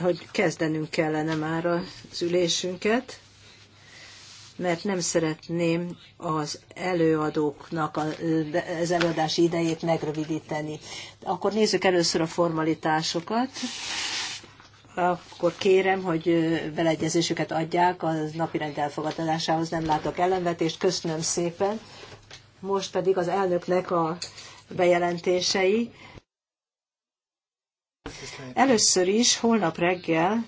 hogy kezdenünk kellene már az ülésünket, mert nem szeretném az előadóknak az előadási idejét megrövidíteni. Akkor nézzük először a formalitásokat. Akkor kérem, hogy beleegyezésüket adják a napirend elfogadásához, nem látok ellenvetést. Köszönöm szépen. Most pedig az elnöknek a bejelentései Először is holnap reggel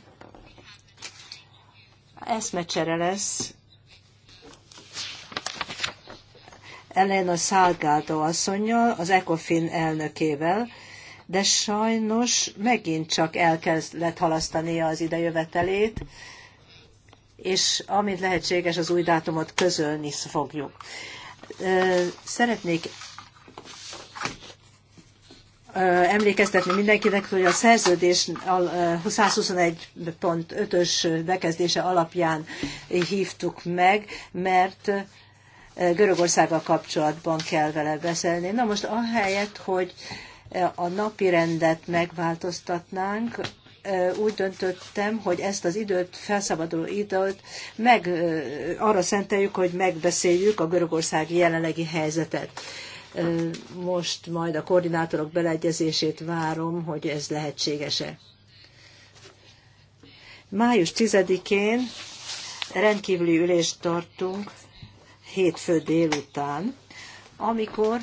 eszmecsere lesz Elena Salgado asszonynal, az ECOFIN elnökével, de sajnos megint csak el kellett halasztania az idejövetelét, és amint lehetséges, az új dátumot közölni fogjuk. Szeretnék emlékeztetni mindenkinek, hogy a szerződés 121.5-ös bekezdése alapján hívtuk meg, mert Görögországgal kapcsolatban kell vele beszélni. Na most ahelyett, hogy a napi rendet megváltoztatnánk, úgy döntöttem, hogy ezt az időt, felszabaduló időt meg, arra szenteljük, hogy megbeszéljük a görögországi jelenlegi helyzetet. Most majd a koordinátorok beleegyezését várom, hogy ez lehetséges-e. Május 10-én rendkívüli ülést tartunk hétfő délután, amikor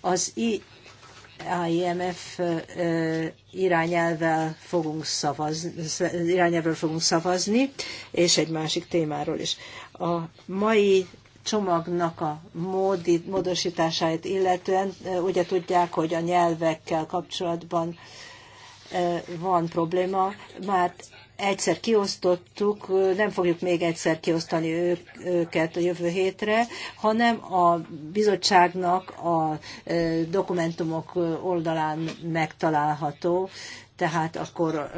az IMF irányelvvel fogunk szavazni, irányelvről fogunk szavazni, és egy másik témáról is. A mai csomagnak a módi, módosításáit illetően, ugye tudják, hogy a nyelvekkel kapcsolatban van probléma, már egyszer kiosztottuk, nem fogjuk még egyszer kiosztani őket a jövő hétre, hanem a bizottságnak a dokumentumok oldalán megtalálható, tehát akkor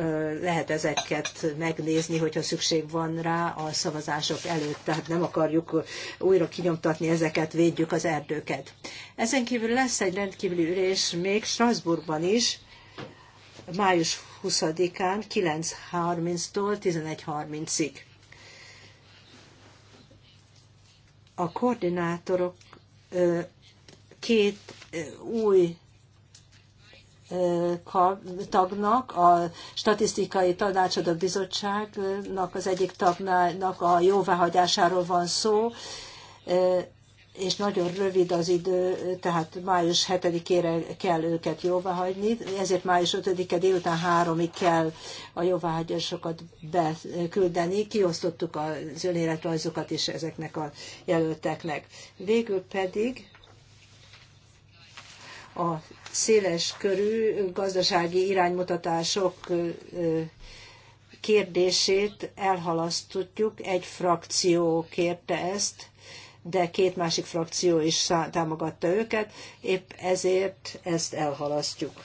lehet ezeket megnézni, hogyha szükség van rá a szavazások előtt. Tehát nem akarjuk újra kinyomtatni ezeket, védjük az erdőket. Ezen kívül lesz egy rendkívüli ülés még Strasbourgban is, május 20-án 9.30-tól 11.30-ig. A koordinátorok két új tagnak, a Statisztikai Tanácsadó Bizottságnak az egyik tagnak a jóváhagyásáról van szó, és nagyon rövid az idő, tehát május 7-ére kell őket jóváhagyni, ezért május 5-e délután 3-ig kell a jóváhagyásokat beküldeni. Kiosztottuk az önéletrajzokat is ezeknek a jelölteknek. Végül pedig a széles körű gazdasági iránymutatások kérdését elhalasztotjuk. Egy frakció kérte ezt, de két másik frakció is támogatta őket, épp ezért ezt elhalasztjuk.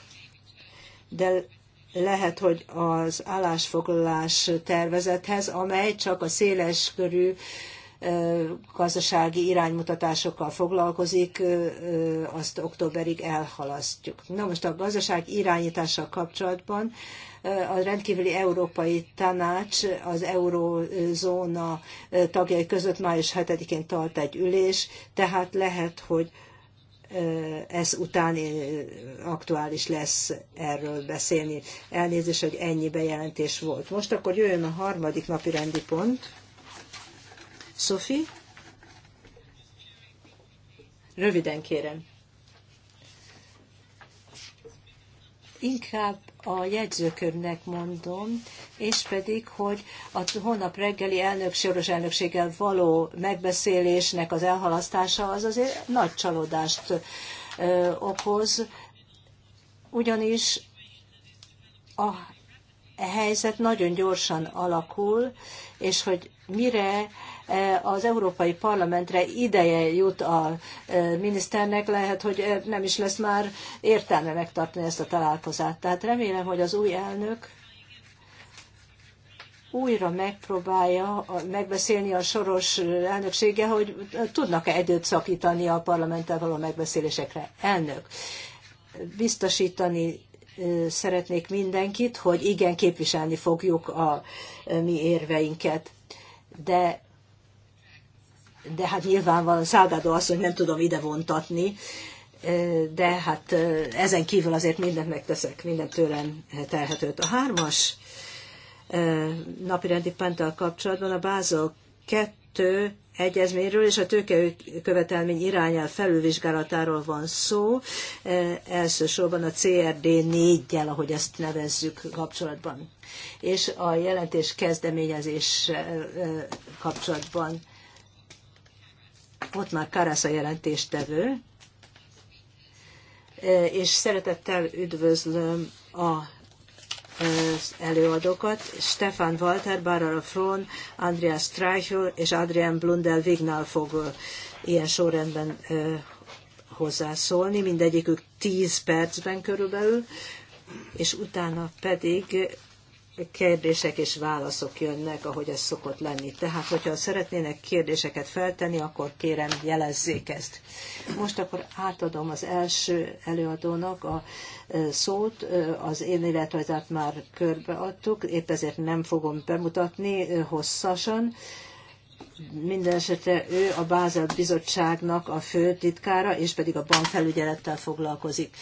De lehet, hogy az állásfoglalás tervezethez, amely csak a széles körű gazdasági iránymutatásokkal foglalkozik, azt októberig elhalasztjuk. Na most a gazdaság irányítással kapcsolatban a rendkívüli európai tanács az eurózóna tagjai között május 7-én tart egy ülés, tehát lehet, hogy ez után aktuális lesz erről beszélni. Elnézést, hogy ennyi bejelentés volt. Most akkor jöjjön a harmadik napi rendi pont. Sofi, Röviden kérem. Inkább a jegyzőkörnek mondom, és pedig, hogy a hónap reggeli elnök soros elnökséggel való megbeszélésnek az elhalasztása az azért nagy csalódást ö, okoz, ugyanis a helyzet nagyon gyorsan alakul, és hogy mire Eh, az Európai Parlamentre ideje jut a eh, miniszternek, lehet, hogy eh, nem is lesz már értelme megtartani ezt a találkozát. Tehát remélem, hogy az új elnök újra megpróbálja megbeszélni a soros elnöksége, hogy tudnak-e időt szakítani a parlamenttel való megbeszélésekre. Elnök, biztosítani szeretnék mindenkit, hogy igen, képviselni fogjuk a mi érveinket. De de hát nyilvánvalóan Szálgádó hogy nem tudom ide vontatni, de hát ezen kívül azért mindent megteszek, mindent tőlem telhetőt. A hármas rendi penttel kapcsolatban a Bázol 2 egyezményről és a tőkekövetelmény irányel felülvizsgálatáról van szó, elsősorban a CRD 4-jel, ahogy ezt nevezzük kapcsolatban, és a jelentés kezdeményezés kapcsolatban. Ott már Karasz a jelentéstevő, és szeretettel üdvözlöm a előadókat, Stefan Walter, Barbara Frón, Andreas Streichel és Adrian Blundell Vignal fog ilyen sorrendben hozzászólni, mindegyikük 10 percben körülbelül, és utána pedig kérdések és válaszok jönnek, ahogy ez szokott lenni. Tehát, hogyha szeretnének kérdéseket feltenni, akkor kérem jelezzék ezt. Most akkor átadom az első előadónak a e, szót. E, az én életrajzát már körbeadtuk, épp ezért nem fogom bemutatni e, hosszasan. Mindenesetre ő a Bázel Bizottságnak a főtitkára, és pedig a bankfelügyelettel foglalkozik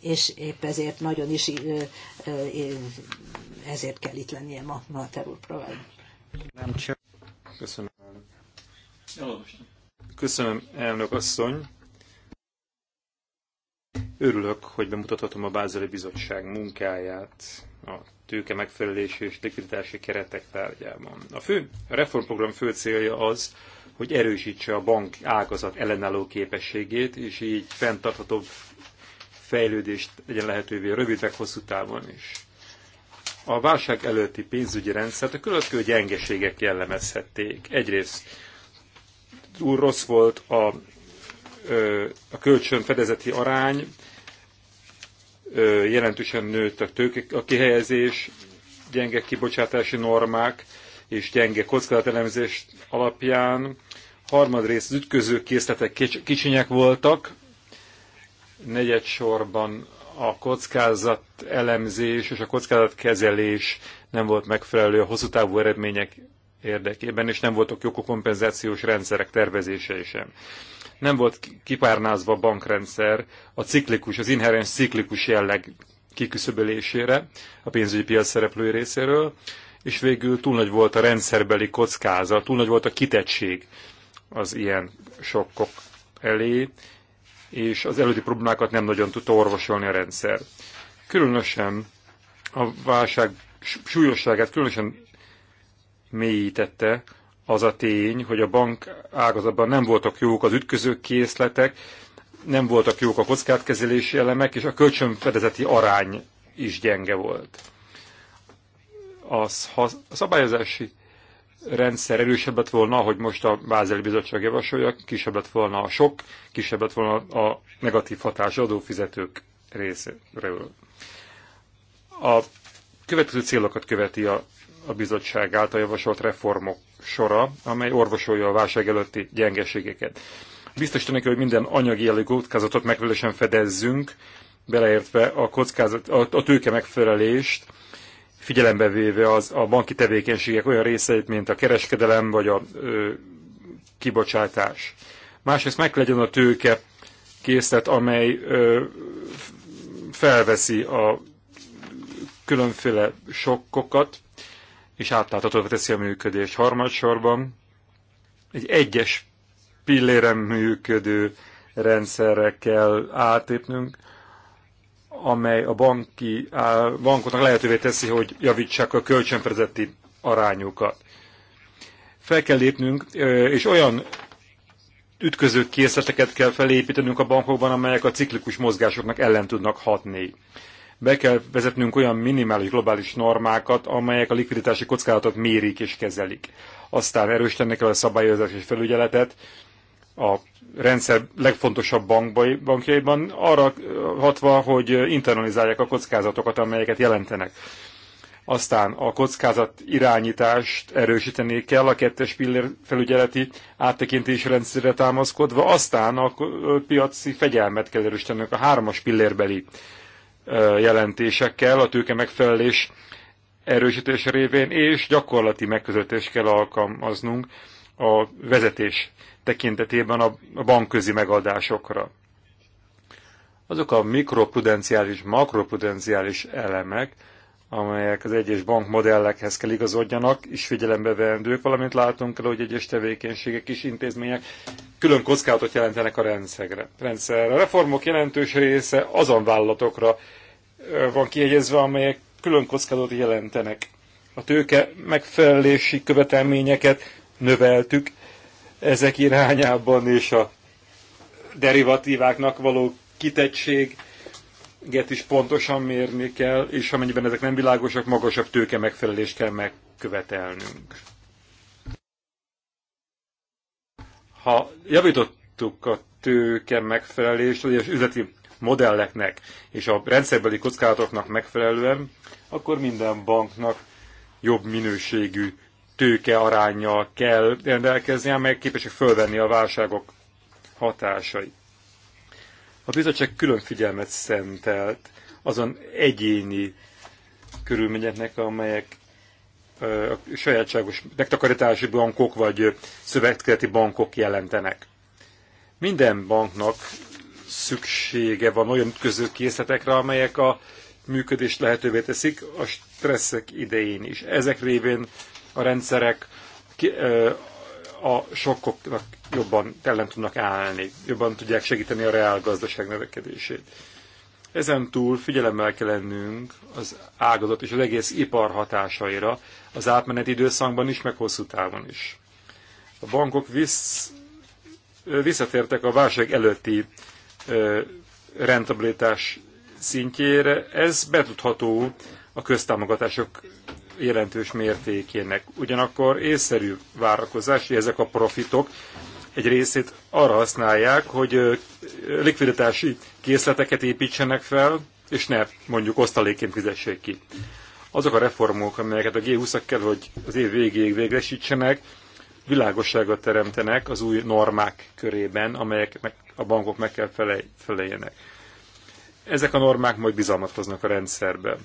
és épp ezért nagyon is ezért kell itt lennie ma, a terror program. Nem csak. Köszönöm. Köszönöm, elnök asszony. Örülök, hogy bemutathatom a Bázeli Bizottság munkáját a tőke megfelelési és likviditási keretek tárgyában. A fő a reformprogram fő célja az, hogy erősítse a bank ágazat ellenálló képességét, és így fenntarthatóbb fejlődést legyen lehetővé rövidek, hosszú távon is a válság előtti pénzügyi rendszert a különböző gyengeségek jellemezhették. Egyrészt túl rossz volt a, a kölcsönfedezeti arány, jelentősen nőtt a, tőke, a kihelyezés, gyenge kibocsátási normák és gyenge kockázatelemzés alapján. Harmadrészt az ütközők készletek kicsinyek voltak, negyed sorban a kockázat elemzés és a kockázat kezelés nem volt megfelelő a hosszú távú eredmények érdekében, és nem voltak jók a kompenzációs rendszerek tervezése sem. Nem volt kipárnázva a bankrendszer a ciklikus, az inherens ciklikus jelleg kiküszöbölésére a pénzügyi piac szereplői részéről, és végül túl nagy volt a rendszerbeli kockázat, túl nagy volt a kitettség az ilyen sokkok elé, és az előtti problémákat nem nagyon tudta orvosolni a rendszer. Különösen a válság súlyosságát különösen mélyítette az a tény, hogy a bank ágazatban nem voltak jók az ütköző készletek, nem voltak jók a kockátkezelési elemek, és a kölcsönfedezeti arány is gyenge volt. Az, ha a szabályozási rendszer erősebb lett volna, hogy most a Bázeli Bizottság javasolja, kisebb lett volna a sok, kisebb lett volna a negatív hatás adófizetők részéről. A következő célokat követi a, a bizottság által javasolt reformok sora, amely orvosolja a válság előtti gyengeségeket. Biztosítani kell, hogy minden anyagi jellegű kockázatot megfelelősen fedezzünk, beleértve a, kockázat, a, a tőke megfelelést, figyelembe véve az, a banki tevékenységek olyan részeit, mint a kereskedelem vagy a ö, kibocsátás. Másrészt meg legyen a tőke készlet, amely ö, felveszi a különféle sokkokat, és átláthatóvá teszi a működést. Harmadsorban egy egyes pilléren működő rendszerre kell átépnünk, amely a banki, a bankoknak lehetővé teszi, hogy javítsák a kölcsönfedezeti arányukat. Fel kell lépnünk, és olyan ütköző készleteket kell felépítenünk a bankokban, amelyek a ciklikus mozgásoknak ellen tudnak hatni. Be kell vezetnünk olyan minimális globális normákat, amelyek a likviditási kockázatot mérik és kezelik. Aztán erősítenek el a szabályozás és felügyeletet, a rendszer legfontosabb bankbai, bankjaiban arra hatva, hogy internalizálják a kockázatokat, amelyeket jelentenek. Aztán a kockázat irányítást erősíteni kell a kettes pillér felügyeleti áttekintési rendszerre támaszkodva, aztán a piaci fegyelmet kell erősítenünk a hármas pillérbeli jelentésekkel, a tőke megfelelés erősítése révén, és gyakorlati megközelítést kell alkalmaznunk a vezetés tekintetében a bankközi megadásokra. Azok a mikroprudenciális, makroprudenciális elemek, amelyek az egyes bankmodellekhez kell igazodjanak, és figyelembe veendők, valamint látunk kell, hogy egyes tevékenységek és intézmények külön kockázatot jelentenek a rendszerre. Rendszer. A reformok jelentős része azon vállalatokra van kiegyezve, amelyek külön kockázatot jelentenek. A tőke megfelelési követelményeket növeltük, ezek irányában és a derivatíváknak való kitettség, get is pontosan mérni kell, és amennyiben ezek nem világosak, magasabb tőke megfelelést kell megkövetelnünk. Ha javítottuk a tőke megfelelést, vagy az üzleti modelleknek és a rendszerbeli kockázatoknak megfelelően, akkor minden banknak jobb minőségű tőke arányjal kell rendelkezni, amelyek képesek fölvenni a válságok hatásai. A bizottság külön figyelmet szentelt azon egyéni körülményeknek, amelyek a sajátságos megtakarítási bankok vagy szövetkezeti bankok jelentenek. Minden banknak szüksége van olyan ütköző készletekre, amelyek a működést lehetővé teszik a stresszek idején is. Ezek révén a rendszerek a sokkoknak jobban ellen tudnak állni, jobban tudják segíteni a reál gazdaság növekedését. Ezen túl figyelemmel kell lennünk az ágazat és az egész ipar hatásaira, az átmeneti időszakban is, meg hosszú távon is. A bankok visz, visszatértek a válság előtti ö, rentabilitás szintjére, ez betudható a köztámogatások jelentős mértékének. Ugyanakkor észszerű várakozás, hogy ezek a profitok egy részét arra használják, hogy likviditási készleteket építsenek fel, és ne mondjuk osztalékként fizessék ki. Azok a reformok, amelyeket a G20-ak kell, hogy az év végéig végresítsenek, világosságot teremtenek az új normák körében, amelyek a bankok meg kell feleljenek. Ezek a normák majd bizalmat hoznak a rendszerbe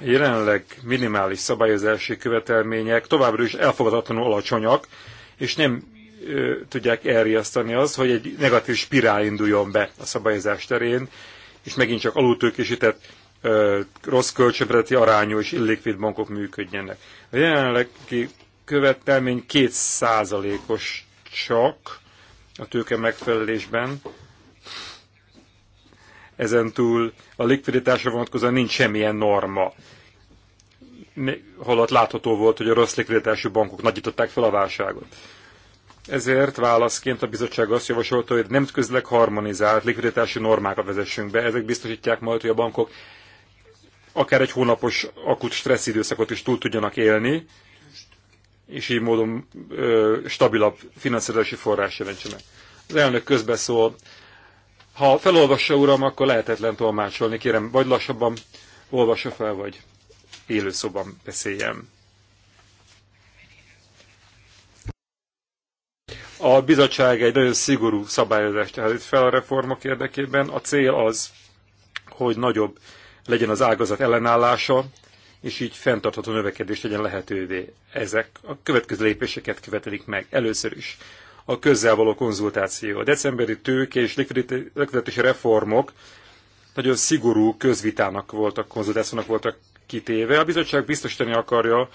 jelenleg minimális szabályozási követelmények továbbra is elfogadhatatlanul alacsonyak, és nem ö, tudják elriasztani az, hogy egy negatív spirál induljon be a szabályozás terén, és megint csak alultőkésített rossz kölcsönfedeti arányú és illikvid bankok működjenek. A jelenlegi követelmény 2 os csak a tőke megfelelésben, ezen túl a likviditásra vonatkozóan nincs semmilyen norma. Holott látható volt, hogy a rossz likviditású bankok nagyították fel a válságot. Ezért válaszként a bizottság azt javasolta, hogy nemzetközileg harmonizált likviditási normákat vezessünk be. Ezek biztosítják majd, hogy a bankok akár egy hónapos akut stressz időszakot is túl tudjanak élni, és így módon ö, stabilabb finanszírozási forrás jelentsenek. Az elnök közbeszól, ha felolvassa, uram, akkor lehetetlen tolmácsolni, kérem, vagy lassabban olvassa fel, vagy élőszobban beszéljem. A bizottság egy nagyon szigorú szabályozást állít fel a reformok érdekében. A cél az, hogy nagyobb legyen az ágazat ellenállása, és így fenntartható növekedést legyen lehetővé. Ezek a következő lépéseket követelik meg. Először is a közzel való konzultáció. A decemberi tőke és likviditási reformok nagyon szigorú közvitának voltak, konzultációnak voltak kitéve. A bizottság biztosítani akarja,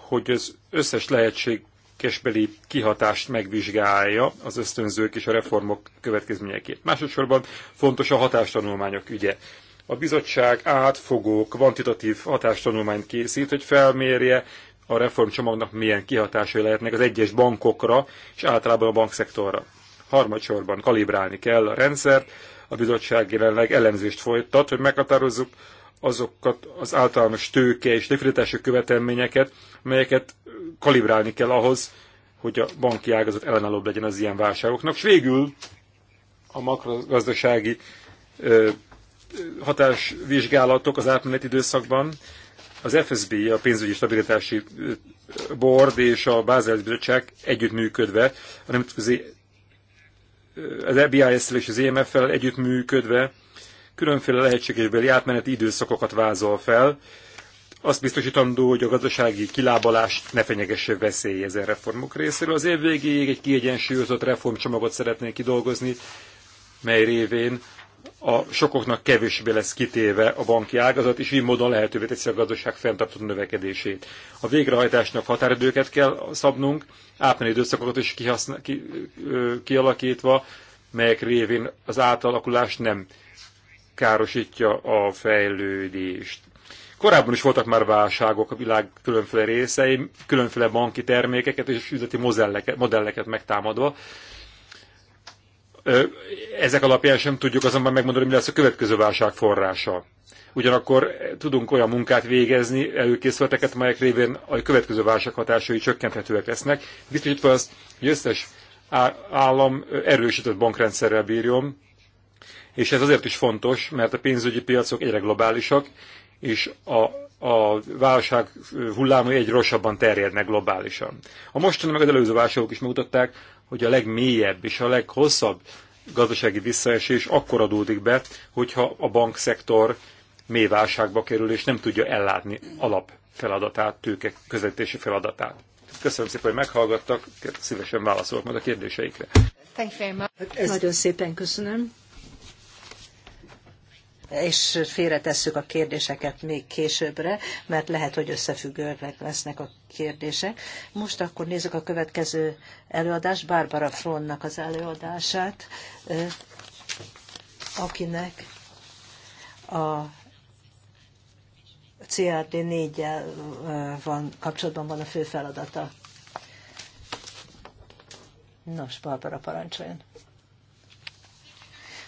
hogy az összes lehetségesbeli kihatást megvizsgálja az ösztönzők és a reformok következményeként. Másodszorban fontos a hatástanulmányok ügye. A bizottság átfogó, kvantitatív hatástanulmányt készít, hogy felmérje, a reformcsomagnak milyen kihatásai lehetnek az egyes bankokra és általában a bankszektorra. Harmadsorban kalibrálni kell a rendszert, a bizottság jelenleg elemzést folytat, hogy meghatározzuk azokat az általános tőke és likviditási követelményeket, melyeket kalibrálni kell ahhoz, hogy a banki ágazat ellenállóbb legyen az ilyen válságoknak. És végül a makrogazdasági hatásvizsgálatok az átmeneti időszakban, az FSB, a pénzügyi stabilitási board és a Bázel Bizottság együttműködve, a nemzetközi az EBIS-szel és az EMF-fel együttműködve különféle lehetségesbeli átmeneti időszakokat vázol fel, azt biztosítandó, hogy a gazdasági kilábalást ne fenyegesse veszély ezen reformok részéről. Az év végéig egy kiegyensúlyozott reformcsomagot szeretnék kidolgozni, mely révén a sokoknak kevésbé lesz kitéve a banki ágazat, és így módon lehetővé teszi a gazdaság fenntartható növekedését. A végrehajtásnak határidőket kell szabnunk, átmenő időszakokat is kihaszna, ki, ö, kialakítva, melyek révén az átalakulás nem károsítja a fejlődést. Korábban is voltak már válságok a világ különféle részei, különféle banki termékeket és üzleti modelleket megtámadva, ezek alapján sem tudjuk azonban megmondani, mi lesz a következő válság forrása. Ugyanakkor tudunk olyan munkát végezni, előkészületeket, melyek révén a következő válság hatásai csökkenthetőek lesznek. Biztosítva az, hogy összes állam erősített bankrendszerrel bírjon, és ez azért is fontos, mert a pénzügyi piacok egyre globálisak, és a a válság hullámai egy rosszabban terjednek globálisan. A mostani meg az előző válságok is megmutatták, hogy a legmélyebb és a leghosszabb gazdasági visszaesés akkor adódik be, hogyha a bankszektor mély válságba kerül, és nem tudja ellátni alapfeladatát, tőke közvetítési feladatát. Köszönöm szépen, hogy meghallgattak, szívesen válaszolok majd a kérdéseikre. Thank you very much. Nagyon szépen köszönöm és félretesszük a kérdéseket még későbbre, mert lehet, hogy összefüggőek lesznek a kérdések. Most akkor nézzük a következő előadást, Barbara Fronnak az előadását, akinek a CRT 4 van, kapcsolatban van a fő feladata. Nos, Barbara, parancsoljon.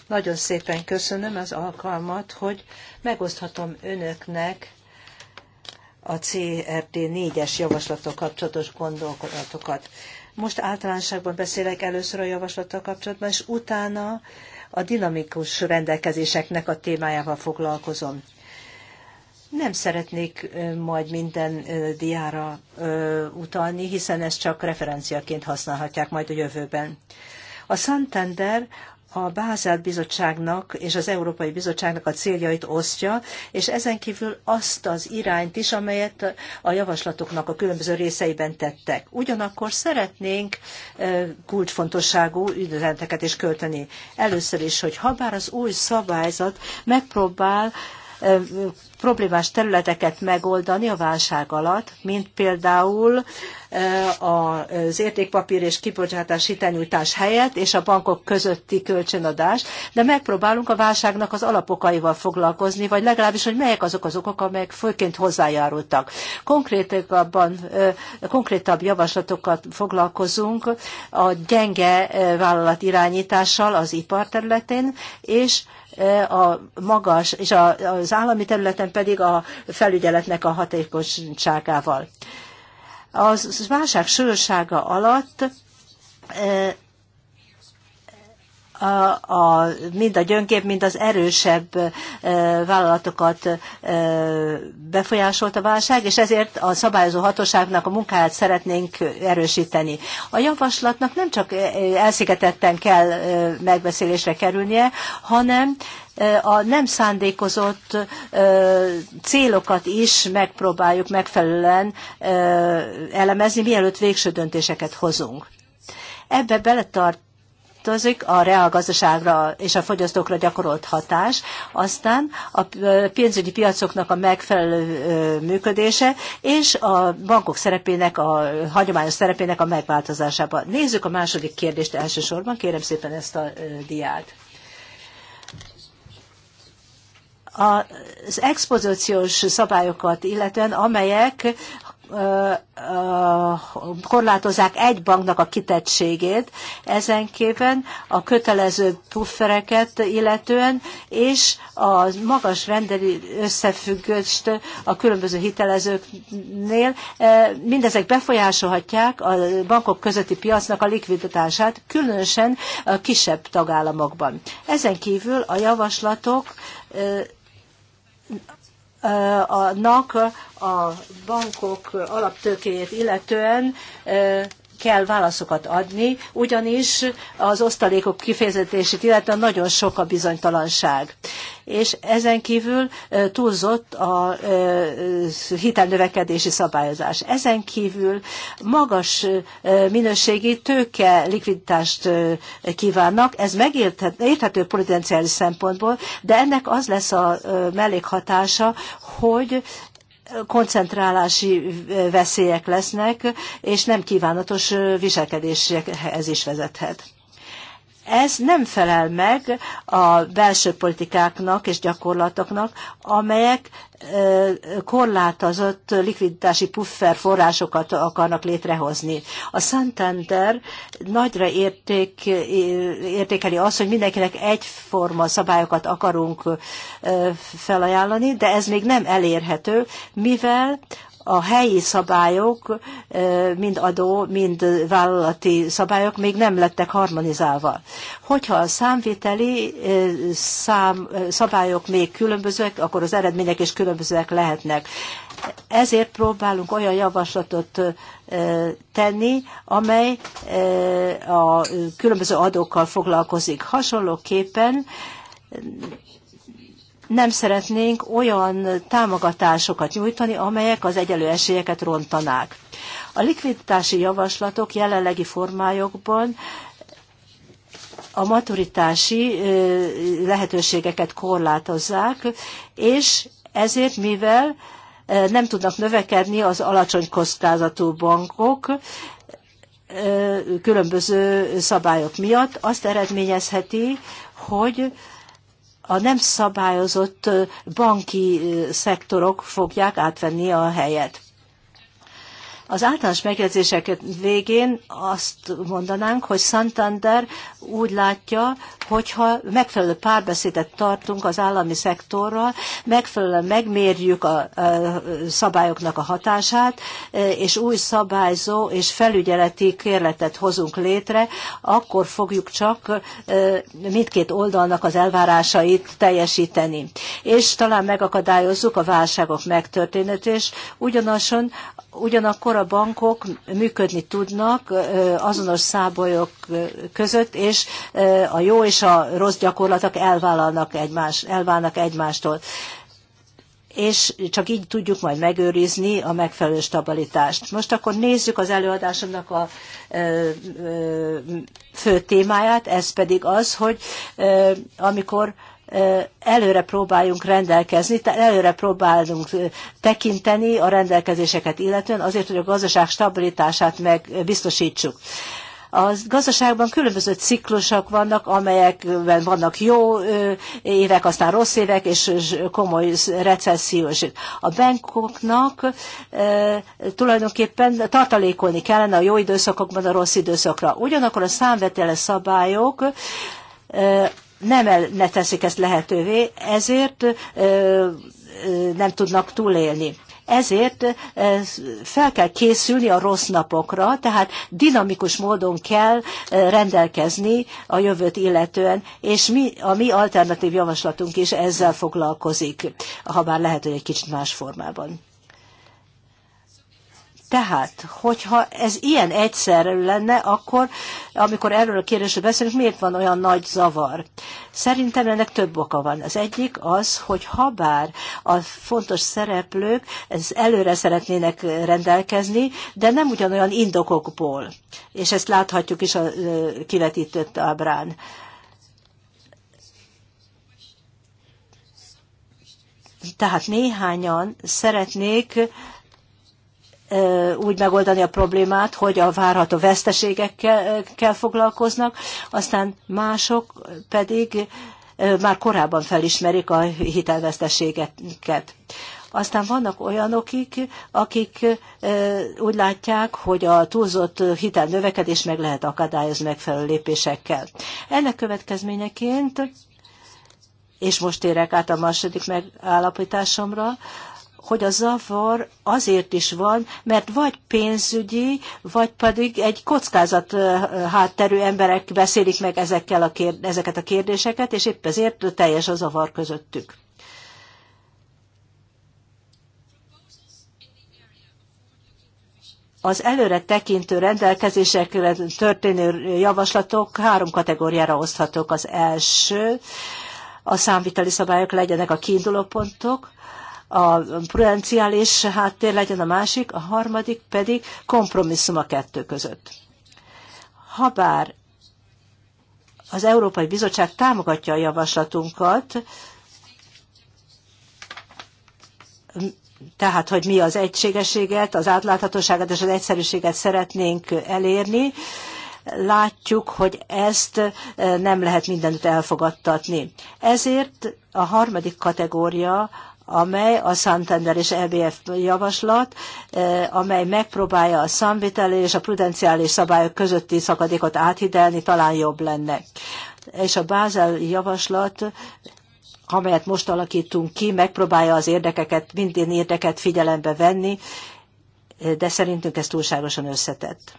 Nagyon szépen köszönöm az alkalmat, hogy megoszthatom önöknek a CRT 4-es javaslattal kapcsolatos gondolatokat. Most általánosságban beszélek először a javaslattal kapcsolatban, és utána a dinamikus rendelkezéseknek a témájával foglalkozom. Nem szeretnék majd minden diára utalni, hiszen ezt csak referenciaként használhatják majd a jövőben. A Santander a Bázel Bizottságnak és az Európai Bizottságnak a céljait osztja, és ezen kívül azt az irányt is, amelyet a javaslatoknak a különböző részeiben tettek. Ugyanakkor szeretnénk kulcsfontosságú üzeneteket is költeni. Először is, hogy ha bár az új szabályzat megpróbál problémás területeket megoldani a válság alatt, mint például az értékpapír és kibocsátás hitelnyújtás helyett és a bankok közötti kölcsönadás, de megpróbálunk a válságnak az alapokaival foglalkozni, vagy legalábbis, hogy melyek azok az okok, amelyek főként hozzájárultak. Konkrétabban, konkrétabb javaslatokat foglalkozunk a gyenge vállalat irányítással az ipar területén, és a magas, és a az állami területen pedig a felügyeletnek a hatékonyságával. Az válság sűrűsága alatt e, a, a, mind a gyöngébb, mind az erősebb e, vállalatokat e, befolyásolt a válság, és ezért a szabályozó hatóságnak a munkáját szeretnénk erősíteni. A javaslatnak nem csak elszigetetten kell megbeszélésre kerülnie, hanem a nem szándékozott célokat is megpróbáljuk megfelelően elemezni, mielőtt végső döntéseket hozunk. Ebbe beletart tartozik a reálgazdaságra és a fogyasztókra gyakorolt hatás, aztán a pénzügyi piacoknak a megfelelő működése és a bankok szerepének, a hagyományos szerepének a megváltozásában. Nézzük a második kérdést elsősorban, kérem szépen ezt a diát. az expozíciós szabályokat illetően, amelyek korlátozzák egy banknak a kitettségét ezenképpen a kötelező puffereket illetően, és a magas rendeli összefüggőst a különböző hitelezőknél mindezek befolyásolhatják a bankok közötti piacnak a likviditását, különösen a kisebb tagállamokban. Ezen kívül a javaslatok a bankok alaptőkéjét illetően kell válaszokat adni, ugyanis az osztalékok kifejezetését illetően nagyon sok a bizonytalanság. És ezen kívül túlzott a hitelnövekedési szabályozás. Ezen kívül magas minőségi tőke likviditást kívánnak, ez megérthető potenciális szempontból, de ennek az lesz a mellékhatása, hogy koncentrálási veszélyek lesznek, és nem kívánatos viselkedésekhez is vezethet. Ez nem felel meg a belső politikáknak és gyakorlatoknak, amelyek korlátozott likviditási puffer forrásokat akarnak létrehozni. A Santander nagyra érték, értékeli azt, hogy mindenkinek egyforma szabályokat akarunk felajánlani, de ez még nem elérhető, mivel a helyi szabályok, mind adó, mind vállalati szabályok még nem lettek harmonizálva. Hogyha a számviteli szám, szabályok még különbözőek, akkor az eredmények is különbözőek lehetnek. Ezért próbálunk olyan javaslatot tenni, amely a különböző adókkal foglalkozik. Hasonlóképpen nem szeretnénk olyan támogatásokat nyújtani, amelyek az egyelő esélyeket rontanák. A likviditási javaslatok jelenlegi formájukban a maturitási lehetőségeket korlátozzák, és ezért, mivel nem tudnak növekedni az alacsony kockázatú bankok, különböző szabályok miatt, azt eredményezheti, hogy a nem szabályozott banki szektorok fogják átvenni a helyet. Az általános megjegyzéseket végén azt mondanánk, hogy Santander úgy látja, hogyha megfelelő párbeszédet tartunk az állami szektorral, megfelelően megmérjük a szabályoknak a hatását, és új szabályzó és felügyeleti kérletet hozunk létre, akkor fogjuk csak mindkét oldalnak az elvárásait teljesíteni. És talán megakadályozzuk a válságok megtörténetést. ugyanason ugyanakkor a bankok működni tudnak azonos szábolyok között, és a jó és a rossz gyakorlatok elvállalnak egymás, elválnak egymástól. És csak így tudjuk majd megőrizni a megfelelő stabilitást. Most akkor nézzük az előadásomnak a fő témáját, ez pedig az, hogy amikor előre próbáljunk rendelkezni, előre próbálunk tekinteni a rendelkezéseket illetően, azért, hogy a gazdaság stabilitását meg biztosítsuk. A gazdaságban különböző ciklusok vannak, amelyekben vannak jó évek, aztán rossz évek, és komoly recessziós. A bankoknak tulajdonképpen tartalékolni kellene a jó időszakokban a rossz időszakra. Ugyanakkor a számvetele szabályok nem el, ne teszik ezt lehetővé, ezért nem tudnak túlélni. Ezért fel kell készülni a rossz napokra, tehát dinamikus módon kell rendelkezni a jövőt illetően, és mi, a mi alternatív javaslatunk is ezzel foglalkozik, ha bár lehet, hogy egy kicsit más formában. Tehát, hogyha ez ilyen egyszerű lenne, akkor, amikor erről a kérdésről beszélünk, miért van olyan nagy zavar? Szerintem ennek több oka van. Az egyik az, hogy ha bár a fontos szereplők ez előre szeretnének rendelkezni, de nem ugyanolyan indokokból. És ezt láthatjuk is a kivetített ábrán. Tehát néhányan szeretnék úgy megoldani a problémát, hogy a várható veszteségekkel foglalkoznak, aztán mások pedig már korábban felismerik a hitelveszteségeket. Aztán vannak olyanok, akik úgy látják, hogy a túlzott hitel növekedés meg lehet akadályozni megfelelő lépésekkel. Ennek következményeként és most érek át a második megállapításomra, hogy a zavar azért is van, mert vagy pénzügyi, vagy pedig egy kockázat hátterű emberek beszélik meg ezekkel a kérd, ezeket a kérdéseket, és épp ezért teljes a zavar közöttük. Az előre tekintő rendelkezésekre történő javaslatok három kategóriára oszthatók. Az első, a számviteli szabályok legyenek a kiindulópontok, a prudenciális háttér legyen a másik, a harmadik pedig kompromisszum a kettő között. Habár az Európai Bizottság támogatja a javaslatunkat, tehát, hogy mi az egységességet, az átláthatóságot és az egyszerűséget szeretnénk elérni, látjuk, hogy ezt eh, nem lehet mindenütt elfogadtatni. Ezért a harmadik kategória amely a Santander és EBF javaslat, eh, amely megpróbálja a számviteli és a prudenciális szabályok közötti szakadékot áthidelni, talán jobb lenne. És a Bázel javaslat amelyet most alakítunk ki, megpróbálja az érdekeket, minden érdeket figyelembe venni, eh, de szerintünk ez túlságosan összetett.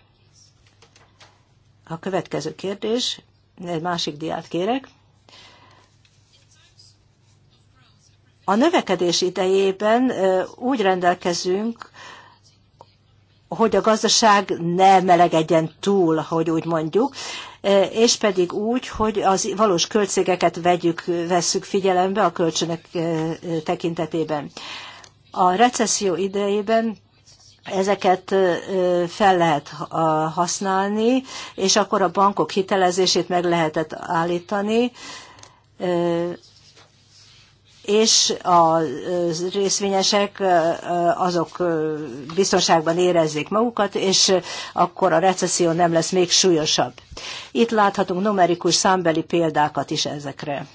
A következő kérdés, egy másik diát kérek. A növekedés idejében úgy rendelkezünk, hogy a gazdaság ne melegedjen túl, hogy úgy mondjuk, és pedig úgy, hogy az valós költségeket vegyük, vesszük figyelembe a kölcsönök tekintetében. A recesszió idejében ezeket fel lehet használni, és akkor a bankok hitelezését meg lehetett állítani, és a részvényesek azok biztonságban érezzék magukat, és akkor a recesszió nem lesz még súlyosabb. Itt láthatunk numerikus számbeli példákat is ezekre.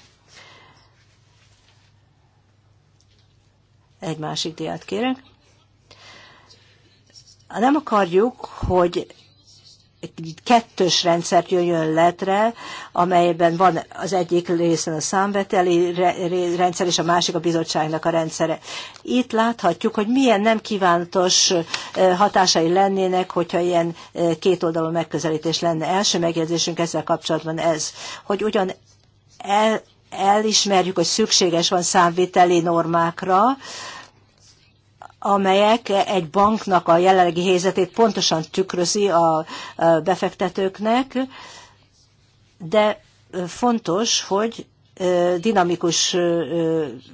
Egy másik diát kérek. Nem akarjuk, hogy kettős rendszert jöjjön letre, amelyben van az egyik részen a számveteli rendszer, és a másik a bizottságnak a rendszere. Itt láthatjuk, hogy milyen nem kívánatos hatásai lennének, hogyha ilyen kétoldalú megközelítés lenne. Első megjegyzésünk ezzel kapcsolatban ez, hogy ugyan el, elismerjük, hogy szükséges van számviteli normákra, amelyek egy banknak a jelenlegi helyzetét pontosan tükrözi a befektetőknek, de fontos, hogy dinamikus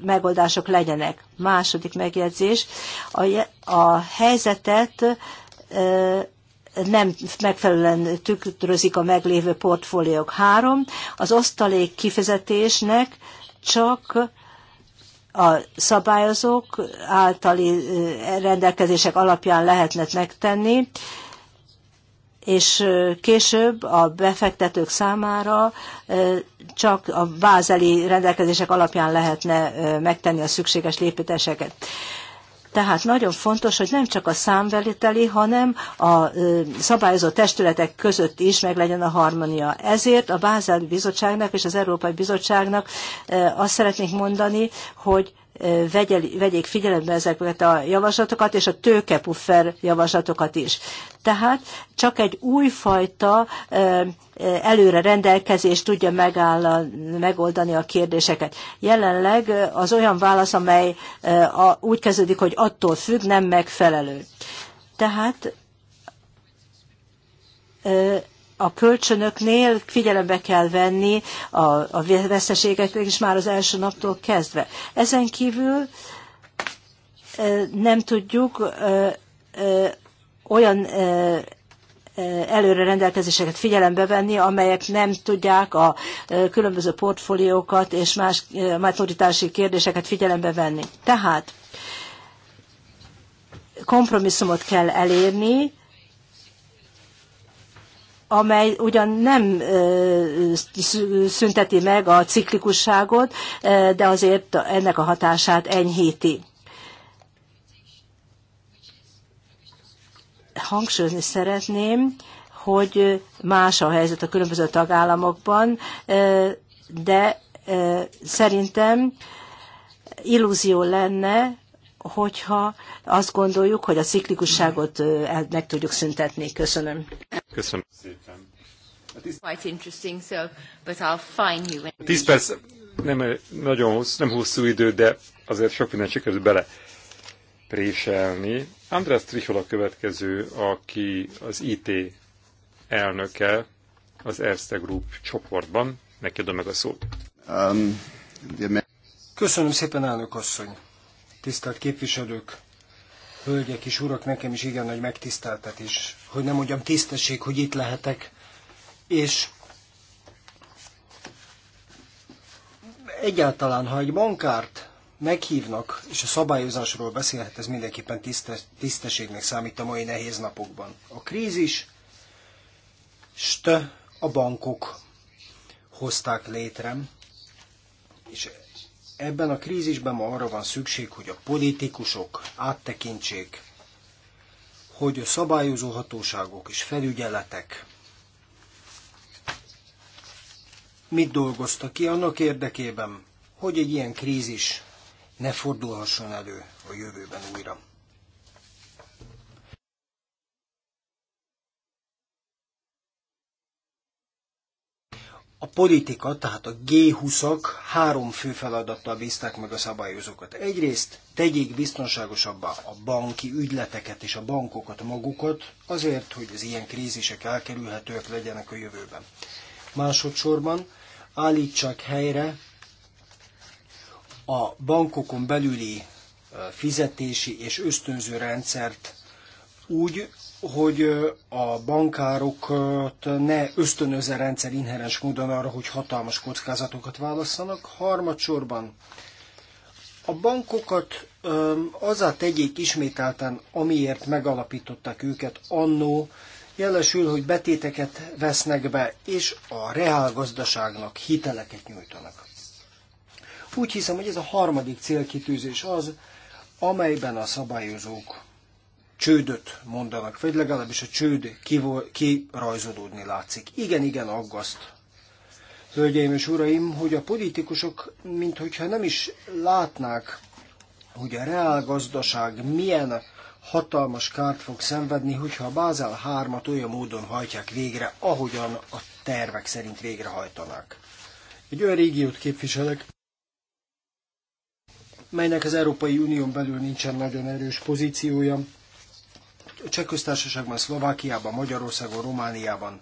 megoldások legyenek. Második megjegyzés, a, a helyzetet nem megfelelően tükrözik a meglévő portfóliók. Három, az osztalék kifizetésnek csak a szabályozók általi rendelkezések alapján lehetne megtenni, és később a befektetők számára csak a vázeli rendelkezések alapján lehetne megtenni a szükséges lépéseket. Tehát nagyon fontos, hogy nem csak a számveliteli, hanem a szabályozó testületek között is meg legyen a harmonia. Ezért a Bázel Bizottságnak és az Európai Bizottságnak azt szeretnék mondani, hogy vegyék figyelembe ezeket a javaslatokat, és a tőkepuffer javaslatokat is. Tehát csak egy újfajta előre rendelkezés tudja megáll, megoldani a kérdéseket. Jelenleg az olyan válasz, amely úgy kezdődik, hogy attól függ, nem megfelelő. Tehát a kölcsönöknél figyelembe kell venni a, a veszteségeknek is már az első naptól kezdve. Ezen kívül nem tudjuk olyan előre rendelkezéseket figyelembe venni, amelyek nem tudják a különböző portfóliókat és más maturitási kérdéseket figyelembe venni. Tehát kompromisszumot kell elérni, amely ugyan nem szünteti meg a ciklikusságot, de azért ennek a hatását enyhíti. Hangsúlyozni szeretném, hogy más a helyzet a különböző tagállamokban, de szerintem illúzió lenne, hogyha azt gondoljuk, hogy a ciklikusságot meg tudjuk szüntetni. Köszönöm. Köszönöm szépen. A tíz... Quite interesting, so, but I'll find you when... tíz perc nem nagyon hossz, nem hosszú idő, de azért sok mindent sikerült bele préselni. András Trichol a következő, aki az IT elnöke az Erste Group csoportban. Neki adom meg a szót. Um, de... Köszönöm szépen, elnök asszony! Tisztelt képviselők, hölgyek és urak, nekem is igen nagy megtiszteltetés hogy nem mondjam tisztesség, hogy itt lehetek, és egyáltalán, ha egy bankárt meghívnak, és a szabályozásról beszélhet, ez mindenképpen tisztes, tisztességnek számít a mai nehéz napokban. A krízis st a bankok hozták létre, és ebben a krízisben ma arra van szükség, hogy a politikusok áttekintsék hogy a szabályozó hatóságok és felügyeletek mit dolgoztak ki annak érdekében, hogy egy ilyen krízis ne fordulhasson elő a jövőben újra. a politika, tehát a G20-ak három fő feladattal bízták meg a szabályozókat. Egyrészt tegyék biztonságosabbá a banki ügyleteket és a bankokat magukat, azért, hogy az ilyen krízisek elkerülhetőek legyenek a jövőben. Másodszorban állítsák helyre a bankokon belüli fizetési és ösztönző rendszert úgy, hogy a bankárokat ne ösztönözze rendszer inherens módon arra, hogy hatalmas kockázatokat válasszanak. Harmadsorban a bankokat azzá tegyék ismételten, amiért megalapították őket annó, jelesül, hogy betéteket vesznek be, és a reálgazdaságnak hiteleket nyújtanak. Úgy hiszem, hogy ez a harmadik célkitűzés az, amelyben a szabályozók csődöt mondanak, vagy legalábbis a csőd kirajzolódni látszik. Igen, igen, aggaszt. Hölgyeim és uraim, hogy a politikusok, minthogyha nem is látnák, hogy a reál gazdaság milyen hatalmas kárt fog szenvedni, hogyha a Bázel 3-at olyan módon hajtják végre, ahogyan a tervek szerint végrehajtanák. Egy olyan régiót képviselek, melynek az Európai Unión belül nincsen nagyon erős pozíciója, köztársaságban, Szlovákiában, Magyarországon, Romániában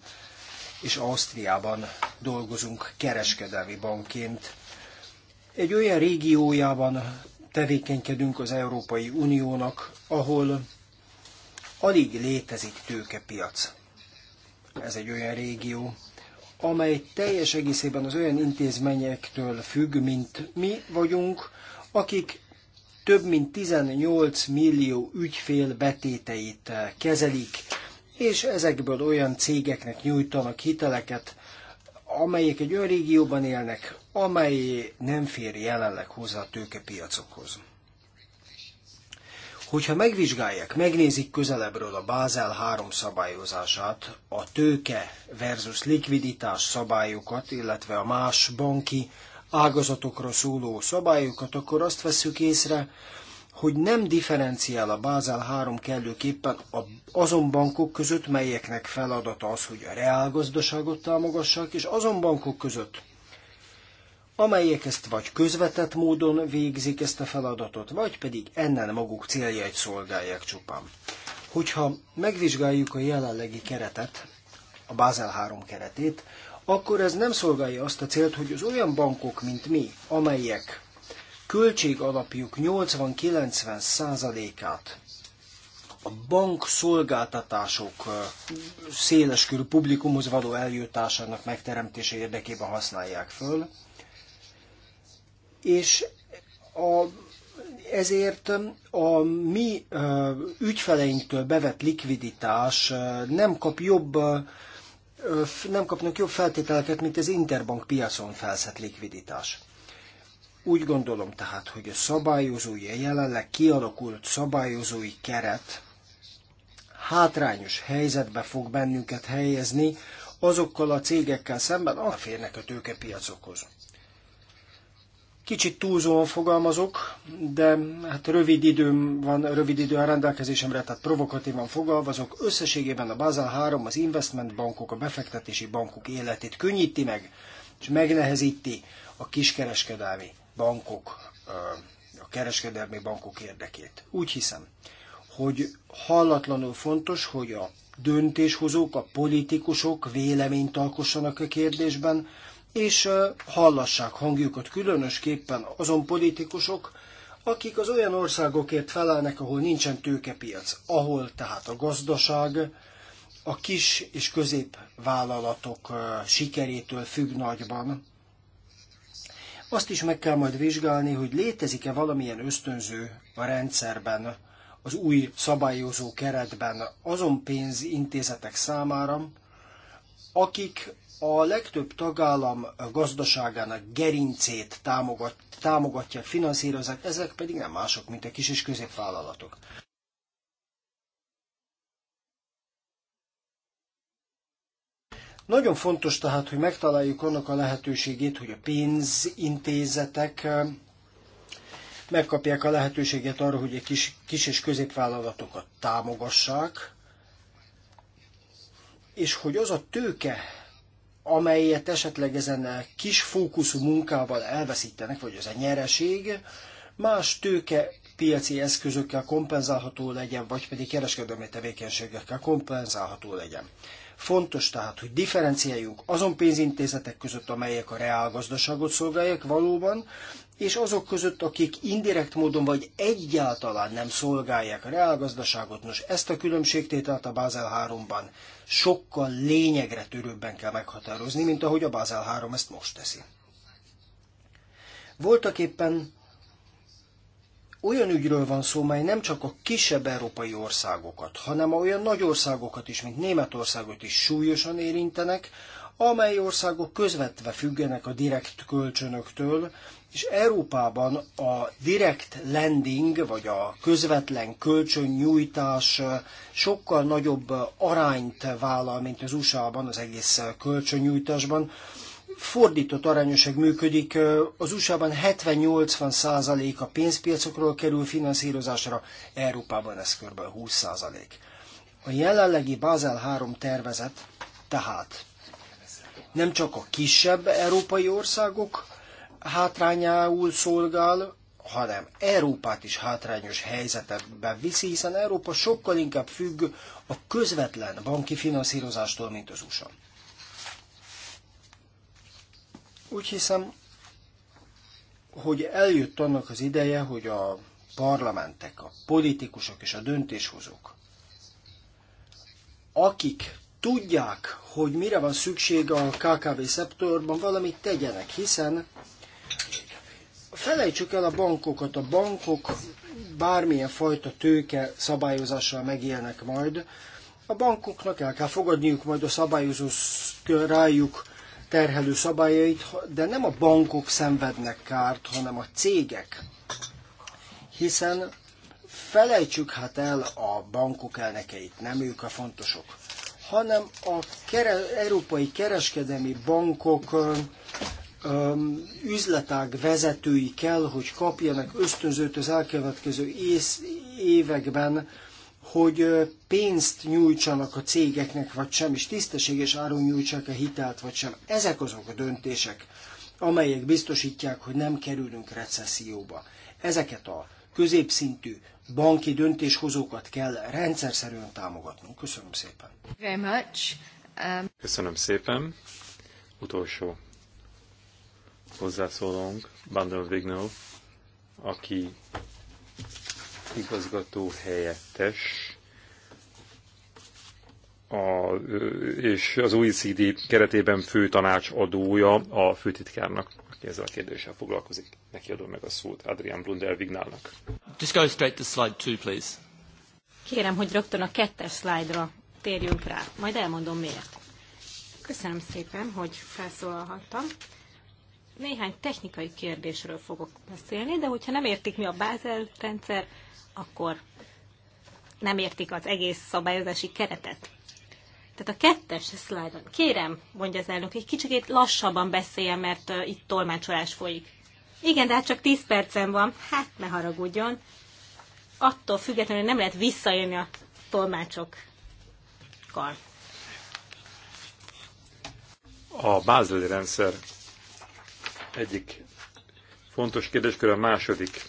és Ausztriában dolgozunk kereskedelmi bankként. Egy olyan régiójában tevékenykedünk az Európai Uniónak, ahol alig létezik tőkepiac. Ez egy olyan régió, amely teljes egészében az olyan intézményektől függ, mint mi vagyunk, akik több mint 18 millió ügyfél betéteit eh, kezelik, és ezekből olyan cégeknek nyújtanak hiteleket, amelyek egy olyan régióban élnek, amely nem fér jelenleg hozzá a tőkepiacokhoz. Hogyha megvizsgálják, megnézik közelebbről a Bázel 3 szabályozását, a tőke versus likviditás szabályokat, illetve a más banki ágazatokra szóló szabályokat, akkor azt veszük észre, hogy nem differenciál a Bázel 3 kellőképpen azon bankok között, melyeknek feladata az, hogy a reálgazdaságot támogassák, és azon bankok között, amelyek ezt vagy közvetett módon végzik ezt a feladatot, vagy pedig ennen maguk céljait szolgálják csupán. Hogyha megvizsgáljuk a jelenlegi keretet, a Bázel 3 keretét, akkor ez nem szolgálja azt a célt, hogy az olyan bankok, mint mi, amelyek költség alapjuk 80-90 százalékát a bank szolgáltatások széleskörű publikumhoz való eljutásának megteremtése érdekében használják föl, és a, ezért a mi ügyfeleinktől bevett likviditás nem kap jobb nem kapnak jobb feltételeket, mint az interbank piacon felszett likviditás. Úgy gondolom tehát, hogy a szabályozói, a jelenleg kialakult szabályozói keret hátrányos helyzetbe fog bennünket helyezni azokkal a cégekkel szemben, a férnek a tőkepiacokhoz. Kicsit túlzóan fogalmazok, de hát rövid időm van, rövid idő a rendelkezésemre, tehát provokatívan fogalmazok. Összességében a Basel 3 az investment bankok, a befektetési bankok életét könnyíti meg, és megnehezíti a kiskereskedelmi bankok, a kereskedelmi bankok érdekét. Úgy hiszem, hogy hallatlanul fontos, hogy a döntéshozók, a politikusok véleményt alkossanak a kérdésben, és hallassák hangjukat különösképpen azon politikusok, akik az olyan országokért felelnek, ahol nincsen tőkepiac, ahol tehát a gazdaság, a kis és középvállalatok sikerétől függ nagyban. Azt is meg kell majd vizsgálni, hogy létezik-e valamilyen ösztönző a rendszerben, az új szabályozó keretben azon pénzintézetek számára, akik a legtöbb tagállam gazdaságának gerincét támogat, támogatják, finanszírozzák, ezek pedig nem mások, mint a kis és középvállalatok. Nagyon fontos tehát, hogy megtaláljuk annak a lehetőségét, hogy a pénzintézetek eh, megkapják a lehetőséget arra, hogy a kis, kis és középvállalatokat támogassák, és hogy az a tőke, amelyet esetleg ezen kis fókuszú munkával elveszítenek, vagy ez a nyereség, más tőke piaci eszközökkel kompenzálható legyen, vagy pedig kereskedelmi tevékenységekkel kompenzálható legyen. Fontos tehát, hogy differenciáljuk azon pénzintézetek között, amelyek a reálgazdaságot szolgálják valóban, és azok között, akik indirekt módon vagy egyáltalán nem szolgálják a reálgazdaságot. Nos, ezt a különbségtételt a Bázel 3-ban sokkal lényegre törőbben kell meghatározni, mint ahogy a Bázel 3 ezt most teszi. Voltak éppen olyan ügyről van szó, mely nem csak a kisebb európai országokat, hanem olyan nagy országokat is, mint Németországot is súlyosan érintenek, amely országok közvetve függenek a direkt kölcsönöktől, és Európában a direct lending, vagy a közvetlen kölcsönnyújtás sokkal nagyobb arányt vállal, mint az USA-ban az egész kölcsönnyújtásban. Fordított arányoság működik, az USA-ban 70-80 százalék a pénzpiacokról kerül finanszírozásra, Európában ez kb. 20 százalék. A jelenlegi Basel III tervezet tehát nem csak a kisebb európai országok, hátrányául szolgál, hanem Európát is hátrányos helyzetekbe viszi, hiszen Európa sokkal inkább függ a közvetlen banki finanszírozástól, mint az USA. Úgy hiszem, hogy eljött annak az ideje, hogy a parlamentek, a politikusok és a döntéshozók, akik tudják, hogy mire van szüksége a KKV szektorban, valamit tegyenek, hiszen Felejtsük el a bankokat. A bankok bármilyen fajta tőke szabályozással megélnek majd. A bankoknak el kell fogadniuk majd a szabályozó rájuk terhelő szabályait, de nem a bankok szenvednek kárt, hanem a cégek. Hiszen felejtsük hát el a bankok elnekeit, nem ők a fontosok, hanem a kere, európai kereskedelmi bankok üzletág vezetői kell, hogy kapjanak ösztönzőt az elkövetkező ész, években, hogy pénzt nyújtsanak a cégeknek, vagy sem, és tisztességes áron nyújtsák a hitelt, vagy sem. Ezek azok a döntések, amelyek biztosítják, hogy nem kerülünk recesszióba. Ezeket a középszintű banki döntéshozókat kell szerűen támogatnunk. Köszönöm szépen. Very much. Um, Köszönöm szépen. Utolsó hozzászólónk, Bandel Vignó, aki igazgató helyettes, a, és az OECD keretében fő tanácsadója a főtitkárnak, aki ezzel a kérdéssel foglalkozik. Neki adom meg a szót Adrian Blundell Vignálnak. Just go straight to slide two, please. Kérem, hogy rögtön a kettes szlájdra térjünk rá, majd elmondom miért. Köszönöm szépen, hogy felszólalhattam néhány technikai kérdésről fogok beszélni, de hogyha nem értik mi a Bázel rendszer, akkor nem értik az egész szabályozási keretet. Tehát a kettes szlájdon, kérem, mondja az elnök, egy kicsit lassabban beszéljen, mert uh, itt tolmácsolás folyik. Igen, de hát csak 10 percen van. Hát ne haragudjon. Attól függetlenül nem lehet visszaélni a tolmácsokkal. A bázeli rendszer egyik fontos kérdéskör a második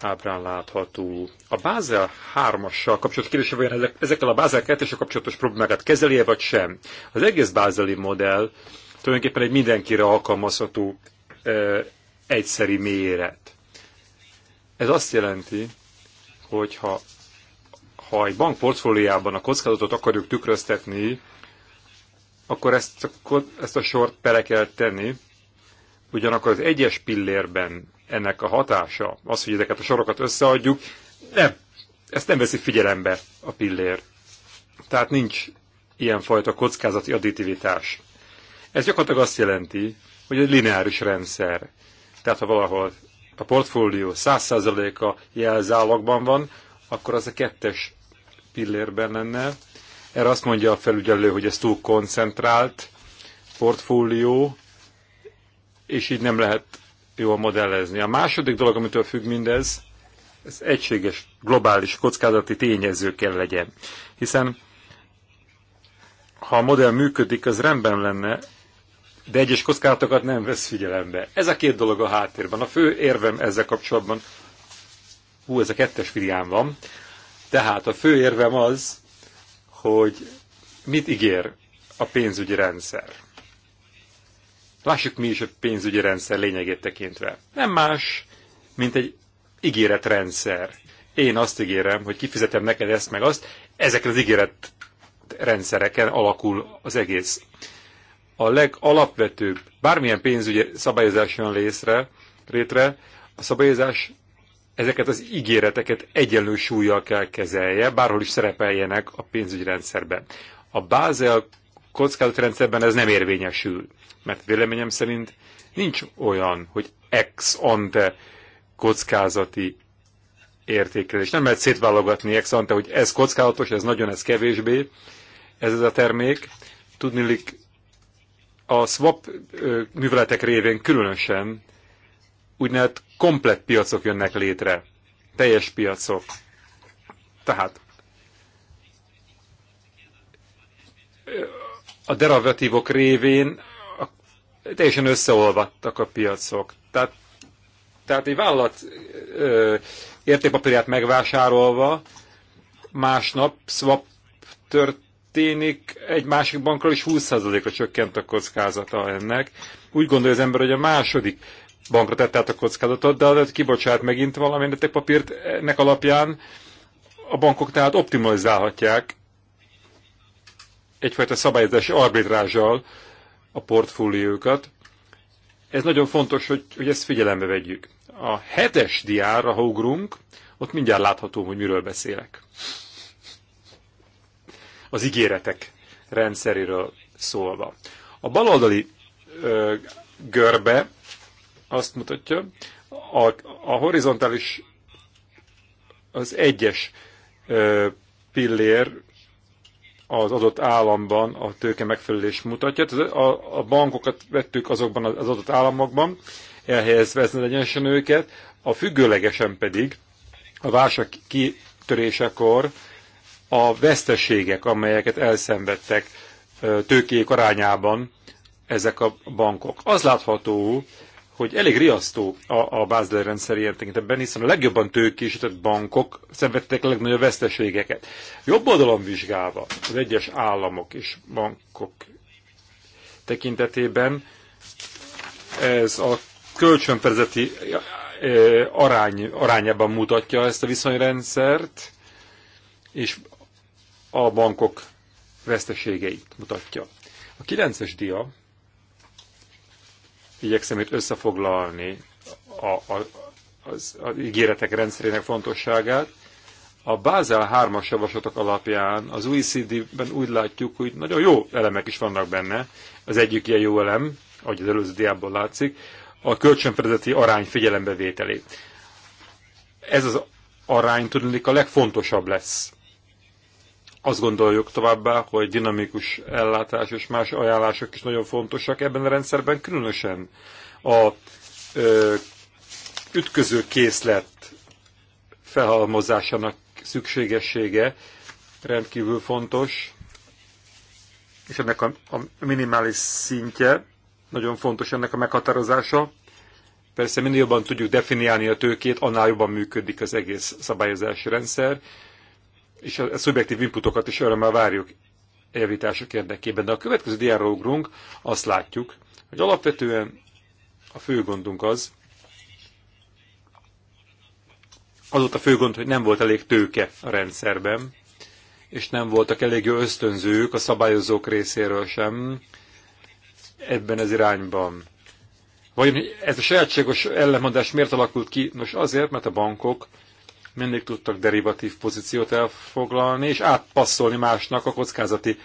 ábrán látható. A Bázel 3-assal kapcsolatos kérdése vagy ezekkel a Bázel 2 kapcsolatos problémákat -e, vagy sem? Az egész bázeli modell tulajdonképpen egy mindenkire alkalmazható ö, egyszeri méret. Ez azt jelenti, hogy ha, ha egy bank portfóliában a kockázatot akarjuk tükröztetni, akkor ezt, ezt a sort bele kell tenni, ugyanakkor az egyes pillérben ennek a hatása, az, hogy ezeket a sorokat összeadjuk, nem, ezt nem veszi figyelembe a pillér. Tehát nincs ilyenfajta kockázati additivitás. Ez gyakorlatilag azt jelenti, hogy egy lineáris rendszer. Tehát ha valahol a portfólió 100%-a jelzálogban van, akkor az a kettes pillérben lenne, erre azt mondja a felügyelő, hogy ez túl koncentrált portfólió, és így nem lehet jól modellezni. A második dolog, amitől függ mindez, ez egységes, globális kockázati tényező kell legyen. Hiszen ha a modell működik, az rendben lenne, de egyes kockázatokat nem vesz figyelembe. Ez a két dolog a háttérben. A fő érvem ezzel kapcsolatban, hú, ez a kettes filián van, tehát a fő érvem az, hogy mit ígér a pénzügyi rendszer. Lássuk mi is a pénzügyi rendszer lényegét tekintve. Nem más, mint egy ígéretrendszer. Én azt ígérem, hogy kifizetem neked ezt meg azt, Ezek az ígéretrendszereken alakul az egész. A legalapvetőbb, bármilyen pénzügyi szabályozás jön létre, rétre, a szabályozás ezeket az ígéreteket egyenlő súlyjal kell kezelje, bárhol is szerepeljenek a pénzügyi rendszerben. A Bázel kockázatrendszerben ez nem érvényesül, mert véleményem szerint nincs olyan, hogy ex ante kockázati értékelés. Nem lehet szétválogatni ex ante, hogy ez kockázatos, ez nagyon, ez kevésbé. Ez ez a termék. Tudnilik a swap műveletek révén különösen úgynevezett komplett piacok jönnek létre, teljes piacok. Tehát a derivatívok révén teljesen összeolvadtak a piacok. Tehát, tehát egy vállalat ö, értékpapírját megvásárolva másnap swap történik, egy másik bankról is 20%-ra csökkent a kockázata ennek. Úgy gondolja az ember, hogy a második bankra tette át a kockázatot, de az kibocsát megint valami papírt ennek alapján a bankok tehát optimalizálhatják egyfajta szabályozási arbitrázsal a portfóliókat. Ez nagyon fontos, hogy, hogy ezt figyelembe vegyük. A hetes diára, ha ugrunk, ott mindjárt látható, hogy miről beszélek. Az ígéretek rendszeréről szólva. A baloldali ö, görbe azt mutatja, a, a horizontális, az egyes ö, pillér az adott államban a tőke megfelelés mutatja. a, a bankokat vettük azokban az adott államokban, elhelyezve ezen egyenesen őket, a függőlegesen pedig a válság kitörésekor a veszteségek, amelyeket elszenvedtek tőkék arányában ezek a bankok. Az látható, hogy elég riasztó a, a Basler rendszer értekintetben, hiszen a legjobban tőkésített bankok szenvedtek a legnagyobb veszteségeket. Jobb oldalon vizsgálva az egyes államok és bankok tekintetében ez a kölcsönfedezeti e, arány, arányában mutatja ezt a viszonyrendszert, és a bankok veszteségeit mutatja. A 9-es dia igyekszem itt összefoglalni a, a, az, az ígéretek rendszerének fontosságát. A Bázel 3-as javaslatok alapján az OECD-ben úgy látjuk, hogy nagyon jó elemek is vannak benne. Az egyik ilyen jó elem, ahogy az előző diából látszik, a kölcsönfedezeti arány figyelembevételé. Ez az arány tudnék a legfontosabb lesz azt gondoljuk továbbá, hogy dinamikus ellátás és más ajánlások is nagyon fontosak ebben a rendszerben, különösen a ö, ütköző készlet felhalmozásának szükségessége rendkívül fontos, és ennek a, a minimális szintje nagyon fontos ennek a meghatározása. Persze minél jobban tudjuk definiálni a tőkét, annál jobban működik az egész szabályozási rendszer, és a szubjektív inputokat is örömmel várjuk javítások érdekében. De a következő diára ugrunk, azt látjuk, hogy alapvetően a fő gondunk az, az volt a fő gond, hogy nem volt elég tőke a rendszerben, és nem voltak elég jó ösztönzők a szabályozók részéről sem ebben az irányban. Vagy ez a sajátságos ellenmondás miért alakult ki? Nos azért, mert a bankok mindig tudtak derivatív pozíciót elfoglalni, és átpasszolni másnak a kockázati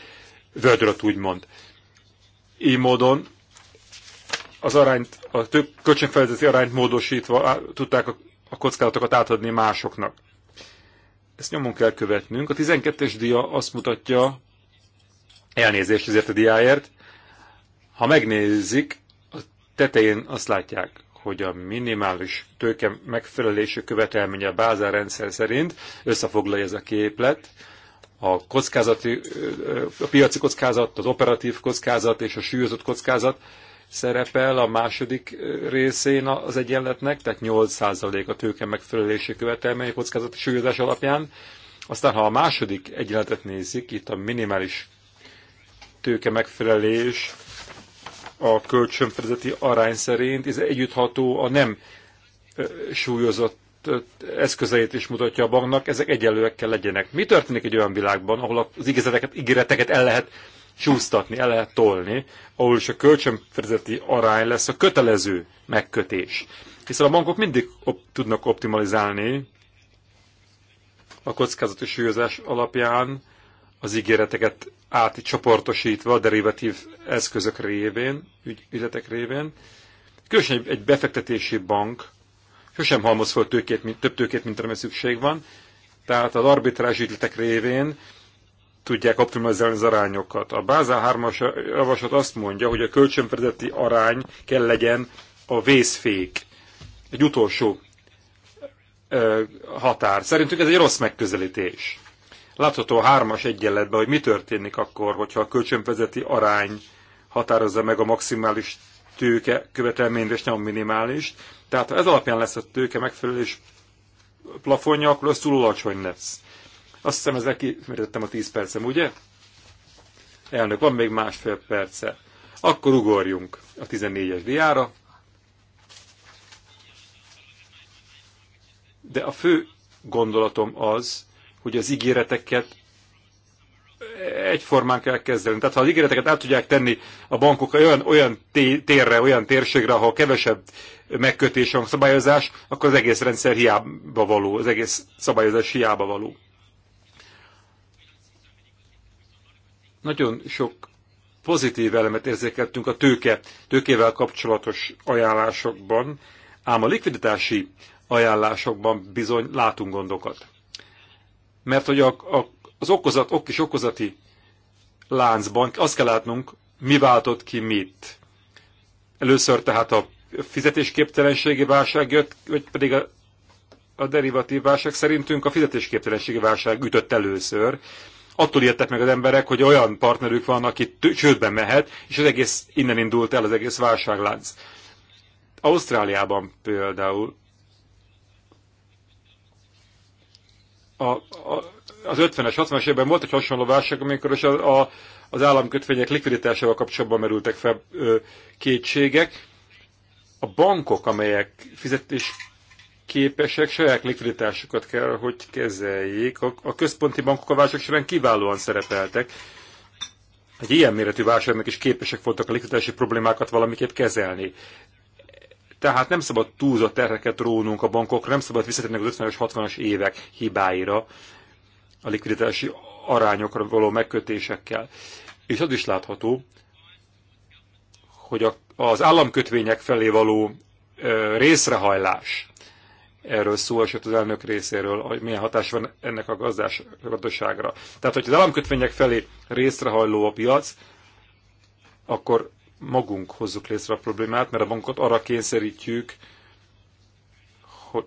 vödröt, úgymond. Így módon az arányt, a több kölcsönfelezeti arányt módosítva tudták a kockázatokat átadni másoknak. Ezt nyomon kell követnünk. A 12-es dia azt mutatja, elnézést ezért a diáért, ha megnézik, a tetején azt látják, hogy a minimális tőke megfelelési követelménye a Bázár rendszer szerint összefoglalja ez a képlet, a, kockázati, a piaci kockázat, az operatív kockázat és a súlyozott kockázat szerepel a második részén az egyenletnek, tehát 8% a tőke megfelelési követelmény kockázati súlyozás alapján. Aztán, ha a második egyenletet nézik, itt a minimális tőke megfelelés a kölcsönfedezeti arány szerint, ez együttható a nem súlyozott eszközeit is mutatja a banknak, ezek egyenlőek kell legyenek. Mi történik egy olyan világban, ahol az ígéreteket, ígéreteket el lehet csúsztatni, el lehet tolni, ahol is a kölcsönfedezeti arány lesz a kötelező megkötés. Hiszen a bankok mindig op- tudnak optimalizálni a kockázati súlyozás alapján, az ígéreteket átcsoportosítva a derivatív eszközök révén, ügy, ügyletek révén. Különösen egy, egy befektetési bank sosem halmoz fel tőkét, mint, több tőkét, mint amire szükség van, tehát az arbitrázs ügyletek révén tudják optimalizálni az arányokat. A Bázál 3-as javaslat azt mondja, hogy a kölcsönfedeti arány kell legyen a vészfék, egy utolsó ö, határ. Szerintünk ez egy rossz megközelítés látható a hármas egyenletben, hogy mi történik akkor, hogyha a kölcsönvezeti arány határozza meg a maximális tőke követelményt, és nem a minimális. Tehát ha ez alapján lesz a tőke megfelelés plafonja, akkor az túl alacsony lesz. Azt hiszem, ezzel kimerítettem a 10 percem, ugye? Elnök, van még másfél perce. Akkor ugorjunk a 14-es diára. De a fő gondolatom az, hogy az ígéreteket egyformán kell kezdeni. Tehát ha az ígéreteket át tudják tenni a bankok olyan, olyan térre, olyan térségre, ahol kevesebb megkötés van szabályozás, akkor az egész rendszer hiába való, az egész szabályozás hiába való. Nagyon sok pozitív elemet érzékeltünk a tőke, tőkével kapcsolatos ajánlásokban, ám a likviditási ajánlásokban bizony látunk gondokat. Mert hogy a, a, az okozat, ok és okozati láncban azt kell látnunk, mi váltott ki mit. Először tehát a fizetésképtelenségi válság jött, vagy pedig a, a derivatív válság szerintünk a fizetésképtelenségi válság ütött először. Attól értek meg az emberek, hogy olyan partnerük van, aki csődbe mehet, és az egész innen indult el az egész válságlánc. Ausztráliában például a, a, az 50-es, 60-es évben volt egy hasonló válság, amikor is a, a, az államkötvények likviditásával kapcsolatban merültek fel ö, kétségek. A bankok, amelyek fizetés képesek, saját likviditásukat kell, hogy kezeljék. A, a központi bankok a válság során kiválóan szerepeltek. Egy ilyen méretű válságnak is képesek voltak a likviditási problémákat valamiképp kezelni. Tehát nem szabad túlzott terheket rónunk a bankokra, nem szabad visszatérni az 50-es, 60-as évek hibáira, a likviditási arányokra való megkötésekkel. És az is látható, hogy a, az államkötvények felé való ö, részrehajlás, erről szó esett az elnök részéről, hogy milyen hatás van ennek a gazdás, gazdaságra. Tehát, hogy az államkötvények felé részrehajló a piac, akkor magunk hozzuk létre a problémát, mert a bankot arra kényszerítjük, hogy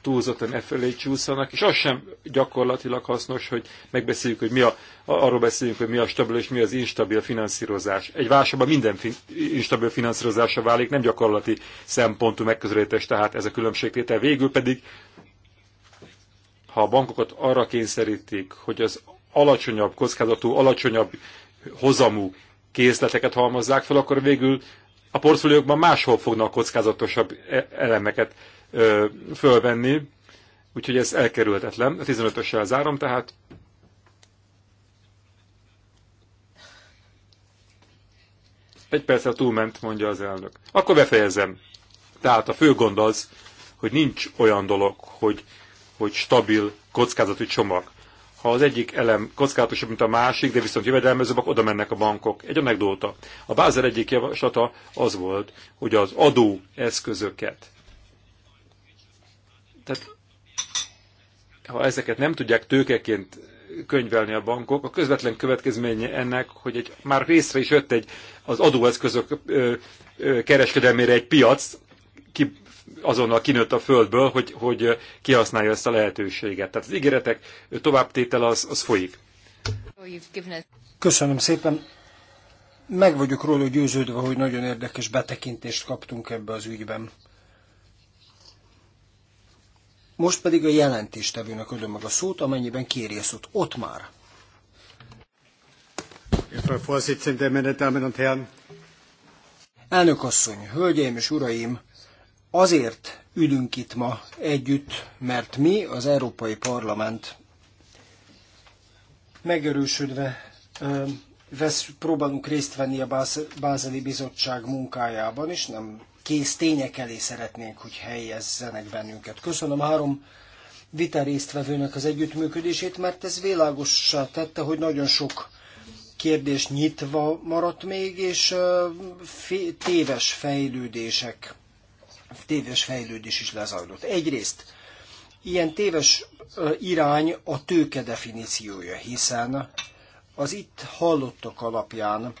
túlzottan e felé csúszanak, és az sem gyakorlatilag hasznos, hogy megbeszéljük, hogy mi a, arról beszéljünk, hogy mi a stabil és mi az instabil finanszírozás. Egy válságban minden fin, instabil finanszírozása válik, nem gyakorlati szempontú megközelítés, tehát ez a különbségtétel. Végül pedig, ha a bankokat arra kényszerítik, hogy az alacsonyabb kockázatú, alacsonyabb hozamú készleteket halmozzák fel, akkor végül a portfóliókban máshol fognak kockázatosabb e- elemeket ö, fölvenni, úgyhogy ez elkerülhetetlen. A 15-össel zárom tehát. Egy percre túlment, mondja az elnök. Akkor befejezem. Tehát a fő gond az, hogy nincs olyan dolog, hogy, hogy stabil kockázati csomag ha az egyik elem kockázatosabb, mint a másik, de viszont akkor oda mennek a bankok. Egy anekdóta. A Bázer egyik javaslata az volt, hogy az adó eszközöket. Tehát ha ezeket nem tudják tőkeként könyvelni a bankok, a közvetlen következménye ennek, hogy egy, már részre is jött egy az adóeszközök ö, ö, kereskedelmére egy piac, ki, azonnal kinőtt a földből, hogy, hogy kihasználja ezt a lehetőséget. Tehát az ígéretek továbbtétel az, az folyik. Köszönöm szépen. Meg vagyok róla győződve, hogy nagyon érdekes betekintést kaptunk ebbe az ügyben. Most pedig a jelentéstevőnek adom meg a szót, amennyiben kéri a szót. Ott már. Vorsitzende, meine Damen und Herren. Elnök asszony, hölgyeim és uraim, Azért ülünk itt ma együtt, mert mi, az Európai Parlament megerősödve vesz, próbálunk részt venni a Bázeli Bizottság munkájában, és nem kész tények elé szeretnénk, hogy helyezzenek bennünket. Köszönöm három vita résztvevőnek az együttműködését, mert ez világossá tette, hogy nagyon sok kérdés nyitva maradt még, és téves fejlődések téves fejlődés is lezajlott. Egyrészt ilyen téves irány a tőke definíciója, hiszen az itt hallottak alapján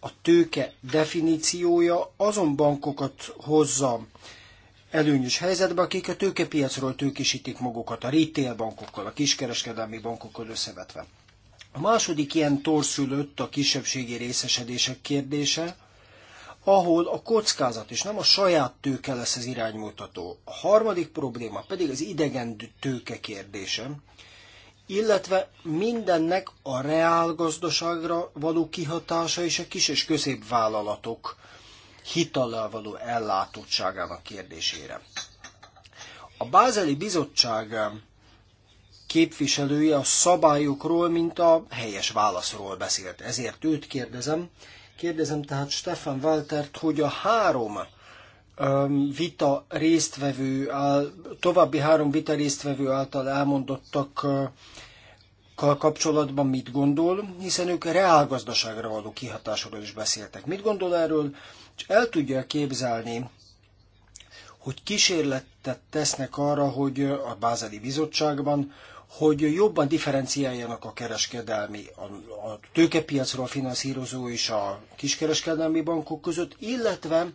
a tőke definíciója azon bankokat hozza előnyös helyzetbe, akik a tőkepiacról tőkisítik magukat a retail bankokkal, a kiskereskedelmi bankokkal összevetve. A második ilyen torszülött a kisebbségi részesedések kérdése, ahol a kockázat és nem a saját tőke lesz az iránymutató. A harmadik probléma pedig az idegen tőke kérdése, illetve mindennek a gazdaságra való kihatása és a kis és középvállalatok hitallal való ellátottságának kérdésére. A Bázeli Bizottság képviselője a szabályokról, mint a helyes válaszról beszélt. Ezért őt kérdezem, Kérdezem tehát Stefan Waltert, hogy a három vita résztvevő, további három vita résztvevő által elmondottak kapcsolatban mit gondol, hiszen ők reálgazdaságra való kihatásról is beszéltek. Mit gondol erről? És el tudja képzelni, hogy kísérletet tesznek arra, hogy a Bázeli Bizottságban, hogy jobban differenciáljanak a kereskedelmi, a, a tőkepiacról finanszírozó és a kiskereskedelmi bankok között, illetve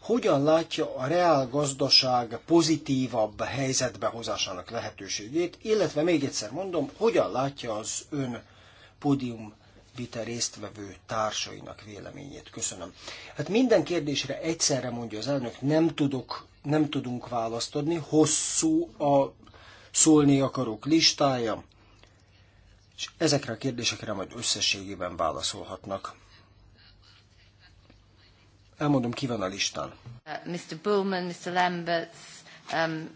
hogyan látja a reál gazdaság pozitívabb helyzetbe hozásának lehetőségét, illetve még egyszer mondom, hogyan látja az ön pódium vita résztvevő társainak véleményét. Köszönöm. Hát minden kérdésre egyszerre mondja az elnök, nem tudok, nem tudunk választodni, hosszú a szólni akarok listája, és ezekre a kérdésekre majd összességében válaszolhatnak. Elmondom, ki van a listán. Uh, Mr. Bullman, Mr. Lamberts, um,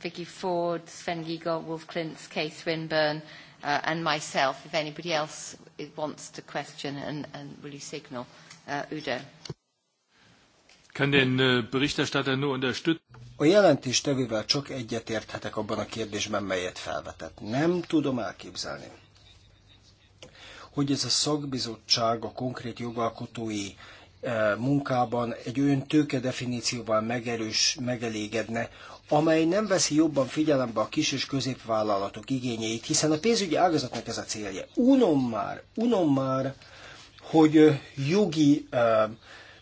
Vicky Ford, Sven Giegold, Wolf Klintz, Kay Swinburne, uh, and myself, if anybody else wants to question, and, and will you signal? Uh, Udo. Äh, a jelentéstevővel csak egyetérthetek abban a kérdésben, melyet felvetett. Nem tudom elképzelni, hogy ez a szakbizottság a konkrét jogalkotói e, munkában egy olyan definícióval megerős, megelégedne, amely nem veszi jobban figyelembe a kis és középvállalatok igényeit, hiszen a pénzügyi ágazatnak ez a célja. Unom már, unom már, hogy jogi uh,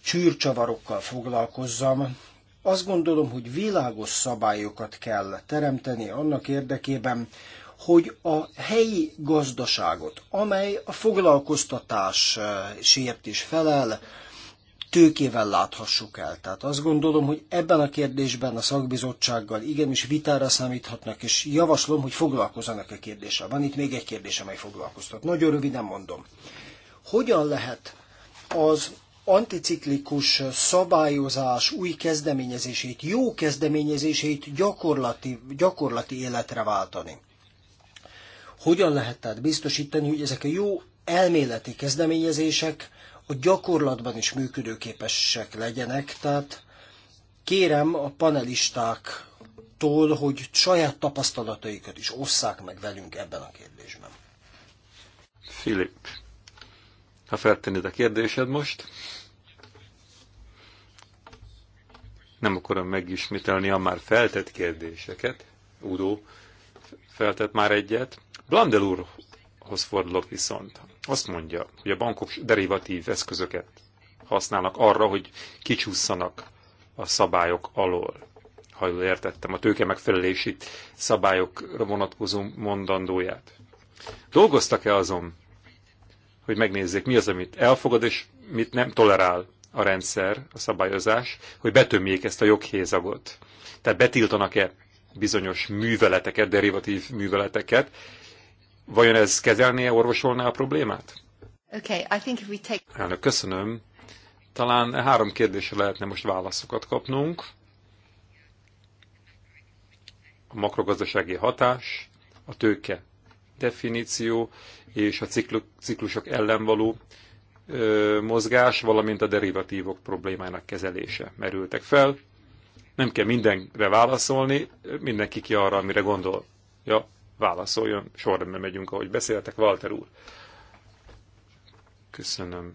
csűrcsavarokkal foglalkozzam. Azt gondolom, hogy világos szabályokat kell teremteni annak érdekében, hogy a helyi gazdaságot, amely a foglalkoztatásért eh, is felel, tőkével láthassuk el. Tehát azt gondolom, hogy ebben a kérdésben a szakbizottsággal igenis vitára számíthatnak, és javaslom, hogy foglalkozzanak a kérdéssel. Van itt még egy kérdés, amely foglalkoztat. Nagyon röviden mondom. Hogyan lehet az anticiklikus szabályozás új kezdeményezését, jó kezdeményezését gyakorlati, gyakorlati életre váltani. Hogyan lehet tehát biztosítani, hogy ezek a jó elméleti kezdeményezések a gyakorlatban is működőképesek legyenek, tehát kérem a panelistáktól, hogy saját tapasztalataikat is osszák meg velünk ebben a kérdésben. Filip, ha feltennéd a kérdésed most. Nem akarom megismételni a már feltett kérdéseket. Udó feltett már egyet. Blandel úrhoz fordulok viszont. Azt mondja, hogy a bankok derivatív eszközöket használnak arra, hogy kicsúszanak a szabályok alól. Ha jól értettem, a tőke megfelelési szabályokra vonatkozó mondandóját. Dolgoztak-e azon, hogy megnézzék, mi az, amit elfogad, és mit nem tolerál a rendszer, a szabályozás, hogy betömjék ezt a joghézagot. Tehát betiltanak-e bizonyos műveleteket, derivatív műveleteket. Vajon ez kezelné, orvosolná a problémát? Okay, I think if we take... Elnök, köszönöm. Talán e három kérdésre lehetne most válaszokat kapnunk. A makrogazdasági hatás, a tőke definíció és a ciklusok ellen való mozgás, valamint a derivatívok problémának kezelése merültek fel. Nem kell mindenre válaszolni, mindenki ki arra, amire gondol. Ja, válaszoljon, sorrendben megyünk, ahogy beszéltek, Walter úr. Köszönöm.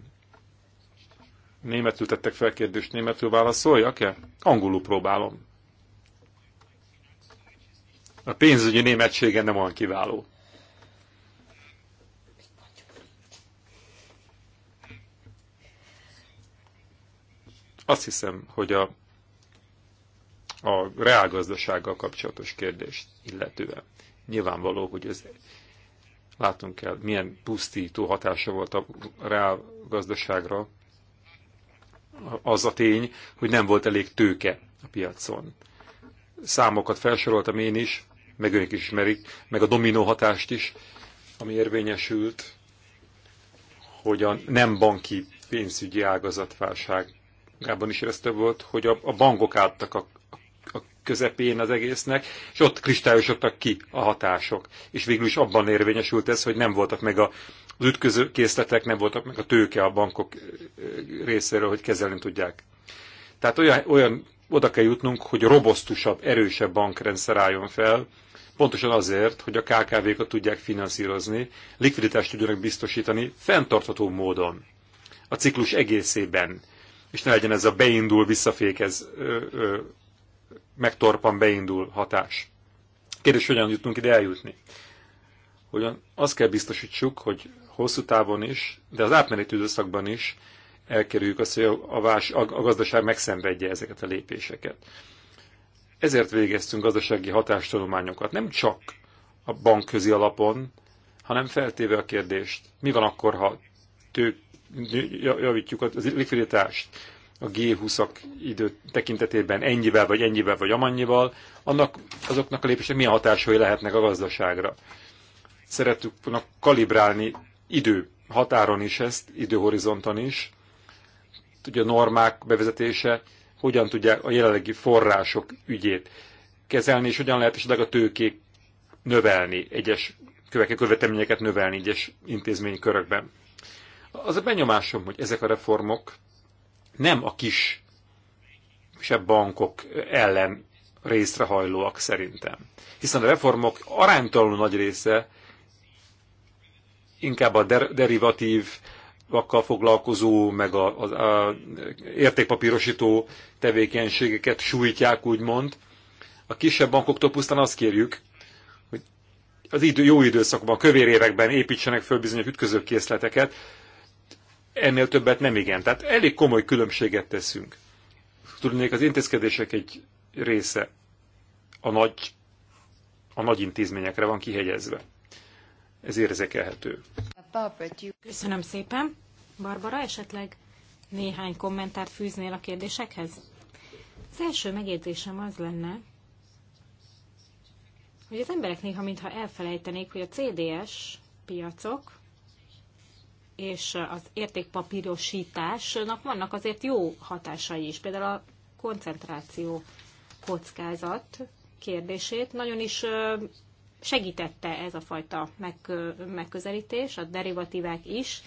Németül tettek fel kérdést, németül válaszoljak-e? Angolul próbálom. A pénzügyi németsége nem olyan kiváló. Azt hiszem, hogy a, a reálgazdasággal kapcsolatos kérdést illetően nyilvánvaló, hogy ez látunk el, milyen pusztító hatása volt a reálgazdaságra az a tény, hogy nem volt elég tőke a piacon. Számokat felsoroltam én is, meg önök is ismerik, meg a dominó hatást is, ami érvényesült, hogy a nem banki pénzügyi ágazatválság Gábor is érezte volt, hogy a, a bankok álltak a, a közepén az egésznek, és ott kristályosodtak ki a hatások. És végül is abban érvényesült ez, hogy nem voltak meg a, az ütköző készletek, nem voltak meg a tőke a bankok részéről, hogy kezelni tudják. Tehát olyan, olyan oda kell jutnunk, hogy robosztusabb, erősebb bankrendszer álljon fel, pontosan azért, hogy a KKV-kat tudják finanszírozni, likviditást tudjanak biztosítani fenntartható módon, a ciklus egészében, és ne legyen ez a beindul, visszafékez, ö, ö, megtorpan, beindul hatás. Kérdés, hogyan jutunk ide eljutni? Hogyan azt kell biztosítsuk, hogy hosszú távon is, de az átmeneti időszakban is elkerüljük azt, hogy a, vás, a, a gazdaság megszenvedje ezeket a lépéseket. Ezért végeztünk gazdasági hatástanulmányokat, nem csak a bankközi alapon, hanem feltéve a kérdést, mi van akkor, ha tők, javítjuk az likviditást a G20-ak idő tekintetében ennyivel, vagy ennyivel, vagy amannyival, annak, azoknak a lépések milyen hatásai lehetnek a gazdaságra. Szerettük kalibrálni idő határon is ezt, időhorizonton is, ugye a normák bevezetése, hogyan tudják a jelenlegi források ügyét kezelni, és hogyan lehet esetleg a tőkék növelni, egyes következő követelményeket növelni egyes intézménykörökben. Az a benyomásom, hogy ezek a reformok nem a kis se bankok ellen részrehajlóak szerintem. Hiszen a reformok aránytalanul nagy része inkább a der- derivatív vakkal foglalkozó, meg a, a, a értékpapírosító tevékenységeket sújtják, úgymond. A kisebb bankoktól pusztán azt kérjük, hogy az idő, jó időszakban, a kövér években építsenek föl bizonyos ütközőkészleteket, ennél többet nem igen. Tehát elég komoly különbséget teszünk. Tudnék, az intézkedések egy része a nagy, a nagy intézményekre van kihegyezve. Ez érzékelhető. Köszönöm szépen. Barbara, esetleg néhány kommentárt fűznél a kérdésekhez? Az első megjegyzésem az lenne, hogy az emberek néha mintha elfelejtenék, hogy a CDS piacok és az értékpapírosításnak vannak azért jó hatásai is. Például a koncentráció kockázat kérdését nagyon is segítette ez a fajta megközelítés, a derivatívák is,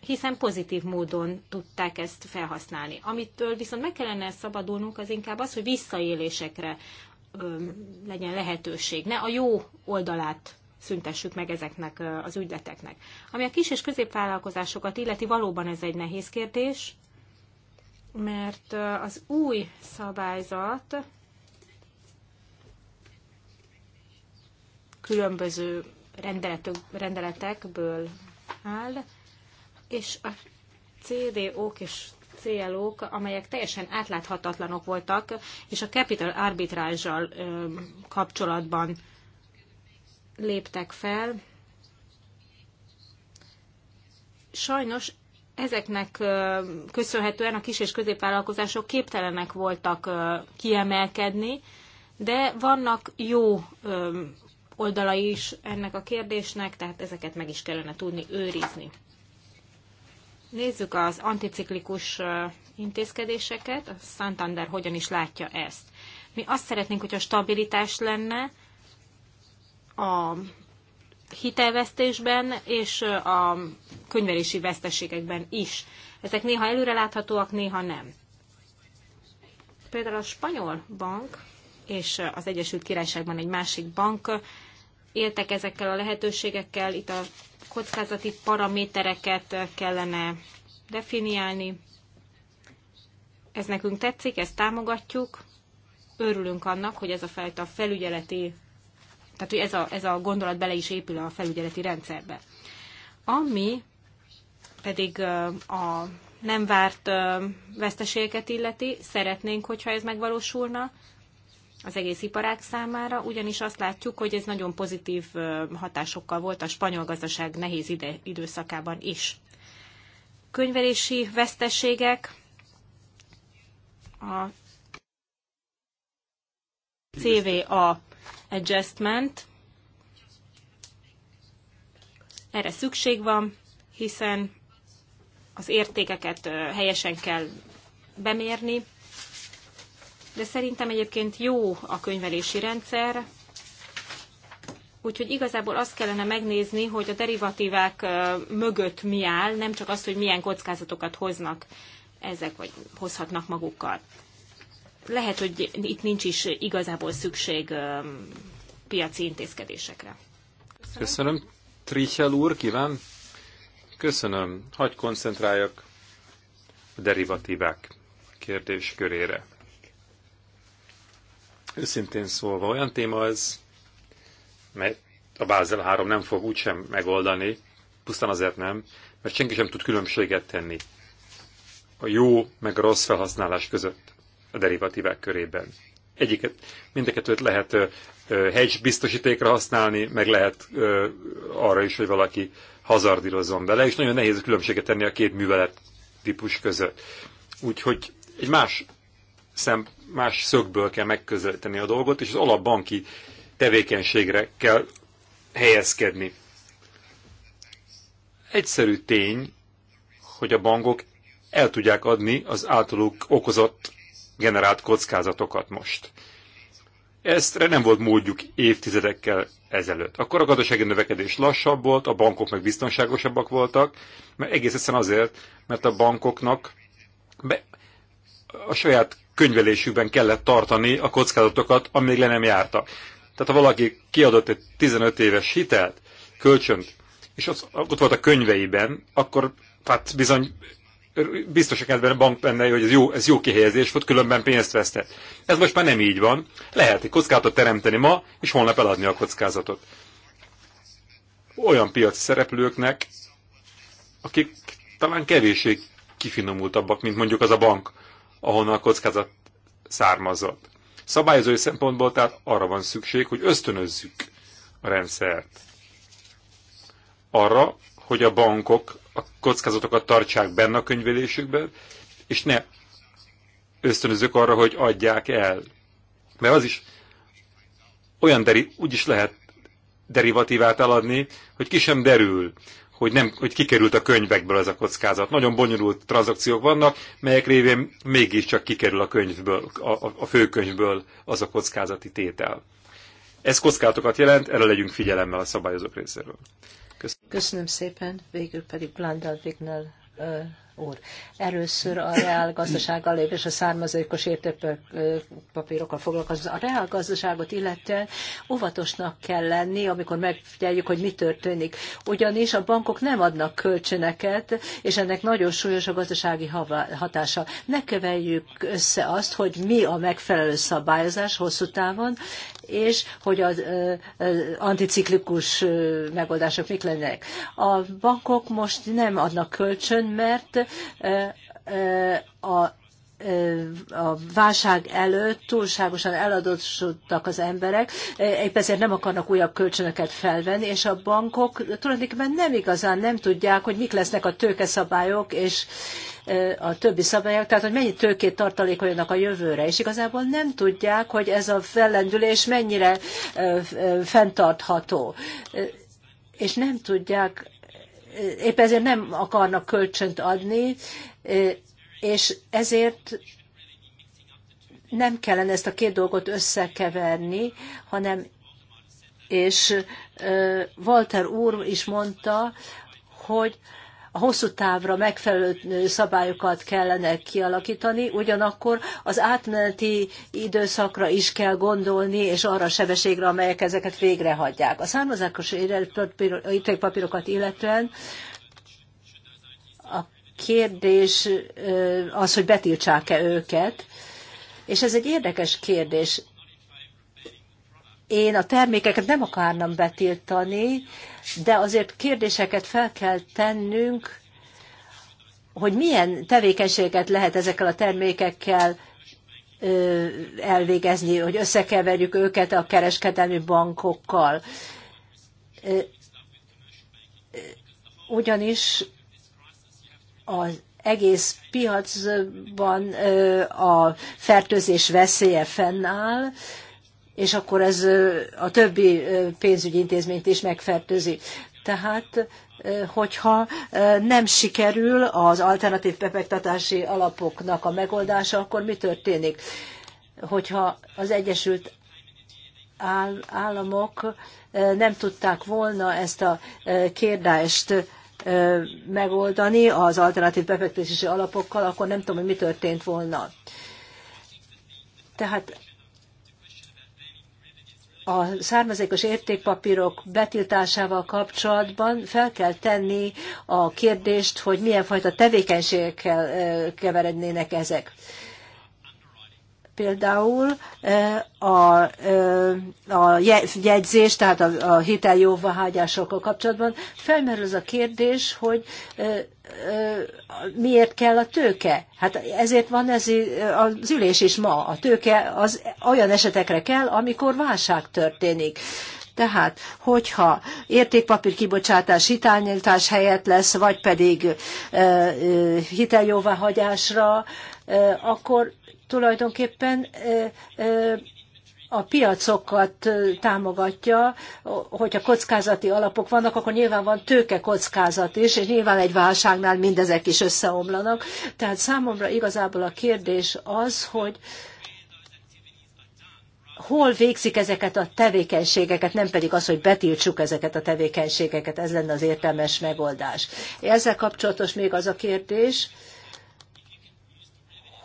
hiszen pozitív módon tudták ezt felhasználni. Amitől viszont meg kellene szabadulnunk, az inkább az, hogy visszaélésekre legyen lehetőség. Ne a jó oldalát szüntessük meg ezeknek az ügyleteknek. Ami a kis és középvállalkozásokat illeti, valóban ez egy nehéz kérdés, mert az új szabályzat különböző rendeletekből áll, és a CDO-k és célok, amelyek teljesen átláthatatlanok voltak, és a capital arbitrázsal kapcsolatban léptek fel. Sajnos ezeknek köszönhetően a kis és középvállalkozások képtelenek voltak kiemelkedni, de vannak jó oldalai is ennek a kérdésnek, tehát ezeket meg is kellene tudni őrizni. Nézzük az anticiklikus intézkedéseket. A Santander hogyan is látja ezt? Mi azt szeretnénk, hogy a stabilitás lenne, a hitelvesztésben és a könyvelési veszteségekben is. Ezek néha előreláthatóak, néha nem. Például a spanyol bank és az Egyesült Királyságban egy másik bank éltek ezekkel a lehetőségekkel, itt a kockázati paramétereket kellene definiálni. Ez nekünk tetszik, ezt támogatjuk. Örülünk annak, hogy ez a fajta felügyeleti tehát hogy ez a, ez a gondolat bele is épül a felügyeleti rendszerbe. Ami pedig a nem várt veszteségeket illeti, szeretnénk, hogyha ez megvalósulna az egész iparág számára, ugyanis azt látjuk, hogy ez nagyon pozitív hatásokkal volt a spanyol gazdaság nehéz ide, időszakában is. Könyvelési veszteségek a CVA adjustment. Erre szükség van, hiszen az értékeket helyesen kell bemérni, de szerintem egyébként jó a könyvelési rendszer, Úgyhogy igazából azt kellene megnézni, hogy a derivatívák mögött mi áll, nem csak az, hogy milyen kockázatokat hoznak ezek, vagy hozhatnak magukkal lehet, hogy itt nincs is igazából szükség piaci intézkedésekre. Köszönöm. Köszönöm. Trichel úr, kíván. Köszönöm. Hagy koncentráljak a derivatívák kérdéskörére. Őszintén szólva, olyan téma ez, mert a Bázel 3 nem fog úgysem megoldani, pusztán azért nem, mert senki sem tud különbséget tenni a jó meg a rossz felhasználás között a derivatívák körében. Egyiket, mindeket lehet hedge biztosítékra használni, meg lehet arra is, hogy valaki hazardírozzon bele, és nagyon nehéz különbséget tenni a két művelet típus között. Úgyhogy egy más szem, más szögből kell megközelíteni a dolgot, és az alapbanki tevékenységre kell helyezkedni. Egyszerű tény, hogy a bankok el tudják adni az általuk okozott generált kockázatokat most. Ezt nem volt módjuk évtizedekkel ezelőtt. Akkor a gazdasági növekedés lassabb volt, a bankok meg biztonságosabbak voltak, mert egész egyszerűen azért, mert a bankoknak be, a saját könyvelésükben kellett tartani a kockázatokat, amíg le nem jártak. Tehát ha valaki kiadott egy 15 éves hitelt, kölcsönt, és az, ott volt a könyveiben, akkor hát bizony biztosak a a bank benne, hogy ez jó, ez jó kihelyezés volt, különben pénzt vesztett. Ez most már nem így van. Lehet egy kockázatot teremteni ma, és holnap eladni a kockázatot. Olyan piaci szereplőknek, akik talán kevéssé kifinomultabbak, mint mondjuk az a bank, ahonnan a kockázat származott. Szabályozói szempontból tehát arra van szükség, hogy ösztönözzük a rendszert. Arra, hogy a bankok a kockázatokat tartsák benne a könyvelésükben, és ne ösztönözök arra, hogy adják el. Mert az is olyan deri, úgy is lehet derivatívát eladni, hogy ki sem derül, hogy, nem, hogy kikerült a könyvekből ez a kockázat. Nagyon bonyolult tranzakciók vannak, melyek révén mégiscsak kikerül a könyvből, a, a főkönyvből az a kockázati tétel. Ez kockátokat jelent, erre legyünk figyelemmel a szabályozók részéről. Köszönöm, Köszönöm szépen, végül pedig Blandal Vignal úr. Először a reál gazdasággal és a származékos értékpapírokkal foglalkozva. A reál gazdaságot illetően óvatosnak kell lenni, amikor megfigyeljük, hogy mi történik. Ugyanis a bankok nem adnak kölcsöneket, és ennek nagyon súlyos a gazdasági hatása. Ne keveljük össze azt, hogy mi a megfelelő szabályozás hosszú távon, és hogy az, az anticiklikus megoldások mik lennek. A bankok most nem adnak kölcsön, mert a a válság előtt túlságosan eladósodtak az emberek, épp ezért nem akarnak újabb kölcsönöket felvenni, és a bankok tulajdonképpen nem igazán nem tudják, hogy mik lesznek a tőkeszabályok és eh, a többi szabályok, tehát hogy mennyi tőkét tartalékoljanak a jövőre, és igazából nem tudják, hogy ez a fellendülés mennyire eh, eh, fenntartható. És nem tudják épp ezért nem akarnak kölcsönt adni, és ezért nem kellene ezt a két dolgot összekeverni, hanem, és Walter úr is mondta, hogy a hosszú távra megfelelő szabályokat kellene kialakítani, ugyanakkor az átmeneti időszakra is kell gondolni, és arra a sebességre, amelyek ezeket végrehajtják. A származásos értékpapírokat illetően a kérdés az, hogy betiltsák-e őket, és ez egy érdekes kérdés én a termékeket nem akarnám betiltani, de azért kérdéseket fel kell tennünk, hogy milyen tevékenységet lehet ezekkel a termékekkel elvégezni, hogy összekeverjük őket a kereskedelmi bankokkal. Ugyanis az egész piacban a fertőzés veszélye fennáll, és akkor ez a többi pénzügyi intézményt is megfertőzi. Tehát hogyha nem sikerül az alternatív befektetési alapoknak a megoldása, akkor mi történik? Hogyha az Egyesült Államok nem tudták volna ezt a kérdést megoldani az alternatív befektetési alapokkal, akkor nem tudom, hogy mi történt volna. Tehát a származékos értékpapírok betiltásával kapcsolatban fel kell tenni a kérdést, hogy milyen fajta tevékenységekkel keverednének ezek. Például a, a jegyzés, tehát a, a hitel kapcsolatban felmerül az a kérdés, hogy miért kell a tőke? Hát ezért van ez az ülés is ma. A tőke az olyan esetekre kell, amikor válság történik. Tehát, hogyha értékpapír kibocsátás hitányítás helyett lesz, vagy pedig e, hiteljóváhagyásra, akkor tulajdonképpen a piacokat támogatja, hogyha kockázati alapok vannak, akkor nyilván van tőke kockázat is, és nyilván egy válságnál mindezek is összeomlanak. Tehát számomra igazából a kérdés az, hogy hol végzik ezeket a tevékenységeket, nem pedig az, hogy betiltsuk ezeket a tevékenységeket, ez lenne az értelmes megoldás. Ezzel kapcsolatos még az a kérdés,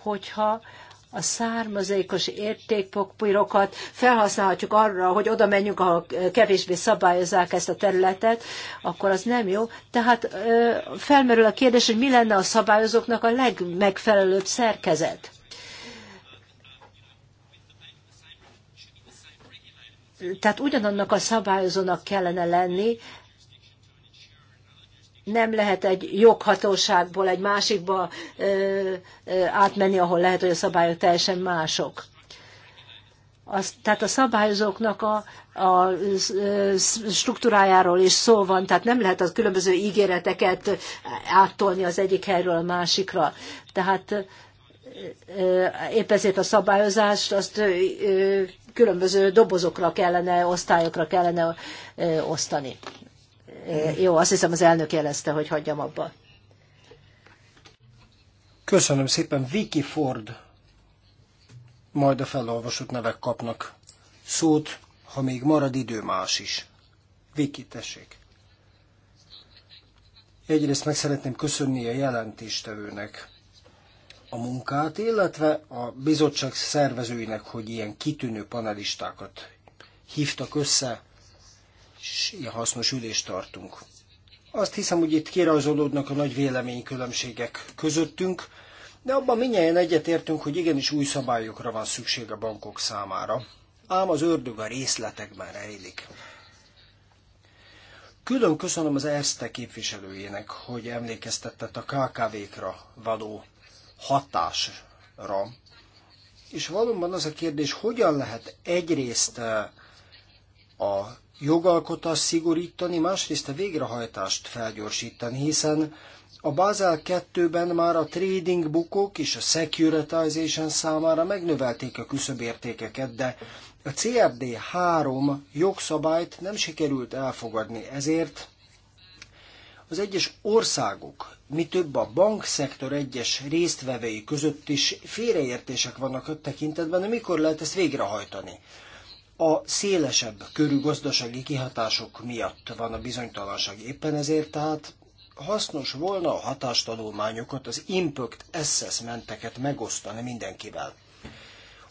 hogyha a származékos értékpapírokat felhasználhatjuk arra, hogy oda menjünk, ahol kevésbé szabályozzák ezt a területet, akkor az nem jó. Tehát felmerül a kérdés, hogy mi lenne a szabályozóknak a legmegfelelőbb szerkezet. Tehát ugyanannak a szabályozónak kellene lenni, nem lehet egy joghatóságból egy másikba átmenni, ahol lehet, hogy a szabályok teljesen mások. Az, tehát a szabályozóknak a, a struktúrájáról is szó van, tehát nem lehet az különböző ígéreteket áttolni az egyik helyről a másikra. Tehát épp ezért a szabályozást azt különböző dobozokra kellene, osztályokra kellene osztani. Eh, jó, azt hiszem az elnök jelezte, hogy hagyjam abba. Köszönöm szépen. Vicky Ford. Majd a felolvasott nevek kapnak szót, ha még marad idő más is. Vicky, tessék. Egyrészt meg szeretném köszönni a jelentéstevőnek a munkát, illetve a bizottság szervezőinek, hogy ilyen kitűnő panelistákat hívtak össze, hasznos ülést tartunk. Azt hiszem, hogy itt kirajzolódnak a nagy véleménykülönbségek közöttünk, de abban minnyáján egyetértünk, hogy igenis új szabályokra van szükség a bankok számára. Ám az ördög a részletekben rejlik. Külön köszönöm az ERSZTE képviselőjének, hogy emlékeztetett a KKV-kra való hatásra. És valóban az a kérdés, hogyan lehet egyrészt eh, a Jogalkotás szigorítani, másrészt a végrehajtást felgyorsítani, hiszen a Basel 2-ben már a trading bukók és a securitization számára megnövelték a küszöbértékeket, de a CRD 3 jogszabályt nem sikerült elfogadni, ezért az egyes országok, mi több a bankszektor egyes résztvevői között is félreértések vannak a tekintetben, de mikor lehet ezt végrehajtani a szélesebb körű gazdasági kihatások miatt van a bizonytalanság. Éppen ezért tehát hasznos volna a hatástanulmányokat, az impact assessmenteket megosztani mindenkivel.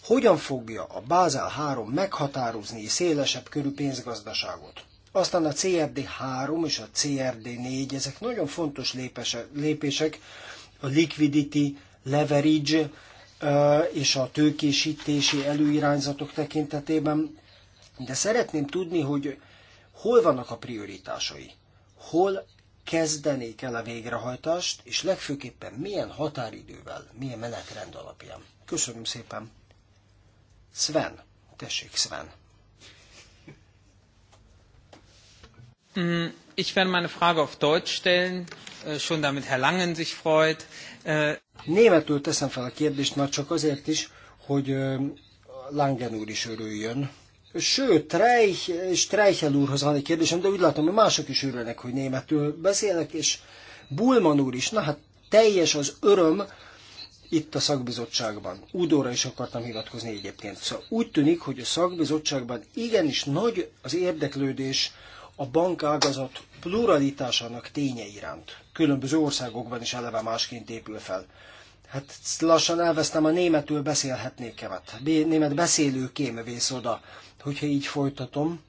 Hogyan fogja a Bázel 3 meghatározni szélesebb körű pénzgazdaságot? Aztán a CRD 3 és a CRD 4, ezek nagyon fontos lépese, lépések, a liquidity, leverage, és a tőkésítési előirányzatok tekintetében, de szeretném tudni, hogy hol vannak a prioritásai, hol kezdenék el a végrehajtást, és legfőképpen milyen határidővel, milyen menetrend alapján. Köszönöm szépen. Sven, tessék Sven. Mm, ich werde meine Frage auf Deutsch stellen, äh, schon damit Herr Langen sich freut. Äh, Németül teszem fel a kérdést, már csak azért is, hogy Langen úr is örüljön. Sőt, Reich, Streichel úrhoz van egy kérdésem, de úgy látom, hogy mások is örülnek, hogy németül beszélnek, és Bulman úr is, na hát teljes az öröm itt a szakbizottságban. Udóra is akartam hivatkozni egyébként. Szóval úgy tűnik, hogy a szakbizottságban igenis nagy az érdeklődés a bankágazat pluralitásának ténye iránt. Különböző országokban is eleve másként épül fel. Hát lassan elvesztem, a németül beszélhetnék kevet. Német beszélő kémvész oda, hogyha így folytatom.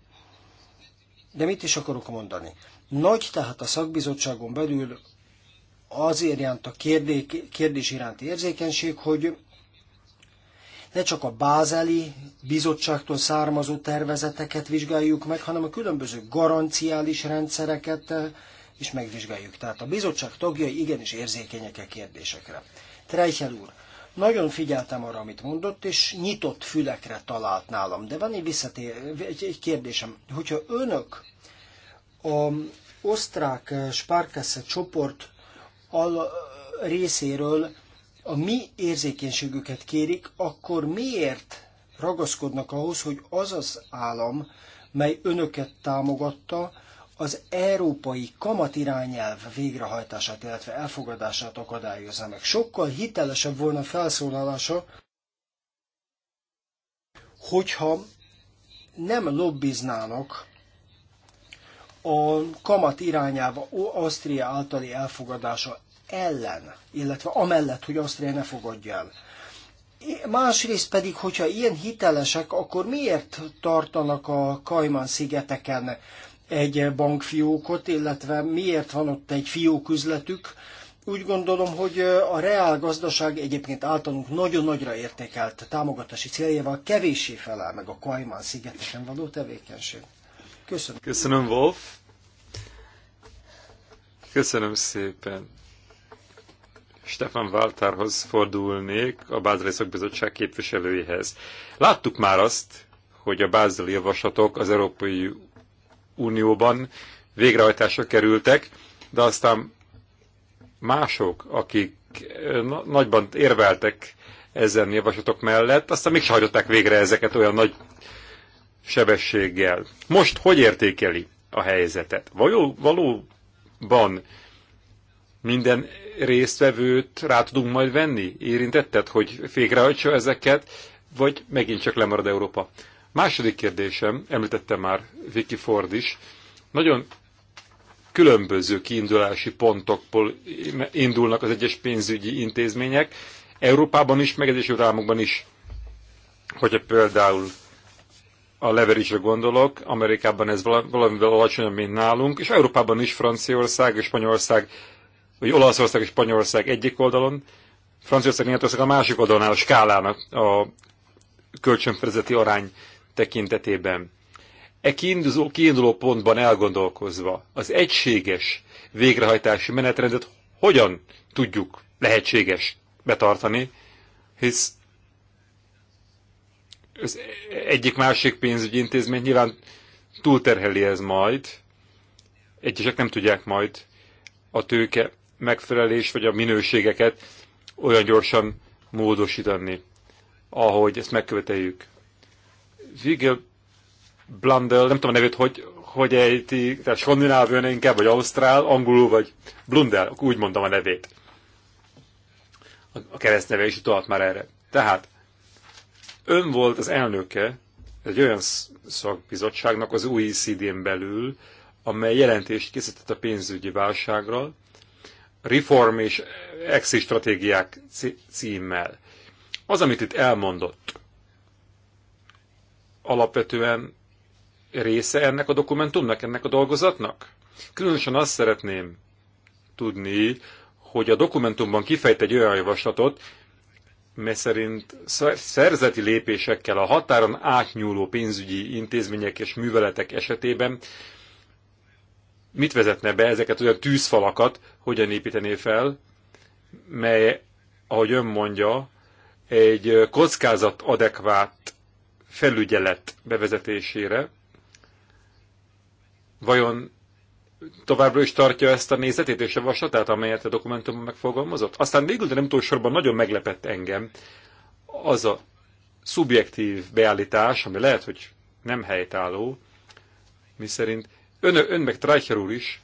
De mit is akarok mondani? Nagy tehát a szakbizottságon belül az iránt a kérdés iránti érzékenység, hogy ne csak a bázeli bizottságtól származó tervezeteket vizsgáljuk meg, hanem a különböző garanciális rendszereket is megvizsgáljuk. Tehát a bizottság tagjai igenis érzékenyek a kérdésekre. Treichel úr, nagyon figyeltem arra, amit mondott, és nyitott fülekre talált nálam. De van egy, visszatér, egy, egy kérdésem, hogyha önök a osztrák eh, Sparkasse csoport al eh, részéről a mi érzékenységüket kérik, akkor miért ragaszkodnak ahhoz, hogy az az állam, mely önöket támogatta, az európai kamatirányelv végrehajtását, illetve elfogadását akadályozza meg. Sokkal hitelesebb volna felszólalása, hogyha nem lobbiznának a kamat irányába Ausztria általi elfogadása ellen, illetve amellett, hogy Ausztria ne fogadja el. Másrészt pedig, hogyha ilyen hitelesek, akkor miért tartanak a Kajman szigeteken egy bankfiókot, illetve miért van ott egy fióküzletük. Úgy gondolom, hogy a reál gazdaság egyébként általunk nagyon nagyra értékelt támogatási céljával kevéssé felel meg a Kajmán szigeteken való tevékenység. Köszönöm. Köszönöm, Wolf. Köszönöm szépen. Stefan Váltárhoz fordulnék, a Bázeli Szakbizottság képviselőihez. Láttuk már azt, hogy a bázeli javaslatok az Európai Unióban végrehajtásra kerültek, de aztán mások, akik eh, nagyban érveltek ezen javaslatok mellett, aztán még hajtották végre ezeket olyan nagy sebességgel. Most hogy értékeli a helyzetet? Való, valóban minden résztvevőt rá tudunk majd venni? Érintetted, hogy végrehajtsa ezeket, vagy megint csak lemarad Európa Második kérdésem, említette már Vicky Ford is, nagyon különböző kiindulási pontokból indulnak az egyes pénzügyi intézmények, Európában is, meg Egyesült Államokban is. Hogyha például a leverage gondolok, Amerikában ez valamivel alacsonyabb, mint nálunk, és Európában is Franciaország és Spanyolország, vagy Olaszország és Spanyolország egyik oldalon, Franciaország, Németország a másik oldalon áll a skálának a kölcsönfedezeti arány tekintetében. E kiinduló, kiinduló pontban elgondolkozva az egységes végrehajtási menetrendet hogyan tudjuk lehetséges betartani, hisz az egyik másik pénzügyi intézmény nyilván túlterheli ez majd, egyesek nem tudják majd a tőke megfelelés vagy a minőségeket olyan gyorsan módosítani, ahogy ezt megköveteljük. Zsigel Blundell, nem tudom a nevét, hogy, hogy ejti, tehát skandináv jön inkább, vagy ausztrál, angolul, vagy Blundell, úgy mondom a nevét. A, a keresztneve is utalt már erre. Tehát ön volt az elnöke egy olyan szakbizottságnak az OECD-n belül, amely jelentést készített a pénzügyi válságra, reform és exit stratégiák címmel. Az, amit itt elmondott, alapvetően része ennek a dokumentumnak, ennek a dolgozatnak? Különösen azt szeretném tudni, hogy a dokumentumban kifejt egy olyan javaslatot, mely szerint szerzeti lépésekkel a határon átnyúló pénzügyi intézmények és műveletek esetében mit vezetne be ezeket olyan tűzfalakat, hogyan építené fel, mely, ahogy ön mondja, egy kockázat adekvát felügyelet bevezetésére. Vajon továbbra is tartja ezt a nézetét és javaslatát, amelyet a dokumentumban megfogalmazott? Aztán végül, de nem utolsóban nagyon meglepett engem az a szubjektív beállítás, ami lehet, hogy nem helytálló, miszerint ön, ön meg Treicher úr is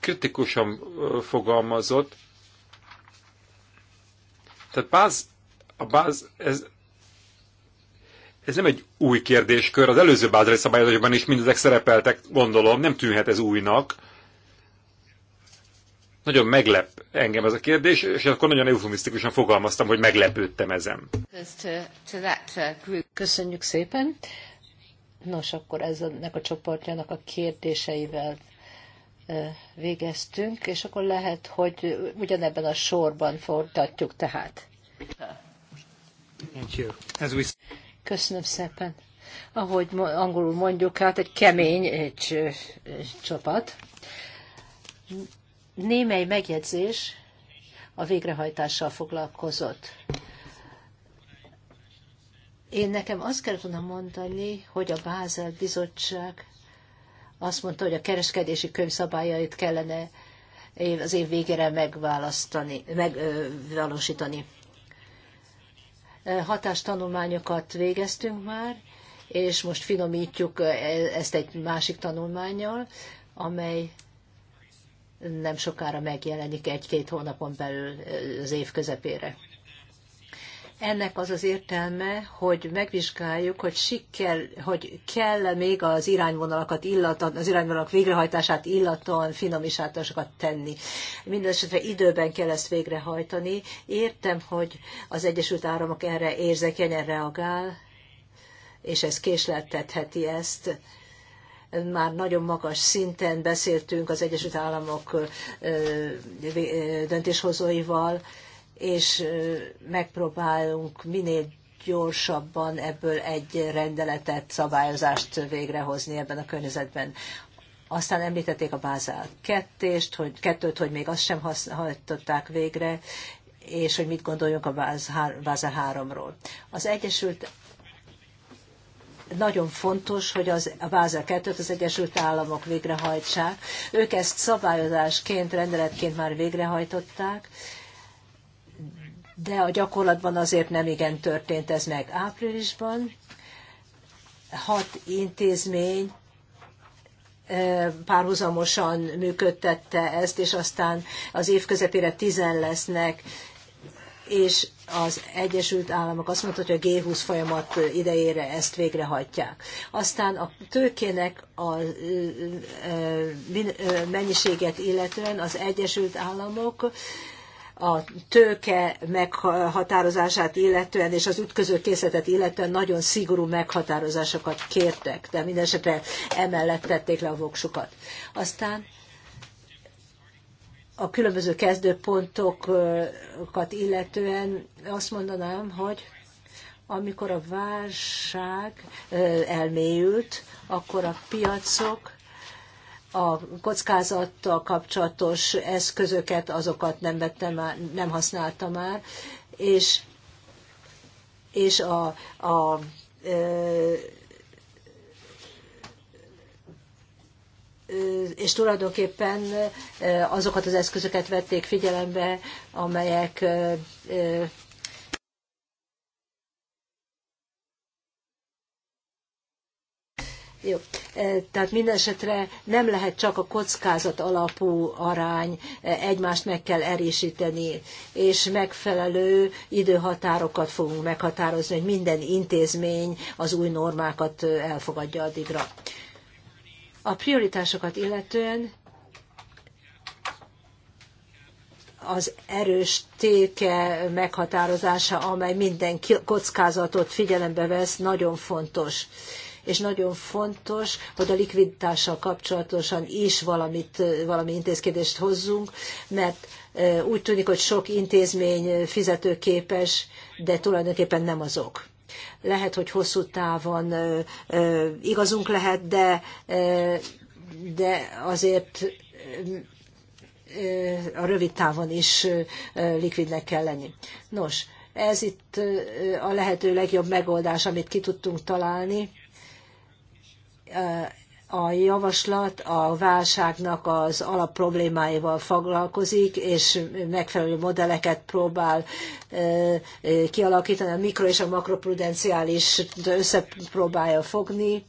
kritikusan fogalmazott, tehát Páz a báz, ez, ez nem egy új kérdéskör, az előző bázali szabályozásban is mindezek szerepeltek, gondolom, nem tűnhet ez újnak. Nagyon meglep engem ez a kérdés, és akkor nagyon eufemisztikusan fogalmaztam, hogy meglepődtem ezen. Köszönjük szépen. Nos, akkor ennek a csoportjának a kérdéseivel végeztünk, és akkor lehet, hogy ugyanebben a sorban fordítatjuk tehát. Köszönöm szépen. Ahogy angolul mondjuk, hát egy kemény egy, egy csapat. Némely megjegyzés a végrehajtással foglalkozott. Én nekem azt kellett volna mondani, hogy a Bázel bizottság azt mondta, hogy a kereskedési könyv szabályait kellene az év végére megválasztani, megvalósítani. Eh, hatástanulmányokat végeztünk már, és most finomítjuk eh, ezt egy másik tanulmányjal, amely nem sokára megjelenik egy-két hónapon belül eh, az év közepére. Ennek az az értelme, hogy megvizsgáljuk, hogy, siker, hogy kell -e még az irányvonalakat illaton, az irányvonalak végrehajtását illaton finomításokat tenni. Mindenesetre időben kell ezt végrehajtani. Értem, hogy az Egyesült Államok erre érzékenyen reagál, és ez késleltetheti ezt már nagyon magas szinten beszéltünk az Egyesült Államok döntéshozóival, és megpróbálunk minél gyorsabban ebből egy rendeletet, szabályozást végrehozni ebben a környezetben. Aztán említették a Bázál kettést, hogy, kettőt, hogy még azt sem hajtották végre, és hogy mit gondoljunk a Bázál háromról. Az Egyesült nagyon fontos, hogy az, a Bázel 2-t az Egyesült Államok végrehajtsák. Ők ezt szabályozásként, rendeletként már végrehajtották, de a gyakorlatban azért nem igen történt ez meg. Áprilisban hat intézmény párhuzamosan működtette ezt, és aztán az év közepére tizen lesznek, és az Egyesült Államok azt mondta, hogy a G20 folyamat idejére ezt végrehajtják. Aztán a tőkének a mennyiséget illetően az Egyesült Államok a tőke meghatározását illetően és az ütköző készletet illetően nagyon szigorú meghatározásokat kértek, de minden esetre emellett tették le a voksukat. Aztán a különböző kezdőpontokat illetően azt mondanám, hogy amikor a válság elmélyült, akkor a piacok a kockázattal kapcsolatos eszközöket, azokat nem, vettem már, nem használtam már, és, és a, a és tulajdonképpen azokat az eszközöket vették figyelembe, amelyek Jó. E, tehát minden esetre nem lehet csak a kockázat alapú arány, e, egymást meg kell erősíteni, és megfelelő időhatárokat fogunk meghatározni, hogy minden intézmény az új normákat e, elfogadja addigra. A prioritásokat illetően az erős téke meghatározása, amely minden kockázatot figyelembe vesz, nagyon fontos és nagyon fontos, hogy a likviditással kapcsolatosan is valamit, valami intézkedést hozzunk, mert úgy tűnik, hogy sok intézmény fizetőképes, de tulajdonképpen nem azok lehet, hogy hosszú távon igazunk lehet, de, de azért a rövid távon is likvidnek kell lenni. Nos, ez itt a lehető legjobb megoldás, amit ki tudtunk találni, a javaslat a válságnak az alapproblémáival foglalkozik, és megfelelő modelleket próbál kialakítani, a mikro és a makroprudenciális összepróbálja fogni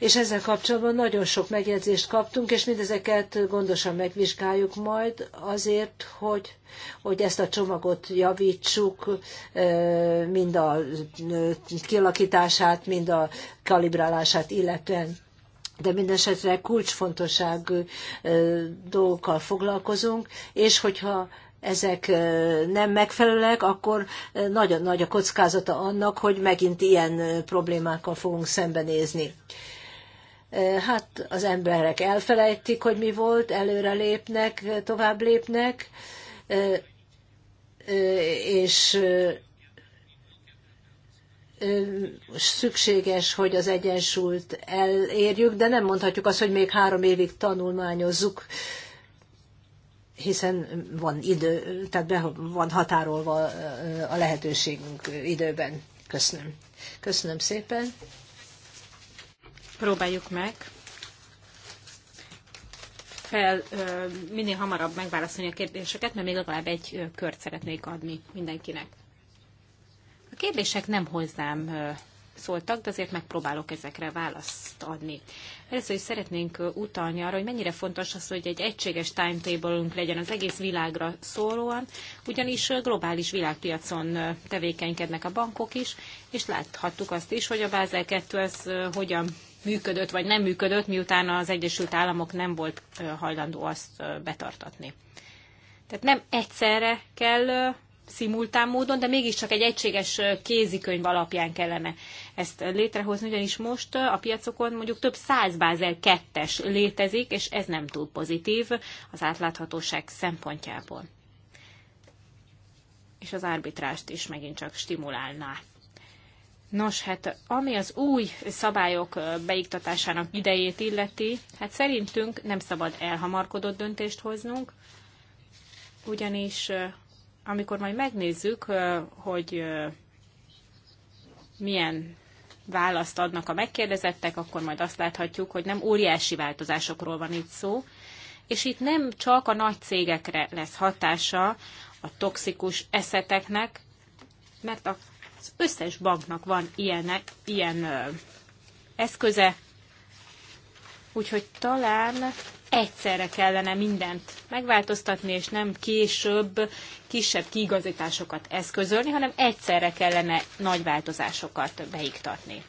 és ezzel kapcsolatban nagyon sok megjegyzést kaptunk, és mindezeket gondosan megvizsgáljuk majd azért, hogy, hogy ezt a csomagot javítsuk, mind a kialakítását, mind a kalibrálását illetően. De mindesetre kulcsfontosságú dolgokkal foglalkozunk, és hogyha ezek nem megfelelőek, akkor nagyon nagy a kockázata annak, hogy megint ilyen problémákkal fogunk szembenézni hát az emberek elfelejtik, hogy mi volt, előre lépnek, tovább lépnek, és szükséges, hogy az egyensúlyt elérjük, de nem mondhatjuk azt, hogy még három évig tanulmányozzuk, hiszen van idő, tehát be van határolva a lehetőségünk időben. Köszönöm. Köszönöm szépen próbáljuk meg fel minél hamarabb megválaszolni a kérdéseket, mert még legalább egy kört szeretnék adni mindenkinek. A kérdések nem hozzám szóltak, de azért megpróbálok ezekre választ adni. Először is szeretnénk utalni arra, hogy mennyire fontos az, hogy egy egységes timetable legyen az egész világra szólóan, ugyanis globális világpiacon tevékenykednek a bankok is, és láthattuk azt is, hogy a Bázel 2 ez hogyan működött vagy nem működött, miután az Egyesült Államok nem volt hajlandó azt betartatni. Tehát nem egyszerre kell szimultán módon, de mégiscsak egy egységes kézikönyv alapján kellene ezt létrehozni, ugyanis most a piacokon mondjuk több száz Bázel kettes létezik, és ez nem túl pozitív az átláthatóság szempontjából. És az arbitrást is megint csak stimulálná Nos, hát ami az új szabályok beiktatásának idejét illeti, hát szerintünk nem szabad elhamarkodott döntést hoznunk, ugyanis amikor majd megnézzük, hogy milyen választ adnak a megkérdezettek, akkor majd azt láthatjuk, hogy nem óriási változásokról van itt szó, és itt nem csak a nagy cégekre lesz hatása a toxikus eszeteknek, mert a az összes banknak van ilyen, ilyen eszköze, úgyhogy talán egyszerre kellene mindent megváltoztatni, és nem később kisebb kiigazításokat eszközölni, hanem egyszerre kellene nagy változásokat beiktatni.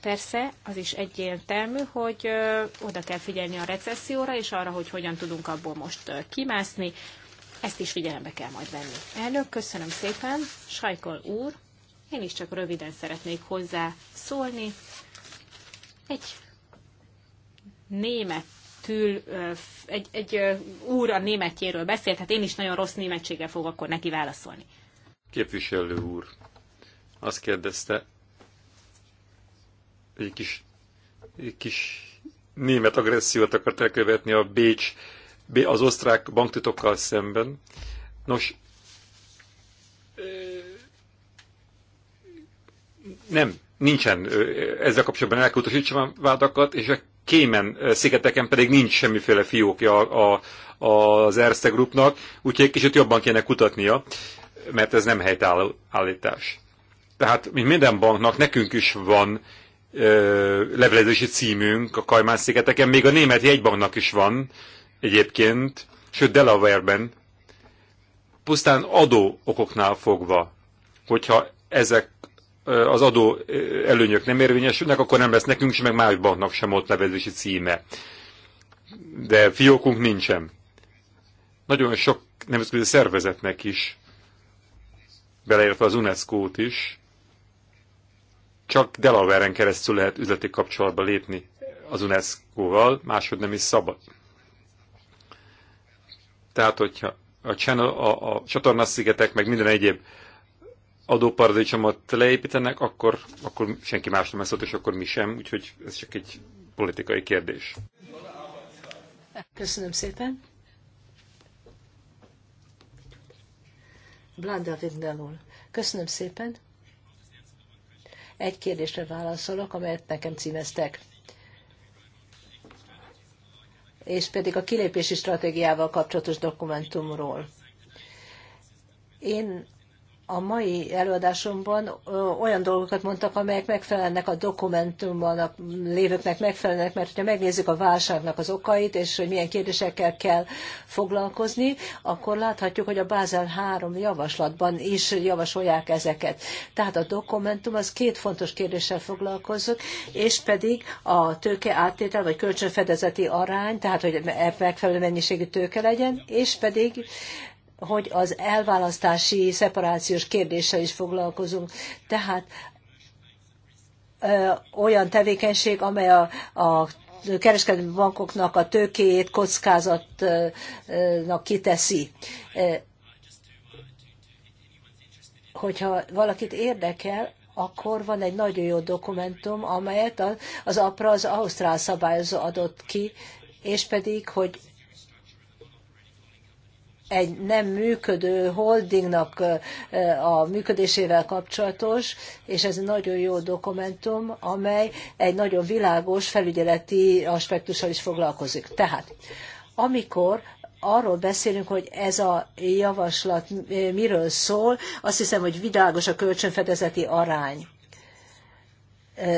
Persze, az is egyértelmű, hogy ö, oda kell figyelni a recesszióra, és arra, hogy hogyan tudunk abból most ö, kimászni. Ezt is figyelembe kell majd venni. Elnök, köszönöm szépen. Sajkol úr. Én is csak röviden szeretnék hozzá szólni. Egy németül, egy, egy úr a németjéről beszélt, hát én is nagyon rossz németséggel fogok akkor neki válaszolni. Képviselő úr, azt kérdezte, egy kis, egy kis német agressziót akart elkövetni a Bécs, az osztrák banktitokkal szemben. Nos, nem, nincsen ezzel kapcsolatban elkutasítsa vádakat, és a Kémen szigeteken pedig nincs semmiféle fiókja a, a, az Erste Groupnak, úgyhogy egy kicsit jobban kéne kutatnia, mert ez nem helytálló állítás. Tehát, mint minden banknak, nekünk is van ö, levelezési címünk a Kajmán szigeteken, még a német jegybanknak is van egyébként, sőt Delaware-ben, pusztán adó okoknál fogva, hogyha ezek az adó előnyök nem érvényesülnek, akkor nem lesz nekünk sem, meg más banknak sem ott nevezési címe. De fiókunk nincsen. Nagyon sok nemzetközi szervezetnek is, beleértve az UNESCO-t is, csak Delaware-en keresztül lehet üzleti kapcsolatba lépni az UNESCO-val, máshogy nem is szabad. Tehát, hogyha a, channel, a, a csatornaszigetek, meg minden egyéb adóparadicsomot leépítenek, akkor, akkor senki más nem ezt és akkor mi sem, úgyhogy ez csak egy politikai kérdés. Köszönöm szépen. Blanda Vindelul. Köszönöm szépen. Egy kérdésre válaszolok, amelyet nekem címeztek. És pedig a kilépési stratégiával kapcsolatos dokumentumról. Én a mai előadásomban olyan dolgokat mondtak, amelyek megfelelnek a dokumentumban a lévőknek megfelelnek, mert ha megnézzük a válságnak az okait, és hogy milyen kérdésekkel kell foglalkozni, akkor láthatjuk, hogy a Bázel 3 javaslatban is javasolják ezeket. Tehát a dokumentum az két fontos kérdéssel foglalkozik, és pedig a tőke áttétel, vagy kölcsönfedezeti arány, tehát hogy e- megfelelő mennyiségű tőke legyen, és pedig hogy az elválasztási, szeparációs kérdéssel is foglalkozunk. Tehát olyan tevékenység, amely a, a kereskedelmi bankoknak a tőkéjét kockázatnak kiteszi. Hogyha valakit érdekel, akkor van egy nagyon jó dokumentum, amelyet az APRA az Ausztrál szabályozó adott ki, és pedig, hogy egy nem működő holdingnak a működésével kapcsolatos, és ez egy nagyon jó dokumentum, amely egy nagyon világos felügyeleti aspektussal is foglalkozik. Tehát, amikor arról beszélünk, hogy ez a javaslat miről szól, azt hiszem, hogy világos a kölcsönfedezeti arány.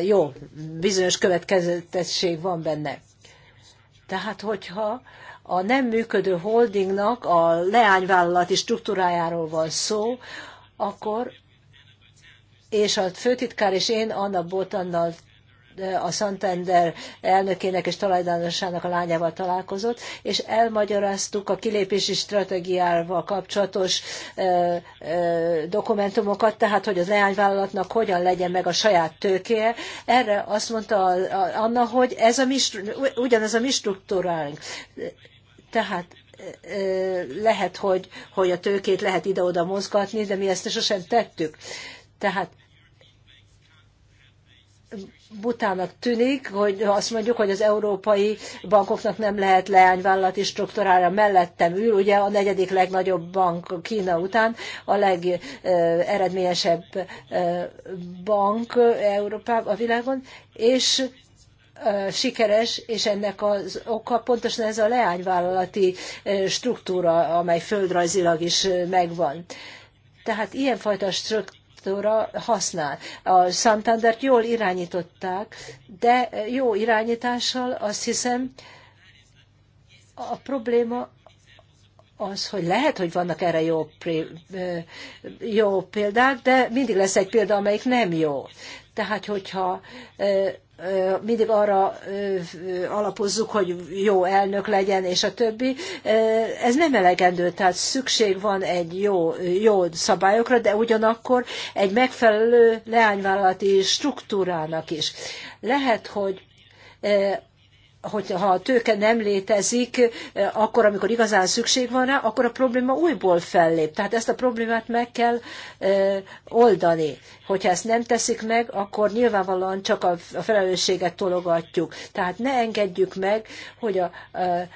Jó, bizonyos következetesség van benne. Tehát, hogyha a nem működő holdingnak a leányvállalati struktúrájáról van szó, akkor és a főtitkár és én Anna Botannal a Santander elnökének és tulajdonosának a lányával találkozott, és elmagyaráztuk a kilépési stratégiával kapcsolatos ö, ö, dokumentumokat, tehát hogy az leányvállalatnak hogyan legyen meg a saját tőkéje. Erre azt mondta Anna, hogy ez a mi, ugyanez a mi struktúránk. Tehát lehet, hogy, hogy a tőkét lehet ide-oda mozgatni, de mi ezt sosem tettük. Tehát butának tűnik, hogy azt mondjuk, hogy az európai bankoknak nem lehet leányvállalati struktúrára mellettem ül, ugye a negyedik legnagyobb bank Kína után, a legeredményesebb bank Európában, a világon, és sikeres, és ennek az oka pontosan ez a leányvállalati struktúra, amely földrajzilag is megvan. Tehát ilyenfajta struktúra használ. A Santandert jól irányították, de jó irányítással azt hiszem a probléma az, hogy lehet, hogy vannak erre jó, jó példák, de mindig lesz egy példa, amelyik nem jó. Tehát, hogyha mindig arra alapozzuk, hogy jó elnök legyen, és a többi. Ez nem elegendő, tehát szükség van egy jó, jó szabályokra, de ugyanakkor egy megfelelő leányvállalati struktúrának is. Lehet, hogy hogy ha a tőke nem létezik, eh, akkor, amikor igazán szükség van rá, akkor a probléma újból fellép. Tehát ezt a problémát meg kell eh, oldani. Hogyha ezt nem teszik meg, akkor nyilvánvalóan csak a felelősséget tologatjuk. Tehát ne engedjük meg, hogy a eh,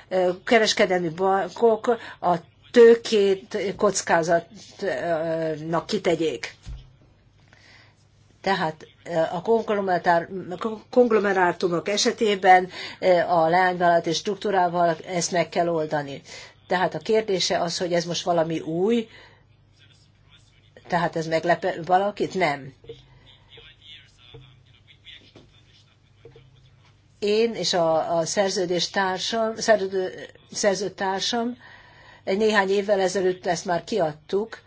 kereskedelmi bankok a tőkét kockázatnak kitegyék. Tehát a konglomerátumok esetében e, a leányvállalati struktúrával ezt meg kell oldani. Tehát a kérdése az, hogy ez most valami új, tehát ez meglep valakit? Nem. Én és a, a szerződés társam, szerző, szerzőtársam néhány évvel ezelőtt ezt már kiadtuk,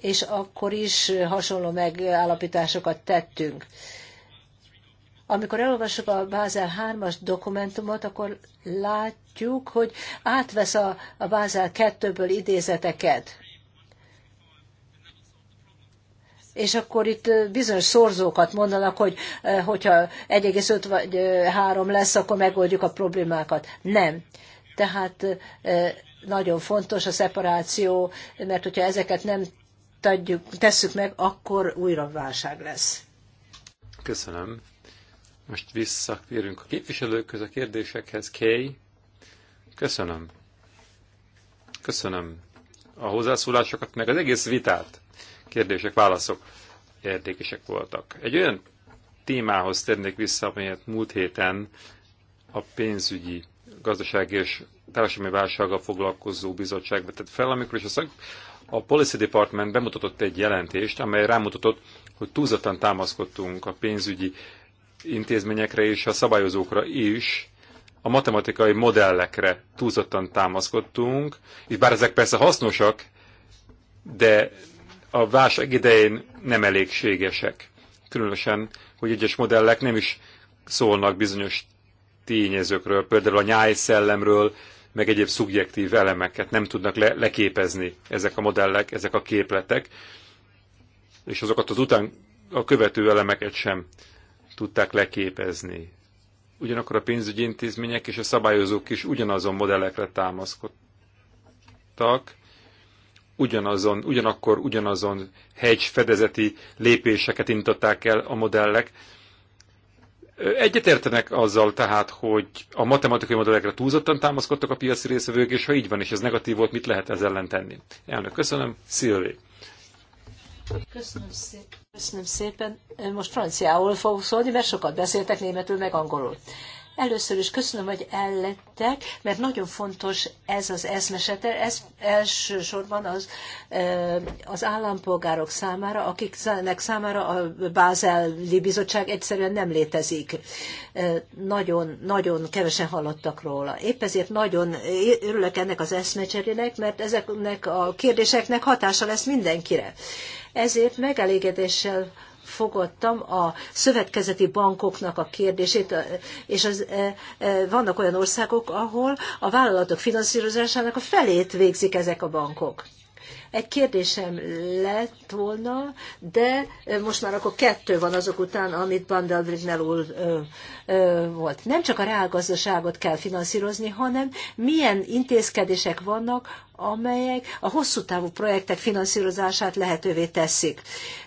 és akkor is hasonló megállapításokat tettünk. Amikor elolvassuk a Bázel 3-as dokumentumot, akkor látjuk, hogy átvesz a, a Bázel 2-ből idézeteket. És akkor itt bizonyos szorzókat mondanak, hogy hogyha 1,5 vagy 3 lesz, akkor megoldjuk a problémákat. Nem. Tehát nagyon fontos a szeparáció, mert hogyha ezeket nem Tegyük, tesszük meg, akkor újra válság lesz. Köszönöm. Most visszatérünk a képviselőköz a kérdésekhez. Kay, köszönöm. Köszönöm a hozzászólásokat, meg az egész vitát. Kérdések, válaszok érdekesek voltak. Egy olyan témához térnék vissza, amelyet múlt héten a pénzügyi, gazdasági és társadalmi válsággal foglalkozó bizottság vetett fel, amikor is a szak, a Policy Department bemutatott egy jelentést, amely rámutatott, hogy túlzottan támaszkodtunk a pénzügyi intézményekre és a szabályozókra is, a matematikai modellekre túlzottan támaszkodtunk, és bár ezek persze hasznosak, de a válság idején nem elégségesek. Különösen, hogy egyes modellek nem is szólnak bizonyos tényezőkről, például a nyájszellemről, meg egyéb szubjektív elemeket nem tudnak le, leképezni ezek a modellek, ezek a képletek, és azokat az után a követő elemeket sem tudták leképezni. Ugyanakkor a pénzügyi intézmények és a szabályozók is ugyanazon modellekre támaszkodtak, ugyanazon, ugyanakkor ugyanazon hedge fedezeti lépéseket intották el a modellek, Egyetértenek azzal tehát, hogy a matematikai modellekre túlzottan támaszkodtak a piaci részvevők, és ha így van, és ez negatív volt, mit lehet ezzel ellen tenni? Elnök, köszönöm. Szilvi. Köszönöm szépen. Köszönöm szépen. Most franciául fogok szólni, mert sokat beszéltek németül, meg angolul. Először is köszönöm, hogy ellettek, mert nagyon fontos ez az eszmesete, ez elsősorban az, az állampolgárok számára, akiknek számára a Bázeli Bizottság egyszerűen nem létezik. Nagyon, nagyon kevesen hallottak róla. Épp ezért nagyon örülök ennek az eszmecserének, mert ezeknek a kérdéseknek hatása lesz mindenkire. Ezért megelégedéssel fogadtam a szövetkezeti bankoknak a kérdését, és az, vannak olyan országok, ahol a vállalatok finanszírozásának a felét végzik ezek a bankok. Egy kérdésem lett volna, de most már akkor kettő van azok után, amit Brignel úr ö, ö, volt. Nem csak a reálgazdaságot kell finanszírozni, hanem milyen intézkedések vannak, amelyek a hosszú távú projektek finanszírozását lehetővé teszik.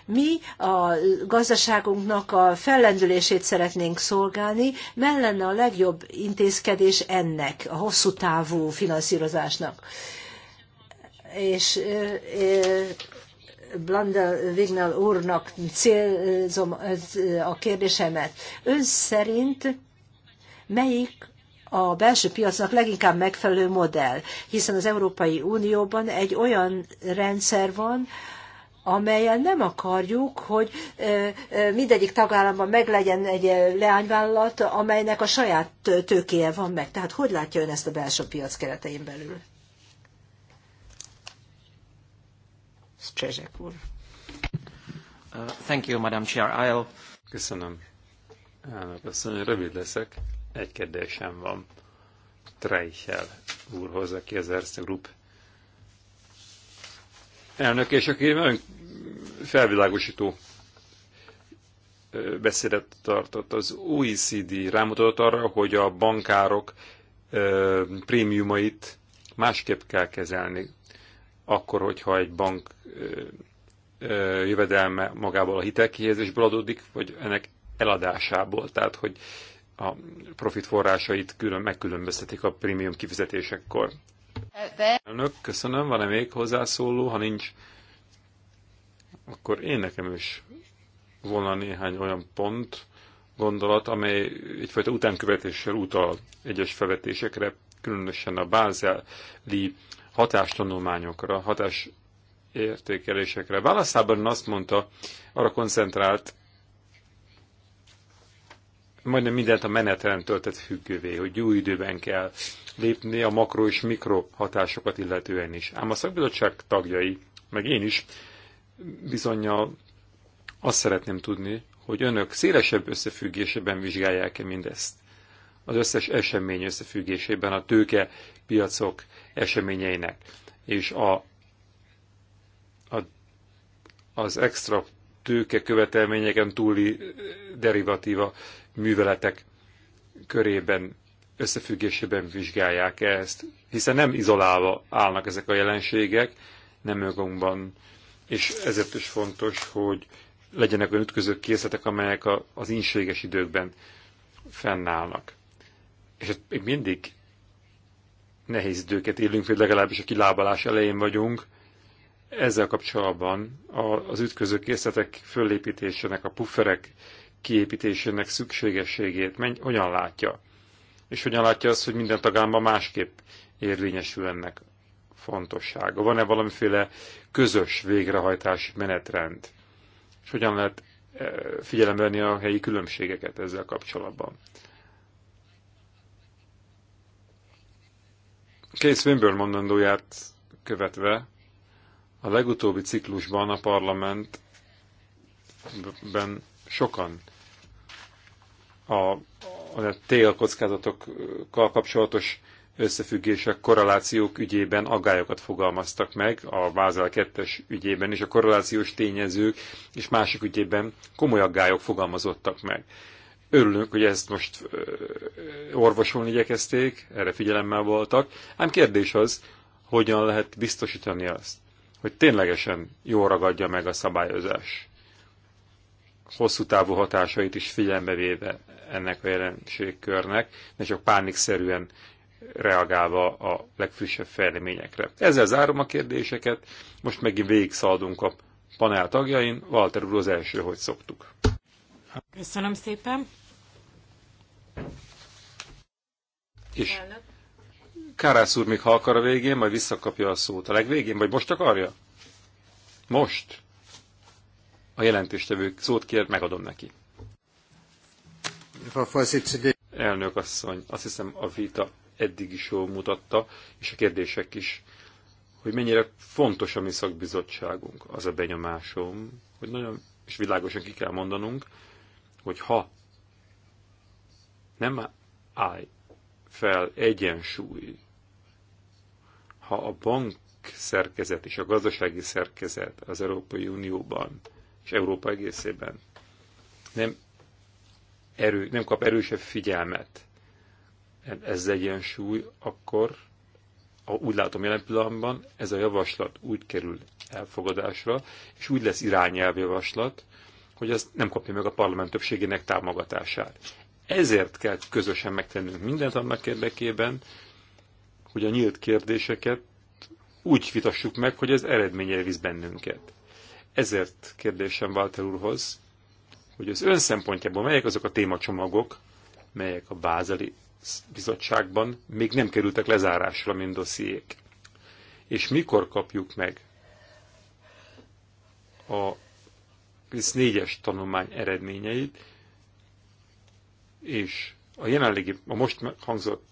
Mi a gazdaságunknak a fellendülését szeretnénk szolgálni, mert lenne a legjobb intézkedés ennek, a hosszú távú finanszírozásnak és Blandel Vignal úrnak célzom a kérdésemet. Ön szerint melyik a belső piacnak leginkább megfelelő modell, hiszen az Európai Unióban egy olyan rendszer van, amellyel nem akarjuk, hogy mindegyik tagállamban meglegyen egy leányvállalat, amelynek a saját tőkéje van meg. Tehát hogy látja ön ezt a belső piac keretein belül? Csezsek úr. Uh, thank you, Madam Chair. I'll... Köszönöm. Elnök asszony, rövid leszek. Egy kérdésem van. Treichel úrhoz, aki az Erste Group elnök, és aki nagyon felvilágosító beszédet tartott. Az OECD rámutatott arra, hogy a bankárok prémiumait másképp kell kezelni akkor, hogyha egy bank jövedelme magából a hitelkihelyezésből adódik, vagy ennek eladásából, tehát hogy a profit forrásait külön megkülönböztetik a prémium kifizetésekkor. Elnök, köszönöm. Van-e még hozzászóló? Ha nincs, akkor én nekem is volna néhány olyan pont, gondolat, amely egyfajta utánkövetéssel utal egyes felvetésekre, különösen a bázeli hatástanulmányokra, hatás értékelésekre. Válaszában azt mondta, arra koncentrált, majdnem mindent a menetrend töltett függővé, hogy jó időben kell lépni a makro és mikro hatásokat illetően is. Ám a szakbizottság tagjai, meg én is bizonyal azt szeretném tudni, hogy önök szélesebb összefüggésében vizsgálják-e mindezt az összes esemény összefüggésében a tőke piacok eseményeinek, és a, a, az extra tőke követelményeken túli derivatíva műveletek körében összefüggésében vizsgálják -e ezt, hiszen nem izolálva állnak ezek a jelenségek, nem önmagunkban, és ezért is fontos, hogy legyenek olyan ütközők készletek, amelyek az inséges időkben fennállnak és ez még mindig nehéz időket élünk, hogy legalábbis a kilábalás elején vagyunk. Ezzel kapcsolatban az ütköző készletek fölépítésének, a pufferek kiépítésének szükségességét menj, hogyan látja? És hogyan látja azt, hogy minden tagállamban másképp érvényesül ennek fontossága? Van-e valamiféle közös végrehajtási menetrend? És hogyan lehet eh, figyelembe venni a helyi különbségeket ezzel kapcsolatban? Kate Swinburne mondandóját követve a legutóbbi ciklusban a parlamentben sokan a, a télkockázatokkal kapcsolatos összefüggések, korrelációk ügyében agályokat fogalmaztak meg, a Vázel 2 ügyében és a korrelációs tényezők és másik ügyében komoly aggályok fogalmazottak meg. Örülök, hogy ezt most orvosolni igyekezték, erre figyelemmel voltak. Ám kérdés az, hogyan lehet biztosítani azt, hogy ténylegesen jól ragadja meg a szabályozás hosszú távú hatásait is figyelembe véve ennek a jelenségkörnek, ne csak pánikszerűen reagálva a legfrissebb fejleményekre. Ezzel zárom a kérdéseket, most megint végigszaladunk a panel tagjain. Walter úr az első, hogy szoktuk. Köszönöm szépen. És Kárász úr még ha akar a végén, majd visszakapja a szót. A legvégén, vagy most akarja? Most. A jelentéstevő szót kért, megadom neki. Elnök asszony, azt hiszem a vita eddig is jól mutatta, és a kérdések is, hogy mennyire fontos a mi szakbizottságunk. Az a benyomásom, hogy nagyon, és világosan ki kell mondanunk, hogy ha nem áll fel egyensúly, ha a bank szerkezet és a gazdasági szerkezet az Európai Unióban és Európa egészében nem, erő, nem kap erősebb figyelmet, ez legyen súly, akkor úgy látom jelen pillanatban ez a javaslat úgy kerül elfogadásra, és úgy lesz javaslat, hogy az nem kapja meg a parlament többségének támogatását. Ezért kell közösen megtennünk mindent annak érdekében, hogy a nyílt kérdéseket úgy vitassuk meg, hogy ez eredménye visz bennünket. Ezért kérdésem Walter úrhoz, hogy az ön szempontjából melyek azok a témacsomagok, melyek a Bázeli bizottságban még nem kerültek lezárásra, mint dossziék. És mikor kapjuk meg a 4-es tanulmány eredményeit, és a jelenlegi, a most hangzott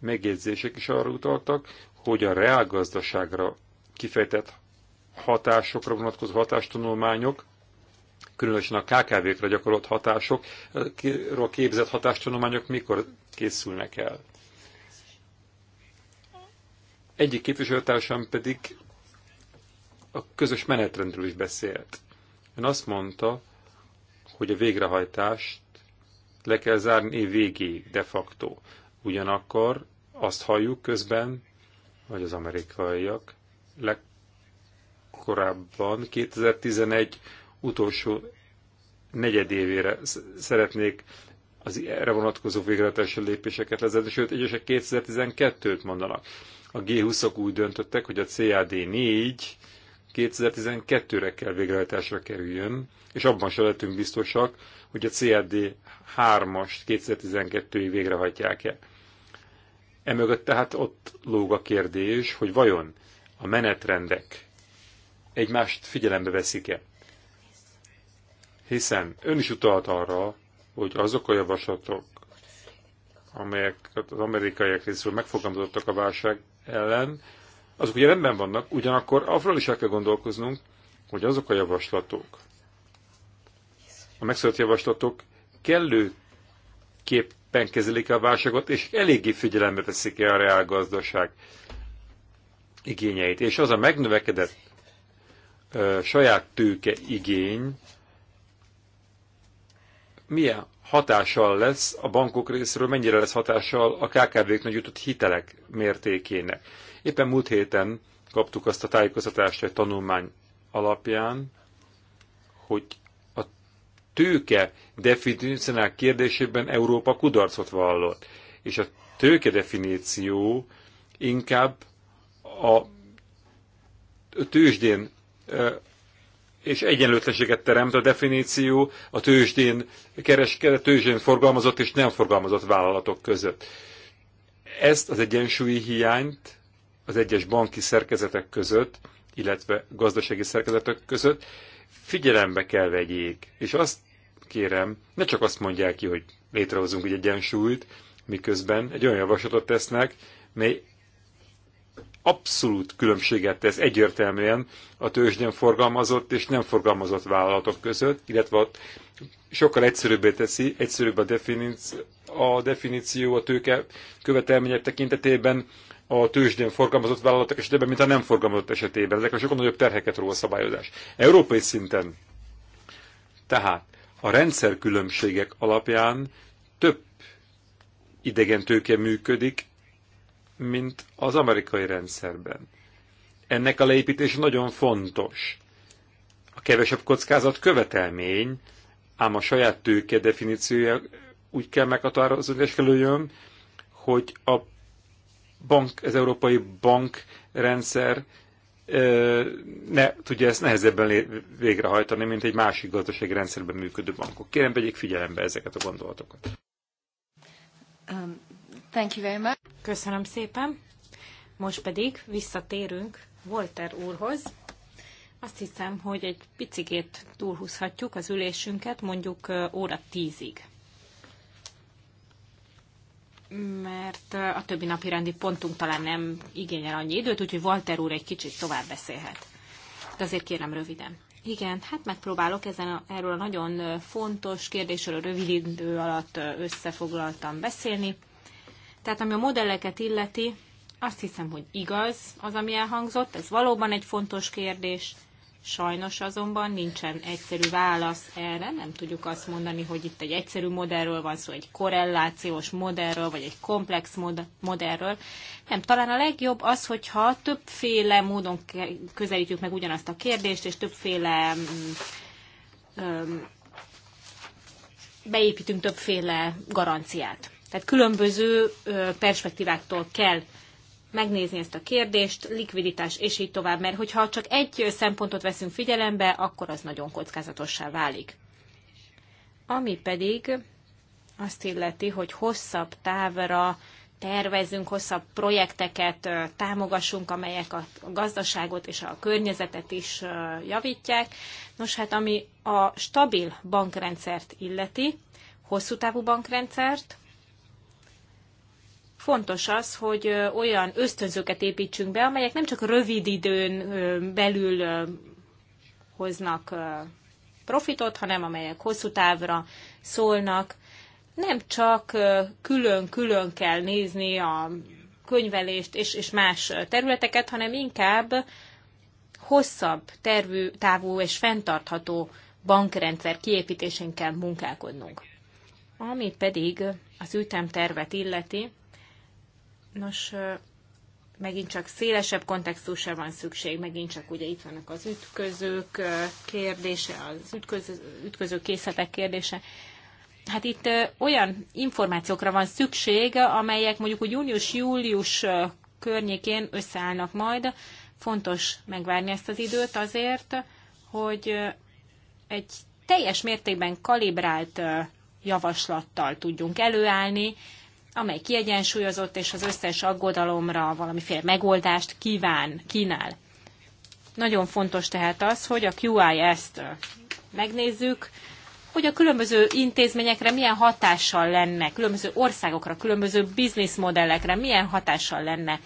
megjegyzések is arra utaltak, hogy a reálgazdaságra kifejtett hatásokra vonatkozó hatástanulmányok, különösen a KKV-kra gyakorolt hatásokról képzett hatástanulmányok mikor készülnek el. Egyik képviselőtársam pedig a közös menetrendről is beszélt. Ön azt mondta, hogy a végrehajtást le kell zárni év végéig de facto. Ugyanakkor azt halljuk közben, hogy az amerikaiak legkorábban 2011 utolsó negyedévére szeretnék az erre vonatkozó végrehajtási lépéseket lezárni sőt, egyesek 2012-t mondanak. A G20-ok úgy döntöttek, hogy a CAD 4 2012-re kell végrehajtásra kerüljön, és abban se lehetünk biztosak, hogy a CRD 3-ast 2012-ig végrehajtják-e. Emögött tehát ott lóg a kérdés, hogy vajon a menetrendek egymást figyelembe veszik-e. Hiszen ön is utalt arra, hogy azok a javaslatok, amelyek az amerikaiak részéről megfogalmazottak a válság ellen, azok ugye rendben vannak, ugyanakkor afról is el kell gondolkoznunk, hogy azok a javaslatok, a megszólalt javaslatok kellő képpen kezelik a válságot, és eléggé figyelembe veszik el a reálgazdaság igényeit. És az a megnövekedett ö, saját tőke igény milyen hatással lesz a bankok részéről, mennyire lesz hatással a KKV-k nagyújtott hitelek mértékének. Éppen múlt héten kaptuk azt a tájékoztatást egy tanulmány alapján, hogy tőke definíciónál kérdésében Európa kudarcot vallott, és a tőke definíció inkább a tőzsdén és egyenlőtlenséget teremt a definíció a tőzsdén, kereskedett, tőzsdén forgalmazott és nem forgalmazott vállalatok között. Ezt az egyensúlyi hiányt az egyes banki szerkezetek között, illetve gazdasági szerkezetek között figyelembe kell vegyék, és azt kérem, ne csak azt mondják ki, hogy létrehozunk egy egyensúlyt, miközben egy olyan javaslatot tesznek, mely abszolút különbséget tesz egyértelműen a tőzsdén forgalmazott és nem forgalmazott vállalatok között, illetve ott sokkal egyszerűbbé teszi, egyszerűbb a, definíció, a definíció a tőke követelmények tekintetében a tőzsdén forgalmazott vállalatok esetében, mint a nem forgalmazott esetében. Ezek a sokkal nagyobb terheket ró a szabályozás. Európai szinten tehát a rendszerkülönbségek alapján több idegen tőke működik, mint az amerikai rendszerben. Ennek a leépítés nagyon fontos. A kevesebb kockázat követelmény, ám a saját tőke definíciója úgy kell meghatározni, és kerüljön, hogy a bank, az európai bankrendszer ne tudja ezt nehezebben végrehajtani, mint egy másik gazdasági rendszerben működő bankok. Kérem, vegyék figyelembe ezeket a gondolatokat. Um, thank you very much. Köszönöm szépen. Most pedig visszatérünk Volter úrhoz. Azt hiszem, hogy egy picikét túlhúzhatjuk az ülésünket, mondjuk óra tízig mert a többi napi rendi pontunk talán nem igényel annyi időt, úgyhogy Walter úr egy kicsit tovább beszélhet. De azért kérem röviden. Igen, hát megpróbálok ezen a, erről a nagyon fontos kérdésről rövid idő alatt összefoglaltam beszélni. Tehát ami a modelleket illeti, azt hiszem, hogy igaz az, ami elhangzott, ez valóban egy fontos kérdés, Sajnos azonban nincsen egyszerű válasz erre, nem tudjuk azt mondani, hogy itt egy egyszerű modellről van szó, egy korrelációs modellről, vagy egy komplex mod- modellről. Nem, talán a legjobb az, hogyha többféle módon közelítjük meg ugyanazt a kérdést, és többféle mm, mm, beépítünk többféle garanciát. Tehát különböző perspektíváktól kell megnézni ezt a kérdést, likviditás és így tovább, mert hogyha csak egy szempontot veszünk figyelembe, akkor az nagyon kockázatossá válik. Ami pedig azt illeti, hogy hosszabb távra tervezünk, hosszabb projekteket támogassunk, amelyek a gazdaságot és a környezetet is javítják. Nos, hát ami a stabil bankrendszert illeti, hosszú távú bankrendszert, fontos az, hogy olyan ösztönzőket építsünk be, amelyek nem csak rövid időn belül hoznak profitot, hanem amelyek hosszú távra szólnak. Nem csak külön-külön kell nézni a könyvelést és, és más területeket, hanem inkább hosszabb tervű, távú és fenntartható bankrendszer kiépítésén kell munkálkodnunk. Ami pedig az ütemtervet illeti, Nos, megint csak szélesebb kontextusra van szükség, megint csak ugye itt vannak az ütközők kérdése, az ütköző, ütköző készletek kérdése. Hát itt olyan információkra van szükség, amelyek mondjuk úgy június-július környékén összeállnak majd. Fontos megvárni ezt az időt azért, hogy egy teljes mértékben kalibrált javaslattal tudjunk előállni, amely kiegyensúlyozott és az összes aggodalomra valamiféle megoldást kíván, kínál. Nagyon fontos tehát az, hogy a QIS-t megnézzük, hogy a különböző intézményekre milyen hatással lenne, különböző országokra, különböző bizniszmodellekre milyen hatással lenne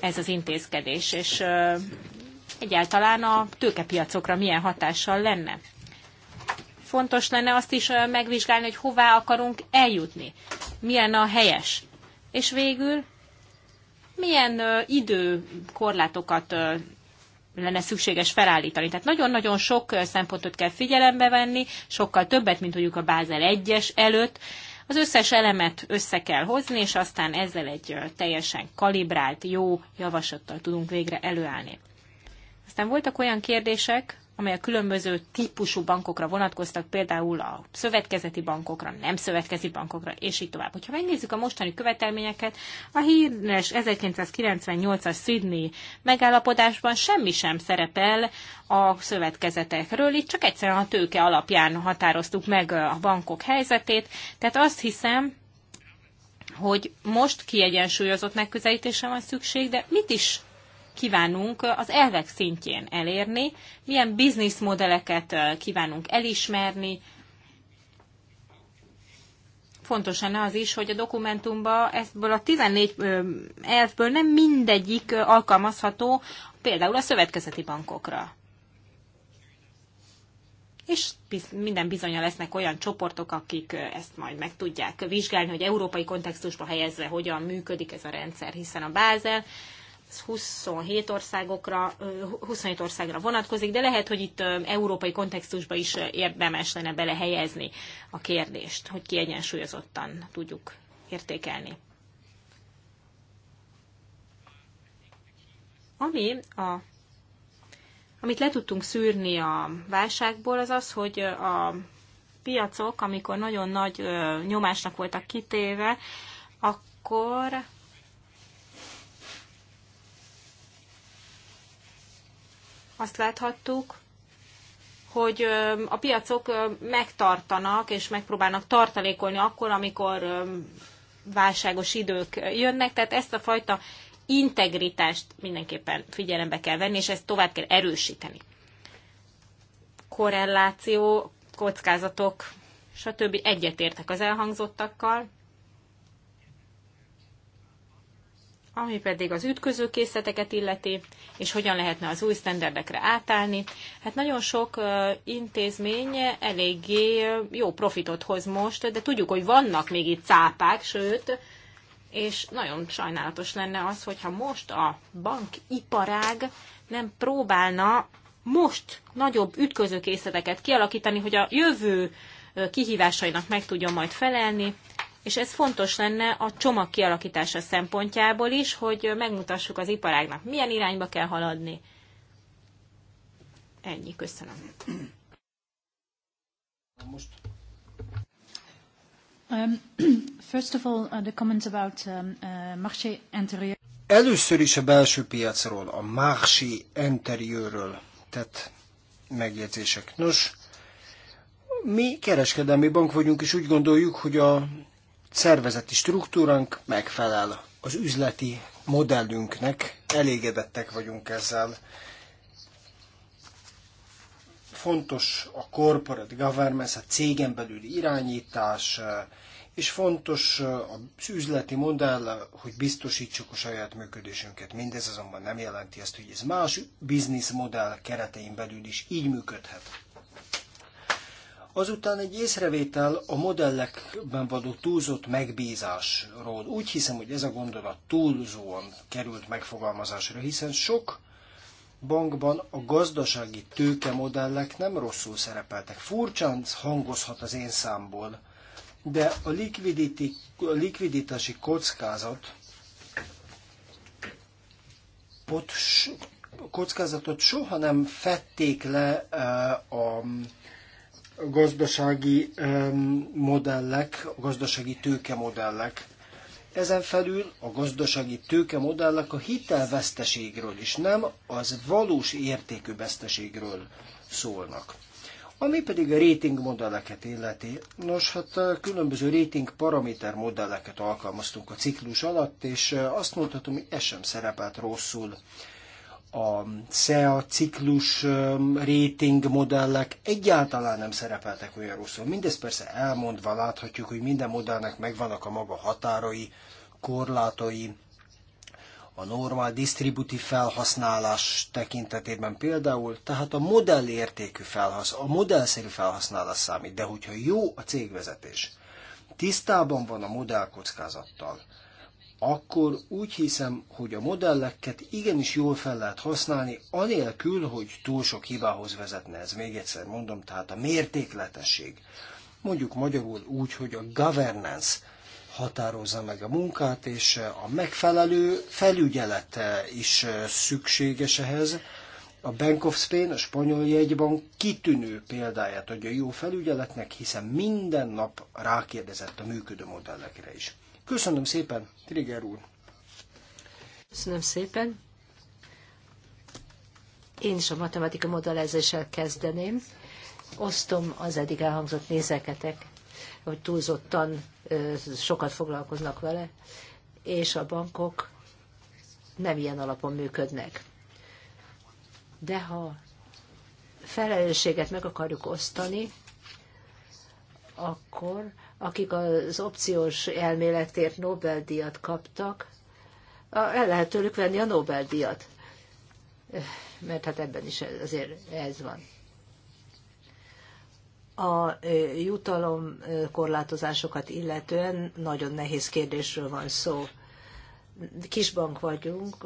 ez az intézkedés, és egyáltalán a tőkepiacokra milyen hatással lenne. Fontos lenne azt is megvizsgálni, hogy hová akarunk eljutni milyen a helyes. És végül milyen időkorlátokat lenne szükséges felállítani. Tehát nagyon-nagyon sok szempontot kell figyelembe venni, sokkal többet, mint mondjuk a Bázel 1-es előtt. Az összes elemet össze kell hozni, és aztán ezzel egy teljesen kalibrált, jó javaslattal tudunk végre előállni. Aztán voltak olyan kérdések, amely a különböző típusú bankokra vonatkoztak, például a szövetkezeti bankokra, nem szövetkezeti bankokra, és így tovább. Hogyha megnézzük a mostani követelményeket, a híres 1998-as Sydney megállapodásban semmi sem szerepel a szövetkezetekről, itt csak egyszerűen a tőke alapján határoztuk meg a bankok helyzetét, tehát azt hiszem, hogy most kiegyensúlyozott megközelítésre van szükség, de mit is kívánunk az elvek szintjén elérni, milyen bizniszmodelleket kívánunk elismerni. Fontos lenne az is, hogy a dokumentumban ebből a 14 elvből nem mindegyik alkalmazható például a szövetkezeti bankokra és minden bizonyal lesznek olyan csoportok, akik ezt majd meg tudják vizsgálni, hogy európai kontextusba helyezve hogyan működik ez a rendszer, hiszen a Bázel ez 27 országokra, 27 országra vonatkozik, de lehet, hogy itt európai kontextusba is érdemes lenne belehelyezni a kérdést, hogy kiegyensúlyozottan tudjuk értékelni. Ami a amit le tudtunk szűrni a válságból, az az, hogy a piacok, amikor nagyon nagy nyomásnak voltak kitéve, akkor azt láthattuk, hogy a piacok megtartanak és megpróbálnak tartalékolni akkor, amikor válságos idők jönnek, tehát ezt a fajta integritást mindenképpen figyelembe kell venni, és ezt tovább kell erősíteni. Korreláció, kockázatok, stb. egyetértek az elhangzottakkal. ami pedig az ütköző készleteket illeti, és hogyan lehetne az új sztenderdekre átállni. Hát nagyon sok intézmény eléggé jó profitot hoz most, de tudjuk, hogy vannak még itt cápák, sőt, és nagyon sajnálatos lenne az, hogyha most a bankiparág nem próbálna most nagyobb ütközőkészleteket kialakítani, hogy a jövő kihívásainak meg tudjon majd felelni, és ez fontos lenne a csomag kialakítása szempontjából is, hogy megmutassuk az iparágnak, milyen irányba kell haladni. Ennyi, köszönöm. Most. Um, uh, um, uh, Először is a belső piacról, a marché intérieuről tett megjegyzések. Nos, mi kereskedelmi bank vagyunk, és úgy gondoljuk, hogy a szervezeti struktúránk megfelel az üzleti modellünknek, elégedettek vagyunk ezzel. Fontos a corporate governance, a cégen belüli irányítás, és fontos az üzleti modell, hogy biztosítsuk a saját működésünket. Mindez azonban nem jelenti azt, hogy ez más bizniszmodell keretein belül is így működhet. Azután egy észrevétel a modellekben való túlzott megbízásról. Úgy hiszem, hogy ez a gondolat túlzóan került megfogalmazásra, hiszen sok bankban a gazdasági tőke modellek nem rosszul szerepeltek. Furcsán hangozhat az én számból, de a, a likviditási kockázat ott kockázatot soha nem fették le eh, a gazdasági modellek, a gazdasági modellek. Ezen felül a gazdasági tőke modellek a hitelveszteségről is, nem az valós értékű veszteségről szólnak. Ami pedig a rating modelleket illeti, nos, hát eh, különböző rating paraméter modelleket alkalmaztunk a ciklus alatt, és eh, azt mondhatom, hogy ez sem szerepelt rosszul a SEA ciklus rating modellek egyáltalán nem szerepeltek olyan rosszul. Mindez persze elmondva láthatjuk, hogy minden modellnek megvannak a maga határai, korlátai, a normál disztributív felhasználás tekintetében például, tehát a modell értékű felhasználás, a modellszerű felhasználás számít, de hogyha jó a cégvezetés, tisztában van a modell kockázattal akkor úgy hiszem, hogy a modelleket igenis jól fel lehet használni, anélkül, hogy túl sok hibához vezetne. Ez még egyszer mondom, tehát a mértékletesség. Mondjuk magyarul úgy, hogy a governance határozza meg a munkát, és a megfelelő felügyelete is szükséges ehhez. A Bank of Spain, a spanyol jegybank kitűnő példáját adja jó felügyeletnek, hiszen minden nap rákérdezett a működő modellekre is. Köszönöm szépen, Trigger úr. Köszönöm szépen. Én is a matematika modellezéssel kezdeném. Osztom az eddig elhangzott nézeketek, hogy túlzottan sokat foglalkoznak vele, és a bankok nem ilyen alapon működnek. De ha felelősséget meg akarjuk osztani, akkor akik az opciós elméletért Nobel-díjat kaptak, el lehet tőlük venni a Nobel-díjat. Mert hát ebben is azért ez van. A jutalom korlátozásokat illetően nagyon nehéz kérdésről van szó. Kisbank vagyunk,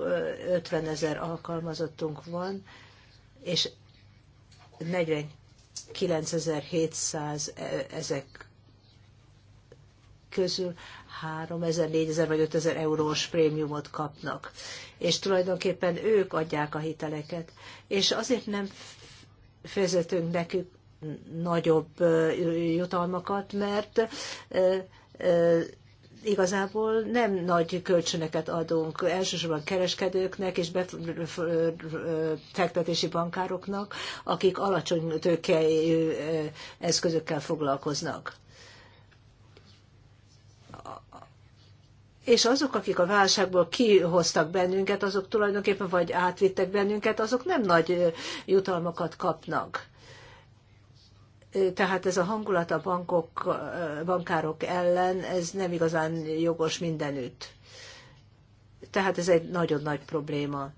50 ezer alkalmazottunk van, és 49.700 ezek közül 3000, 4000 vagy 5000 eurós prémiumot kapnak. És tulajdonképpen ők adják a hiteleket. És azért nem fizetünk nekük nagyobb jutalmakat, mert igazából nem nagy kölcsönöket adunk, elsősorban kereskedőknek és befektetési bankároknak, akik alacsony tőkei eszközökkel foglalkoznak. és azok, akik a válságból kihoztak bennünket, azok tulajdonképpen vagy átvittek bennünket, azok nem nagy jutalmakat kapnak. Tehát ez a hangulat a bankok, bankárok ellen, ez nem igazán jogos mindenütt. Tehát ez egy nagyon nagy probléma,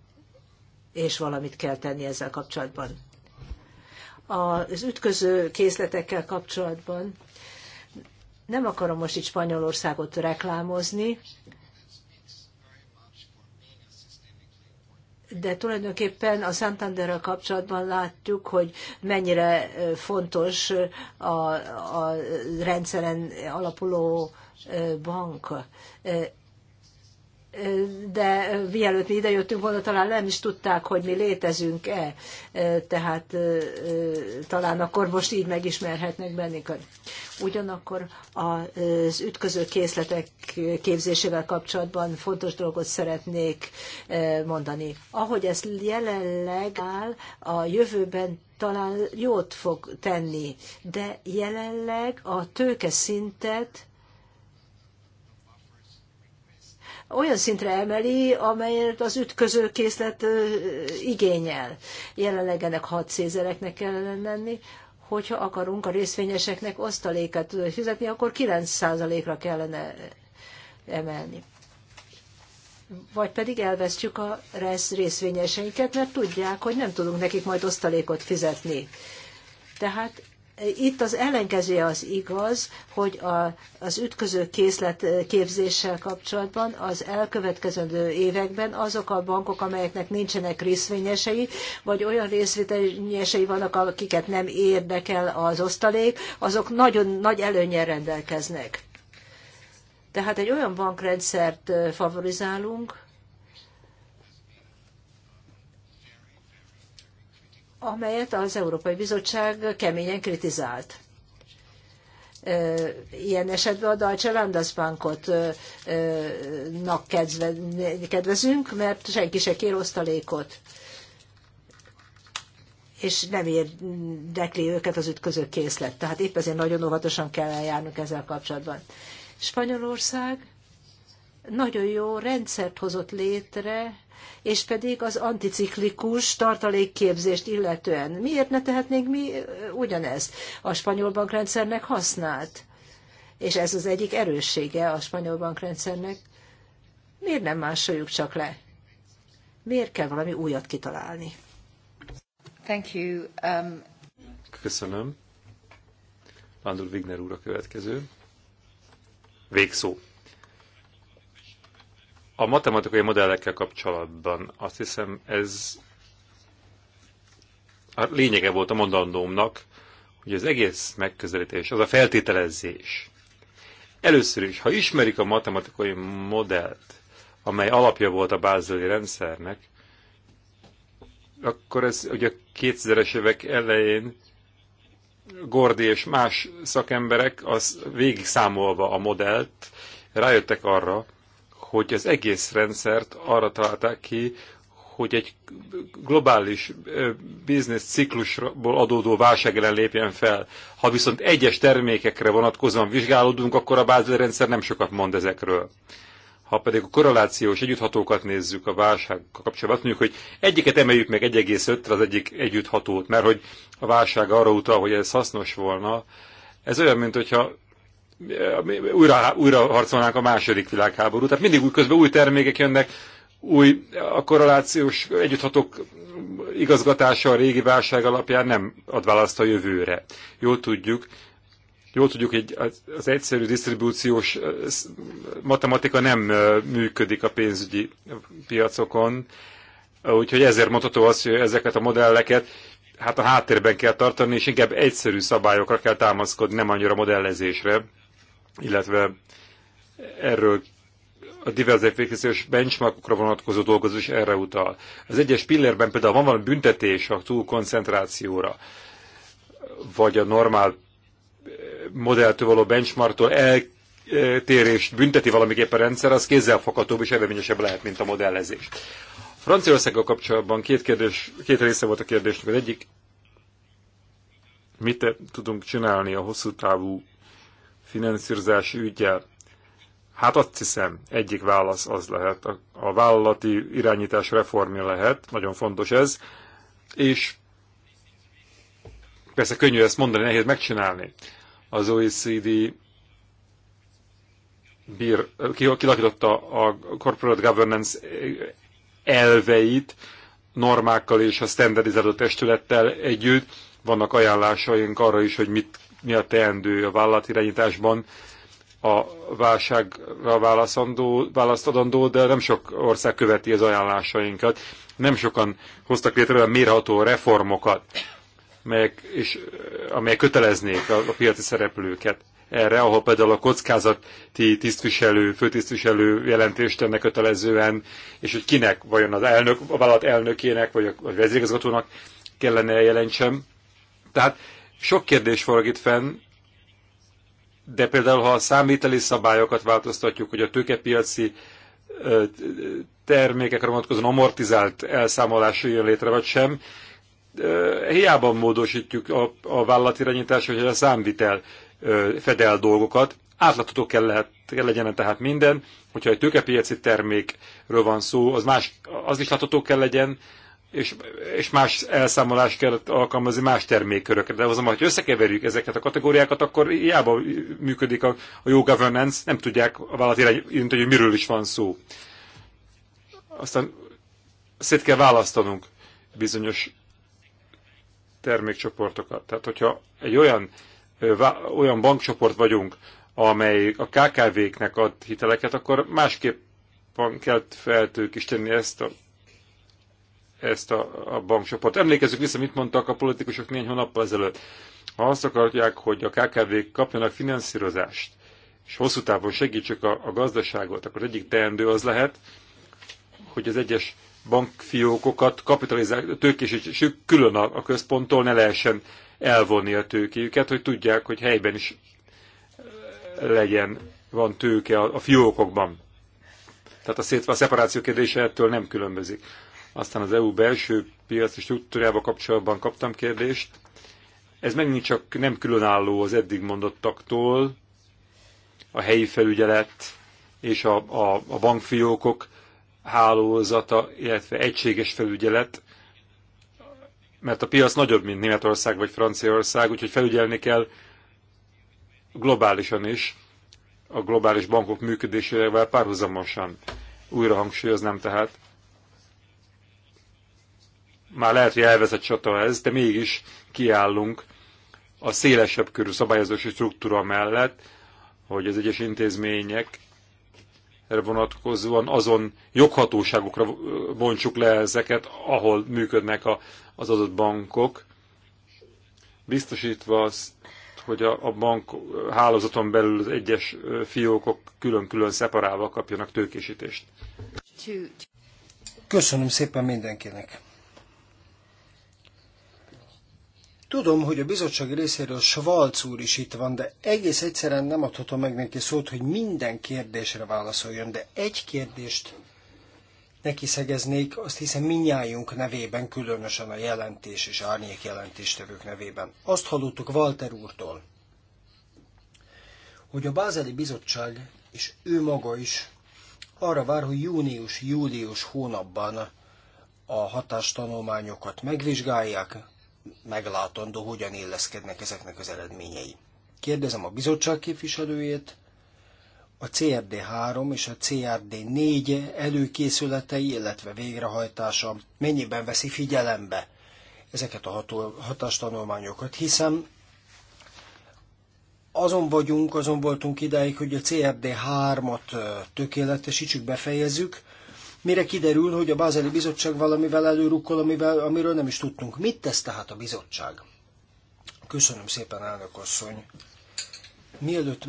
és valamit kell tenni ezzel kapcsolatban. Az ütköző készletekkel kapcsolatban nem akarom most itt Spanyolországot reklámozni, de tulajdonképpen a Santanderrel kapcsolatban látjuk, hogy mennyire fontos a, a rendszeren alapuló bank de mielőtt mi idejöttünk volna, talán nem is tudták, hogy mi létezünk-e. Tehát talán akkor most így megismerhetnek bennünket. Ugyanakkor az ütköző készletek képzésével kapcsolatban fontos dolgot szeretnék mondani. Ahogy ez jelenleg áll, a jövőben talán jót fog tenni, de jelenleg a tőke szintet olyan szintre emeli, amelyet az ütköző készlet igényel. Jelenleg ennek hat szézereknek kellene lenni, hogyha akarunk a részvényeseknek osztalékát fizetni, akkor 9%-ra kellene emelni. Vagy pedig elvesztjük a részvényeseinket, mert tudják, hogy nem tudunk nekik majd osztalékot fizetni. Tehát itt az ellenkezője az igaz, hogy a, az ütköző készlet eh, képzéssel kapcsolatban az elkövetkező években azok a bankok, amelyeknek nincsenek részvényesei, vagy olyan részvényesei vannak, akiket nem érdekel az osztalék, azok nagyon nagy előnyel rendelkeznek. Tehát egy olyan bankrendszert eh, favorizálunk, amelyet az Európai Bizottság keményen kritizált. Ilyen esetben a Deutsche Landesbankot nak kedvezünk, mert senki se kér osztalékot és nem érdekli őket az ütköző készlet. Tehát épp ezért nagyon óvatosan kell eljárnunk ezzel kapcsolatban. Spanyolország nagyon jó rendszert hozott létre, és pedig az anticiklikus tartalékképzést illetően. Miért ne tehetnénk mi ugyanezt? A spanyol bankrendszernek használt. És ez az egyik erőssége a spanyol bankrendszernek. Miért nem másoljuk csak le? Miért kell valami újat kitalálni? Thank you. Um... Köszönöm. Landul Wigner úr a következő. Végszó. A matematikai modellekkel kapcsolatban azt hiszem ez a lényege volt a mondandómnak, hogy az egész megközelítés, az a feltételezés. Először is, ha ismerik a matematikai modellt, amely alapja volt a bázeli rendszernek, akkor ez ugye a 2000-es évek elején Gordi és más szakemberek az végig számolva a modellt, rájöttek arra, hogy az egész rendszert arra találták ki, hogy egy globális biznisz ciklusból adódó válság ellen lépjen fel. Ha viszont egyes termékekre vonatkozóan vizsgálódunk, akkor a Bázeli rendszer nem sokat mond ezekről. Ha pedig a korrelációs együtthatókat nézzük a válság kapcsolatban, azt mondjuk, hogy egyiket emeljük meg 1,5-re az egyik együtthatót, mert hogy a válság arra utal, hogy ez hasznos volna. Ez olyan, mint hogyha újra, újra harcolnánk a második világháborút. Tehát mindig új közben új termékek jönnek, új a korrelációs együtthatók igazgatása a régi válság alapján nem ad választ a jövőre. Jól tudjuk, jól tudjuk, hogy az egyszerű disztribúciós matematika nem működik a pénzügyi piacokon, úgyhogy ezért mondható az, hogy ezeket a modelleket hát a háttérben kell tartani, és inkább egyszerű szabályokra kell támaszkodni, nem annyira modellezésre illetve erről a diverzifikációs benchmarkokra vonatkozó dolgozó is erre utal. Az egyes pillérben például van valami büntetés a túlkoncentrációra, vagy a normál eh, modelltől való benchmarktól eltérést bünteti valamiképpen a rendszer, az kézzelfoghatóbb és eredményesebb lehet, mint a modellezés. Franciaországgal kapcsolatban két, kérdés, két része volt a kérdésnek. Az egyik, mit tudunk csinálni a hosszú távú finanszírozási ügyel. Hát azt hiszem, egyik válasz az lehet. A, a vállalati irányítás reformja lehet, nagyon fontos ez, és persze könnyű ezt mondani, nehéz megcsinálni. Az OECD bír, kilakította a corporate governance elveit normákkal és a standardizált testülettel együtt. Vannak ajánlásaink arra is, hogy mit mi a teendő a irányításban a válságra válaszadandó, választadandó, de nem sok ország követi az ajánlásainkat. Nem sokan hoztak létre a mérható reformokat, melyek, és, amelyek köteleznék a, a piaci szereplőket erre, ahol például a kockázati tisztviselő, főtisztviselő jelentést tenne kötelezően, és hogy kinek, vajon az elnök, a vállalat elnökének, vagy a, vagy vezérigazgatónak kellene jelentsem. Tehát sok kérdés forog itt fenn, de például, ha a számíteli szabályokat változtatjuk, hogy a tőkepiaci termékekre vonatkozóan amortizált elszámolás jön létre, vagy sem, hiába módosítjuk a, a vállalatirányítás, hogy a számvitel fedel dolgokat, átlátható kell, lehet, kell legyen tehát minden, hogyha egy tőkepiaci termékről van szó, az, más, az is látható kell legyen, és, és más elszámolást kell alkalmazni más termékkörökre. De azonban, hogy összekeverjük ezeket a kategóriákat, akkor hiába működik a, a jó governance, nem tudják a vállalat irányítani, hogy miről is van szó. Aztán szét kell választanunk bizonyos termékcsoportokat. Tehát, hogyha egy olyan, olyan bankcsoport vagyunk, amely a KKV-knek ad hiteleket, akkor másképp kell feltőkíteni ezt a ezt a, a bankcsoport. Emlékezzük vissza, mit mondtak a politikusok néhány hónappal ezelőtt. Ha azt akarják, hogy a KKV-k kapjanak finanszírozást, és hosszú távon segítsük a, a gazdaságot, akkor az egyik teendő az lehet, hogy az egyes bankfiókokat kapitalizálják, tőkésítsük külön a, a központtól, ne lehessen elvonni a tőkéjüket, hogy tudják, hogy helyben is legyen, van tőke a, a fiókokban. Tehát a, szét, a szeparáció kérdése ettől nem különbözik. Aztán az EU belső piaci struktúrával kapcsolatban kaptam kérdést. Ez megint csak nem különálló az eddig mondottaktól, a helyi felügyelet és a, a, a bankfiókok hálózata, illetve egységes felügyelet, mert a piac nagyobb, mint Németország vagy Franciaország, úgyhogy felügyelni kell globálisan is, a globális bankok működésével párhuzamosan. Újra hangsúlyoznám tehát, már lehet, hogy elvezett csata ez, de mégis kiállunk a szélesebb körű szabályozási struktúra mellett, hogy az egyes intézmények vonatkozóan azon joghatóságokra bontsuk le ezeket, ahol működnek a, az adott bankok, biztosítva azt, hogy a, a bank hálózaton belül az egyes fiókok külön-külön szeparálva kapjanak tőkésítést. Köszönöm szépen mindenkinek! Tudom, hogy a bizottság részéről Svalc úr is itt van, de egész egyszerűen nem adhatom meg neki szót, hogy minden kérdésre válaszoljon, de egy kérdést neki szegeznék, azt hiszem minnyájunk nevében, különösen a jelentés és árnyék jelentéstevők nevében. Azt hallottuk Walter úrtól, hogy a Bázeli Bizottság és ő maga is arra vár, hogy június-július hónapban a hatástanulmányokat megvizsgálják, meglátandó, hogyan illeszkednek ezeknek az eredményei. Kérdezem a bizottság képviselőjét, a CRD3 és a CRD4 előkészületei, illetve végrehajtása mennyiben veszi figyelembe ezeket a hatástanulmányokat, hiszen azon vagyunk, azon voltunk idáig, hogy a CRD3-at tökéletesítsük, befejezzük, mire kiderül, hogy a Bázeli Bizottság valamivel előrukkol, amivel, amiről nem is tudtunk. Mit tesz tehát a bizottság? Köszönöm szépen, elnök asszony. Mielőtt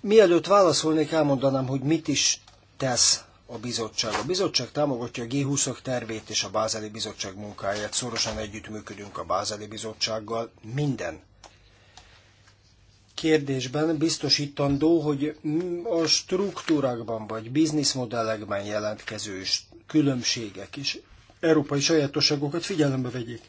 Mielőtt válaszolnék, elmondanám, hogy mit is tesz a bizottság. A bizottság támogatja a G20-ok tervét és a Bázeli Bizottság munkáját. Szorosan együttműködünk a Bázeli Bizottsággal minden kérdésben biztosítandó, hogy a struktúrákban vagy bizniszmodellekben jelentkező különbségek is európai sajátosságokat figyelembe vegyék.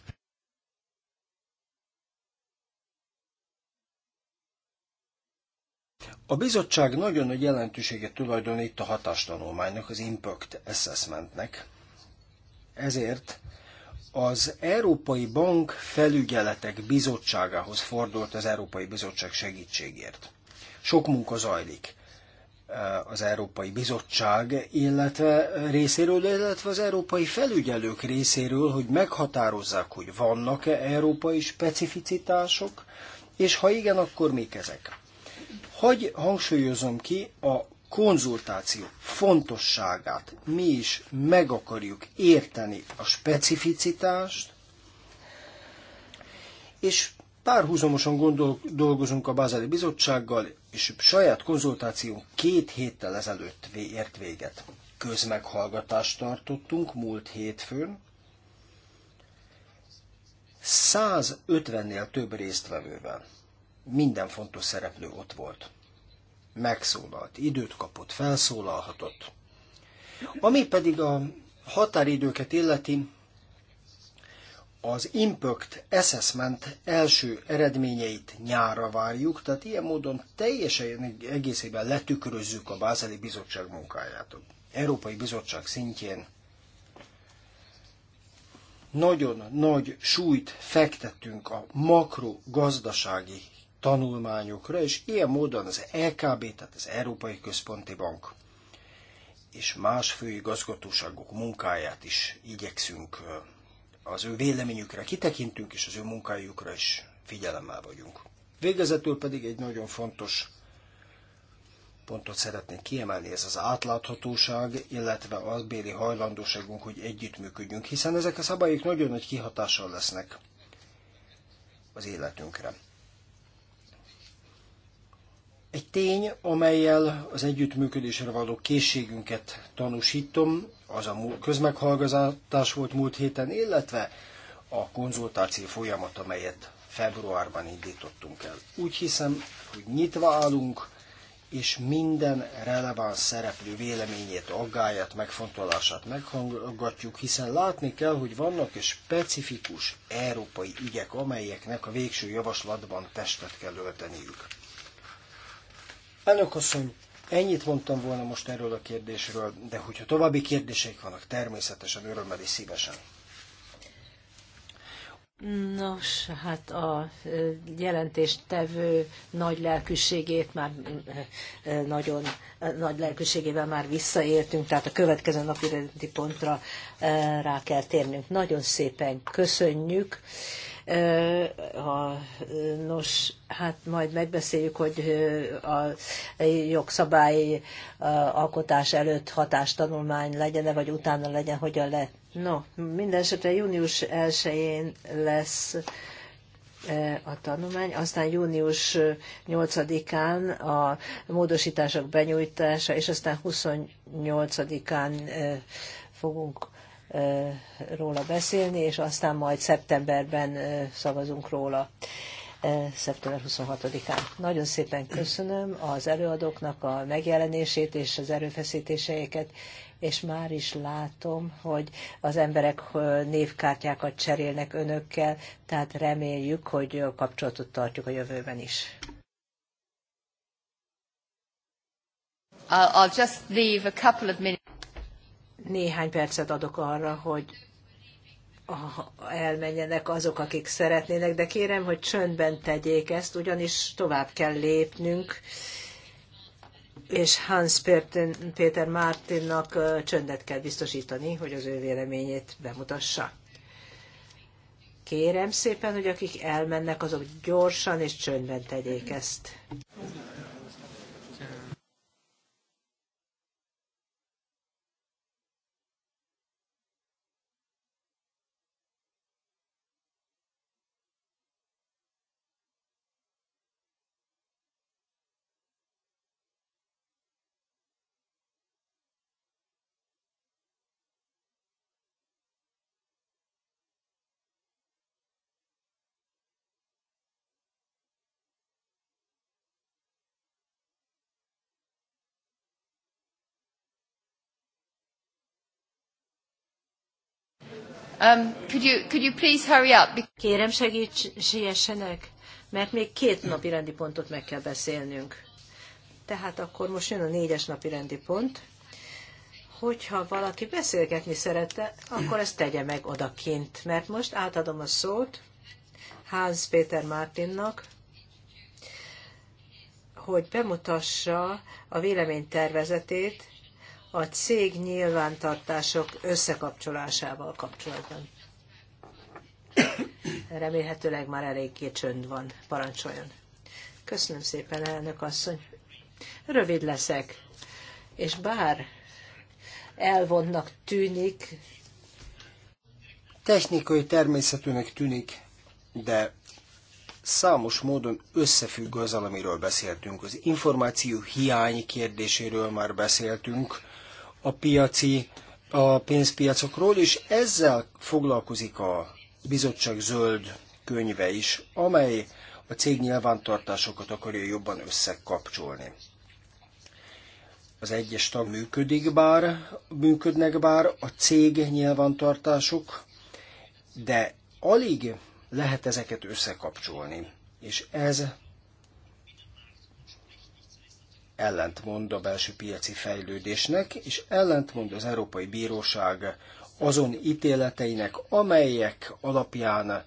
A bizottság nagyon nagy jelentőséget tulajdonít a hatástanulmánynak, az Impact Assessmentnek. Ezért az Európai Bank Felügyeletek Bizottságához fordult az Európai Bizottság segítségért. Sok munka zajlik eh, az Európai Bizottság illetve részéről, illetve az európai felügyelők részéről, hogy meghatározzák, hogy vannak-e európai specificitások, és ha igen, akkor mik ezek. Hogy hangsúlyozom ki a konzultáció fontosságát mi is meg akarjuk érteni a specificitást, és párhuzamosan gondol, dolgozunk a Bázeli Bizottsággal, és saját konzultáció két héttel ezelőtt ért véget. Közmeghallgatást tartottunk múlt hétfőn, 150-nél több résztvevővel. Minden fontos szereplő ott volt megszólalt, időt kapott, felszólalhatott. Ami pedig a határidőket illeti, az Impact Assessment első eredményeit nyárra várjuk, tehát ilyen módon teljesen egészében letükrözzük a Bázeli Bizottság munkáját. A Európai Bizottság szintjén nagyon nagy súlyt fektettünk a makrogazdasági tanulmányokra, és ilyen módon az LKB, e tehát az Európai Központi Bank és más főigazgatóságok munkáját is igyekszünk, az ő véleményükre kitekintünk, és az ő munkájukra is figyelemmel vagyunk. Végezetül pedig egy nagyon fontos pontot szeretnék kiemelni, ez az átláthatóság, illetve az béli hajlandóságunk, hogy együttműködjünk, hiszen ezek a szabályok nagyon nagy kihatással lesznek az életünkre. Egy tény, amelyel az együttműködésre való készségünket tanúsítom, az a közmeghallgatás volt múlt héten, illetve a konzultáció folyamat, amelyet februárban indítottunk el. Úgy hiszem, hogy nyitva állunk, és minden releváns szereplő véleményét, aggáját, megfontolását meghallgatjuk, hiszen látni kell, hogy vannak és specifikus európai ügyek, amelyeknek a végső javaslatban testet kell ölteniük. Elnök asszony, ennyit mondtam volna most erről a kérdésről, de hogyha további kérdéseik vannak, természetesen örömmel és szívesen Nos, hát a jelentéstevő nagy lelkűségét már nagyon nagy lelkűségével már visszaértünk, tehát a következő napi rendi pontra rá kell térnünk. Nagyon szépen köszönjük. Nos, hát majd megbeszéljük, hogy a jogszabályi alkotás előtt hatástanulmány legyen-e, vagy utána legyen, hogyan lehet No, esetre június 1-én lesz e, a tanulmány, aztán június 8-án a módosítások benyújtása, és aztán 28-án e, fogunk e, róla beszélni, és aztán majd szeptemberben szavazunk róla, szeptember 26-án. Nagyon szépen köszönöm az előadóknak a megjelenését és az erőfeszítéseiket, és már is látom, hogy az emberek névkártyákat cserélnek önökkel, tehát reméljük, hogy kapcsolatot tartjuk a jövőben is. I'll just leave a couple of minutes. Néhány percet adok arra, hogy elmenjenek azok, akik szeretnének, de kérem, hogy csöndben tegyék ezt, ugyanis tovább kell lépnünk és Hans Péter Mártinnak csöndet kell biztosítani, hogy az ő véleményét bemutassa. Kérem szépen, hogy akik elmennek, azok gyorsan és csöndben tegyék ezt. Um, could you, could you please hurry up? Kérem segíts, mert még két napi rendi pontot meg kell beszélnünk. Tehát akkor most jön a négyes napi rendi pont. Hogyha valaki beszélgetni szerette, akkor ezt tegye meg odakint, mert most átadom a szót Hans Péter Mártinnak, hogy bemutassa a véleménytervezetét a cég nyilvántartások összekapcsolásával kapcsolatban. Remélhetőleg már eléggé csönd van. Parancsoljon. Köszönöm szépen, elnök asszony. Rövid leszek, és bár elvonnak tűnik, technikai természetűnek tűnik, de számos módon összefügg azzal, amiről beszéltünk. Az információ hiány kérdéséről már beszéltünk, a piaci, a pénzpiacokról, és ezzel foglalkozik a bizottság zöld könyve is, amely a cég nyilvántartásokat akarja jobban összekapcsolni. Az egyes tag működik bár, működnek bár a cég nyilvántartások, de alig lehet ezeket összekapcsolni, és ez ellentmond a belső piaci fejlődésnek, és ellentmond az Európai Bíróság azon ítéleteinek, amelyek alapján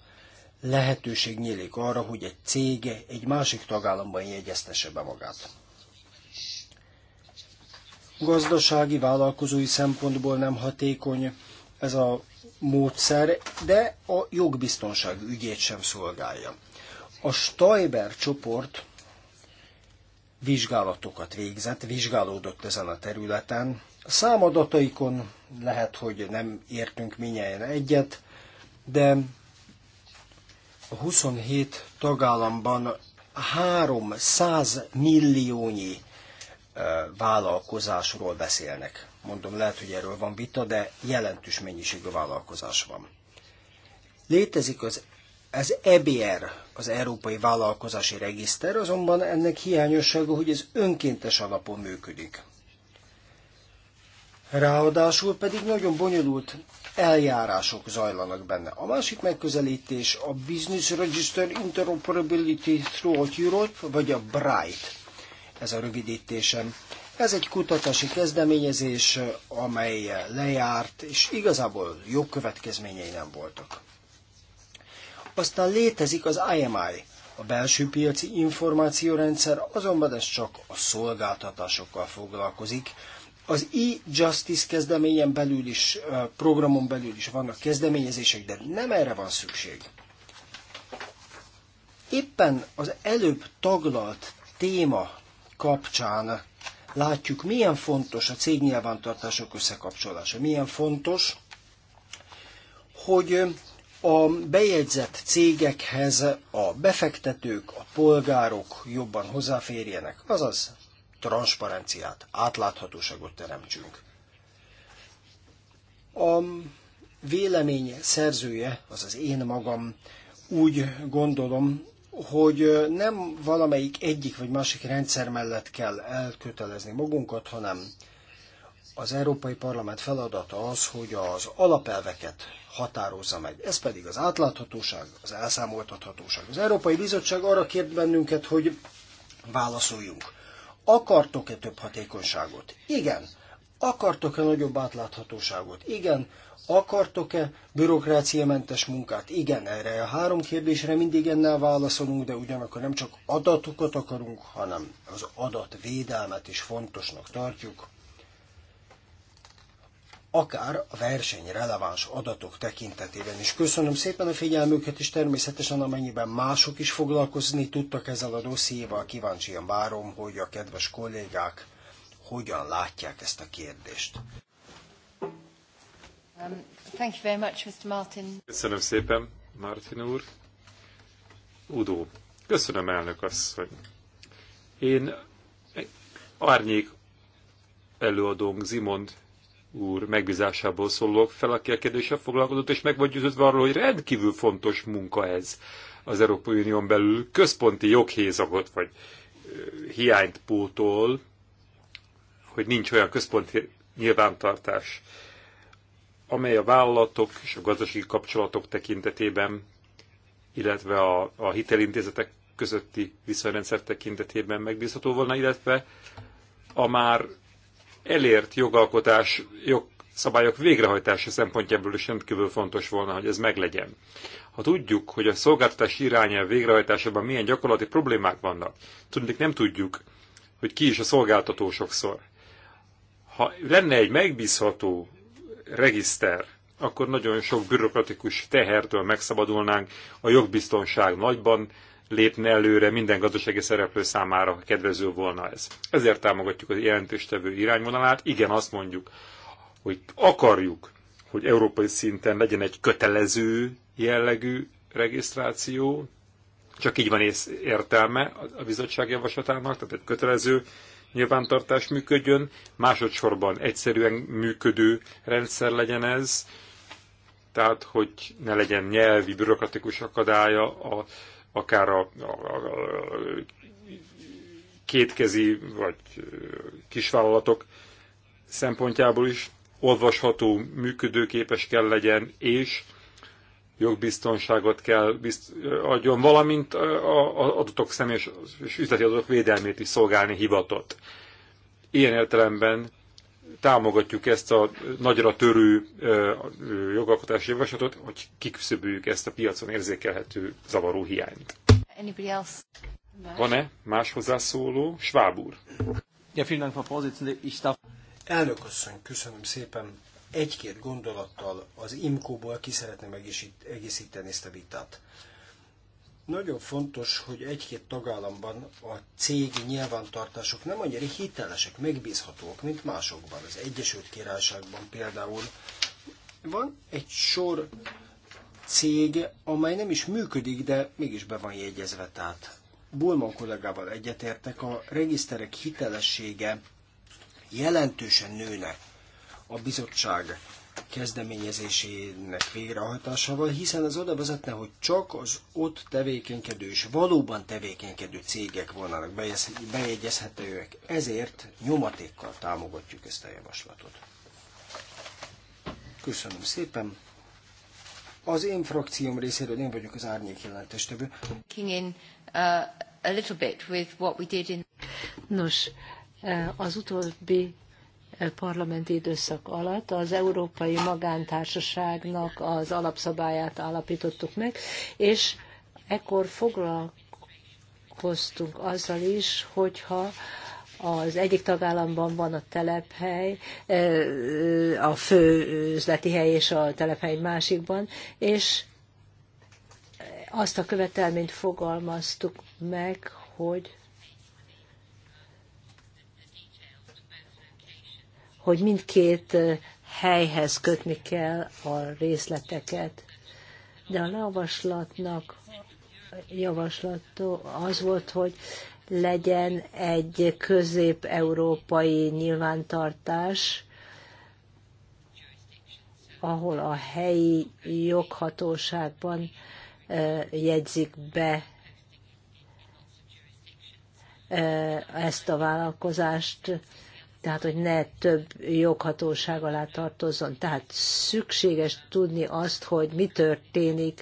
lehetőség nyílik arra, hogy egy cég egy másik tagállamban jegyeztesse be magát. Gazdasági, vállalkozói szempontból nem hatékony ez a módszer, de a jogbiztonság ügyét sem szolgálja. A Stoiber csoport vizsgálatokat végzett, vizsgálódott ezen a területen. A számadataikon lehet, hogy nem értünk minnyáján egyet, de a 27 tagállamban 300 milliónyi vállalkozásról beszélnek. Mondom, lehet, hogy erről van vita, de jelentős mennyiségű vállalkozás van. Létezik az az EBR, az Európai Vállalkozási Regiszter azonban ennek hiányossága, hogy ez önkéntes alapon működik. Ráadásul pedig nagyon bonyolult eljárások zajlanak benne. A másik megközelítés a Business Register Interoperability Throughout Europe, vagy a BRIGHT. Ez a rövidítésem. Ez egy kutatási kezdeményezés, amely lejárt, és igazából jó következményei nem voltak. Aztán létezik az IMI, a belső piaci információrendszer, azonban ez csak a szolgáltatásokkal foglalkozik. Az e-justice kezdeményen belül is, programon belül is vannak kezdeményezések, de nem erre van szükség. Éppen az előbb taglalt téma kapcsán látjuk, milyen fontos a cégnyilvántartások összekapcsolása, milyen fontos, hogy a bejegyzett cégekhez a befektetők, a polgárok jobban hozzáférjenek, azaz transzparenciát, átláthatóságot teremtsünk. A vélemény szerzője, azaz én magam úgy gondolom, hogy nem valamelyik egyik vagy másik rendszer mellett kell elkötelezni magunkat, hanem az Európai Parlament feladata az, hogy az alapelveket határozza meg. Ez pedig az átláthatóság, az elszámoltathatóság. Az Európai Bizottság arra kért bennünket, hogy válaszoljunk. Akartok-e több hatékonyságot? Igen. Akartok-e nagyobb átláthatóságot? Igen. Akartok-e bürokráciamentes munkát? Igen, erre a három kérdésre mindig ennel válaszolunk, de ugyanakkor nem csak adatokat akarunk, hanem az adatvédelmet is fontosnak tartjuk akár a verseny releváns adatok tekintetében is. Köszönöm szépen a figyelmüket, és természetesen amennyiben mások is foglalkozni tudtak ezzel a dossziéval, kíváncsian várom, hogy a kedves kollégák hogyan látják ezt a kérdést. Um, thank you very much, Mr. Martin. Köszönöm szépen, Martin úr. Udó. Köszönöm, elnök asszony. Én árnyék előadónk Zimond úr megbízásából szólok fel, aki a kérdéssel foglalkozott, és meg vagy győződve arról, hogy rendkívül fontos munka ez az Európai Unión belül, központi joghézagot vagy hiányt pótol, hogy nincs olyan központi nyilvántartás, amely a vállalatok és a gazdasági kapcsolatok tekintetében, illetve a, a hitelintézetek közötti viszonyrendszer tekintetében megbízható volna, illetve a már elért jogalkotás, jogszabályok végrehajtása szempontjából is rendkívül fontos volna, hogy ez meglegyen. Ha tudjuk, hogy a szolgáltatás irányel végrehajtásában milyen gyakorlati problémák vannak, tudnék nem tudjuk, hogy ki is a szolgáltató sokszor. Ha lenne egy megbízható regiszter, akkor nagyon sok bürokratikus tehertől megszabadulnánk, a jogbiztonság nagyban lépne előre minden gazdasági szereplő számára kedvező volna ez. Ezért támogatjuk a jelentéstevő irányvonalát. Igen, azt mondjuk, hogy akarjuk, hogy európai szinten legyen egy kötelező jellegű regisztráció, csak így van ész értelme a bizottság javaslatának, tehát egy kötelező nyilvántartás működjön, másodszorban egyszerűen működő rendszer legyen ez, tehát hogy ne legyen nyelvi, bürokratikus akadálya a akár a, a, a kétkezi vagy kisvállalatok szempontjából is olvasható, működőképes kell legyen, és jogbiztonságot kell bizt, adjon, valamint az adatok személyes és üzleti adatok védelmét is szolgálni hivatott. Ilyen értelemben támogatjuk ezt a nagyra törő jogalkotási javaslatot, hogy kiküszöböljük ezt a piacon érzékelhető zavaró hiányt. Van-e más hozzászóló? Schwab úr. Ja, Elnök asszony, köszönöm szépen. Egy-két gondolattal az IMCO-ból ki szeretném egészíteni ezt a vitát. Nagyon fontos, hogy egy-két tagállamban a cégi nyilvántartások nem annyira hitelesek, megbízhatóak, mint másokban. Az Egyesült Királyságban például van egy sor cég, amely nem is működik, de mégis be van jegyezve. Tehát Bulman kollégával egyetértek, a regiszterek hitelessége jelentősen nőne a bizottság kezdeményezésének végrehajtásával, hiszen az oda vezetne, hogy csak az ott tevékenykedő és valóban tevékenykedő cégek volnának bejegyezhetőek. Ezért nyomatékkal támogatjuk ezt a javaslatot. Köszönöm szépen. Az én frakcióm részéről én vagyok az árnyék jelentéstevő. Nos, az utóbbi parlamenti időszak alatt az Európai Magántársaságnak az alapszabályát állapítottuk meg, és ekkor foglalkoztunk azzal is, hogyha az egyik tagállamban van a telephely, a fő üzleti hely és a telephely egy másikban, és azt a követelményt fogalmaztuk meg, hogy hogy mindkét helyhez kötni kell a részleteket. De a javaslatnak javaslató az volt, hogy legyen egy közép-európai nyilvántartás, ahol a helyi joghatóságban jegyzik be ezt a vállalkozást, tehát hogy ne több joghatóság alá tartozzon. Tehát szükséges tudni azt, hogy mi történik,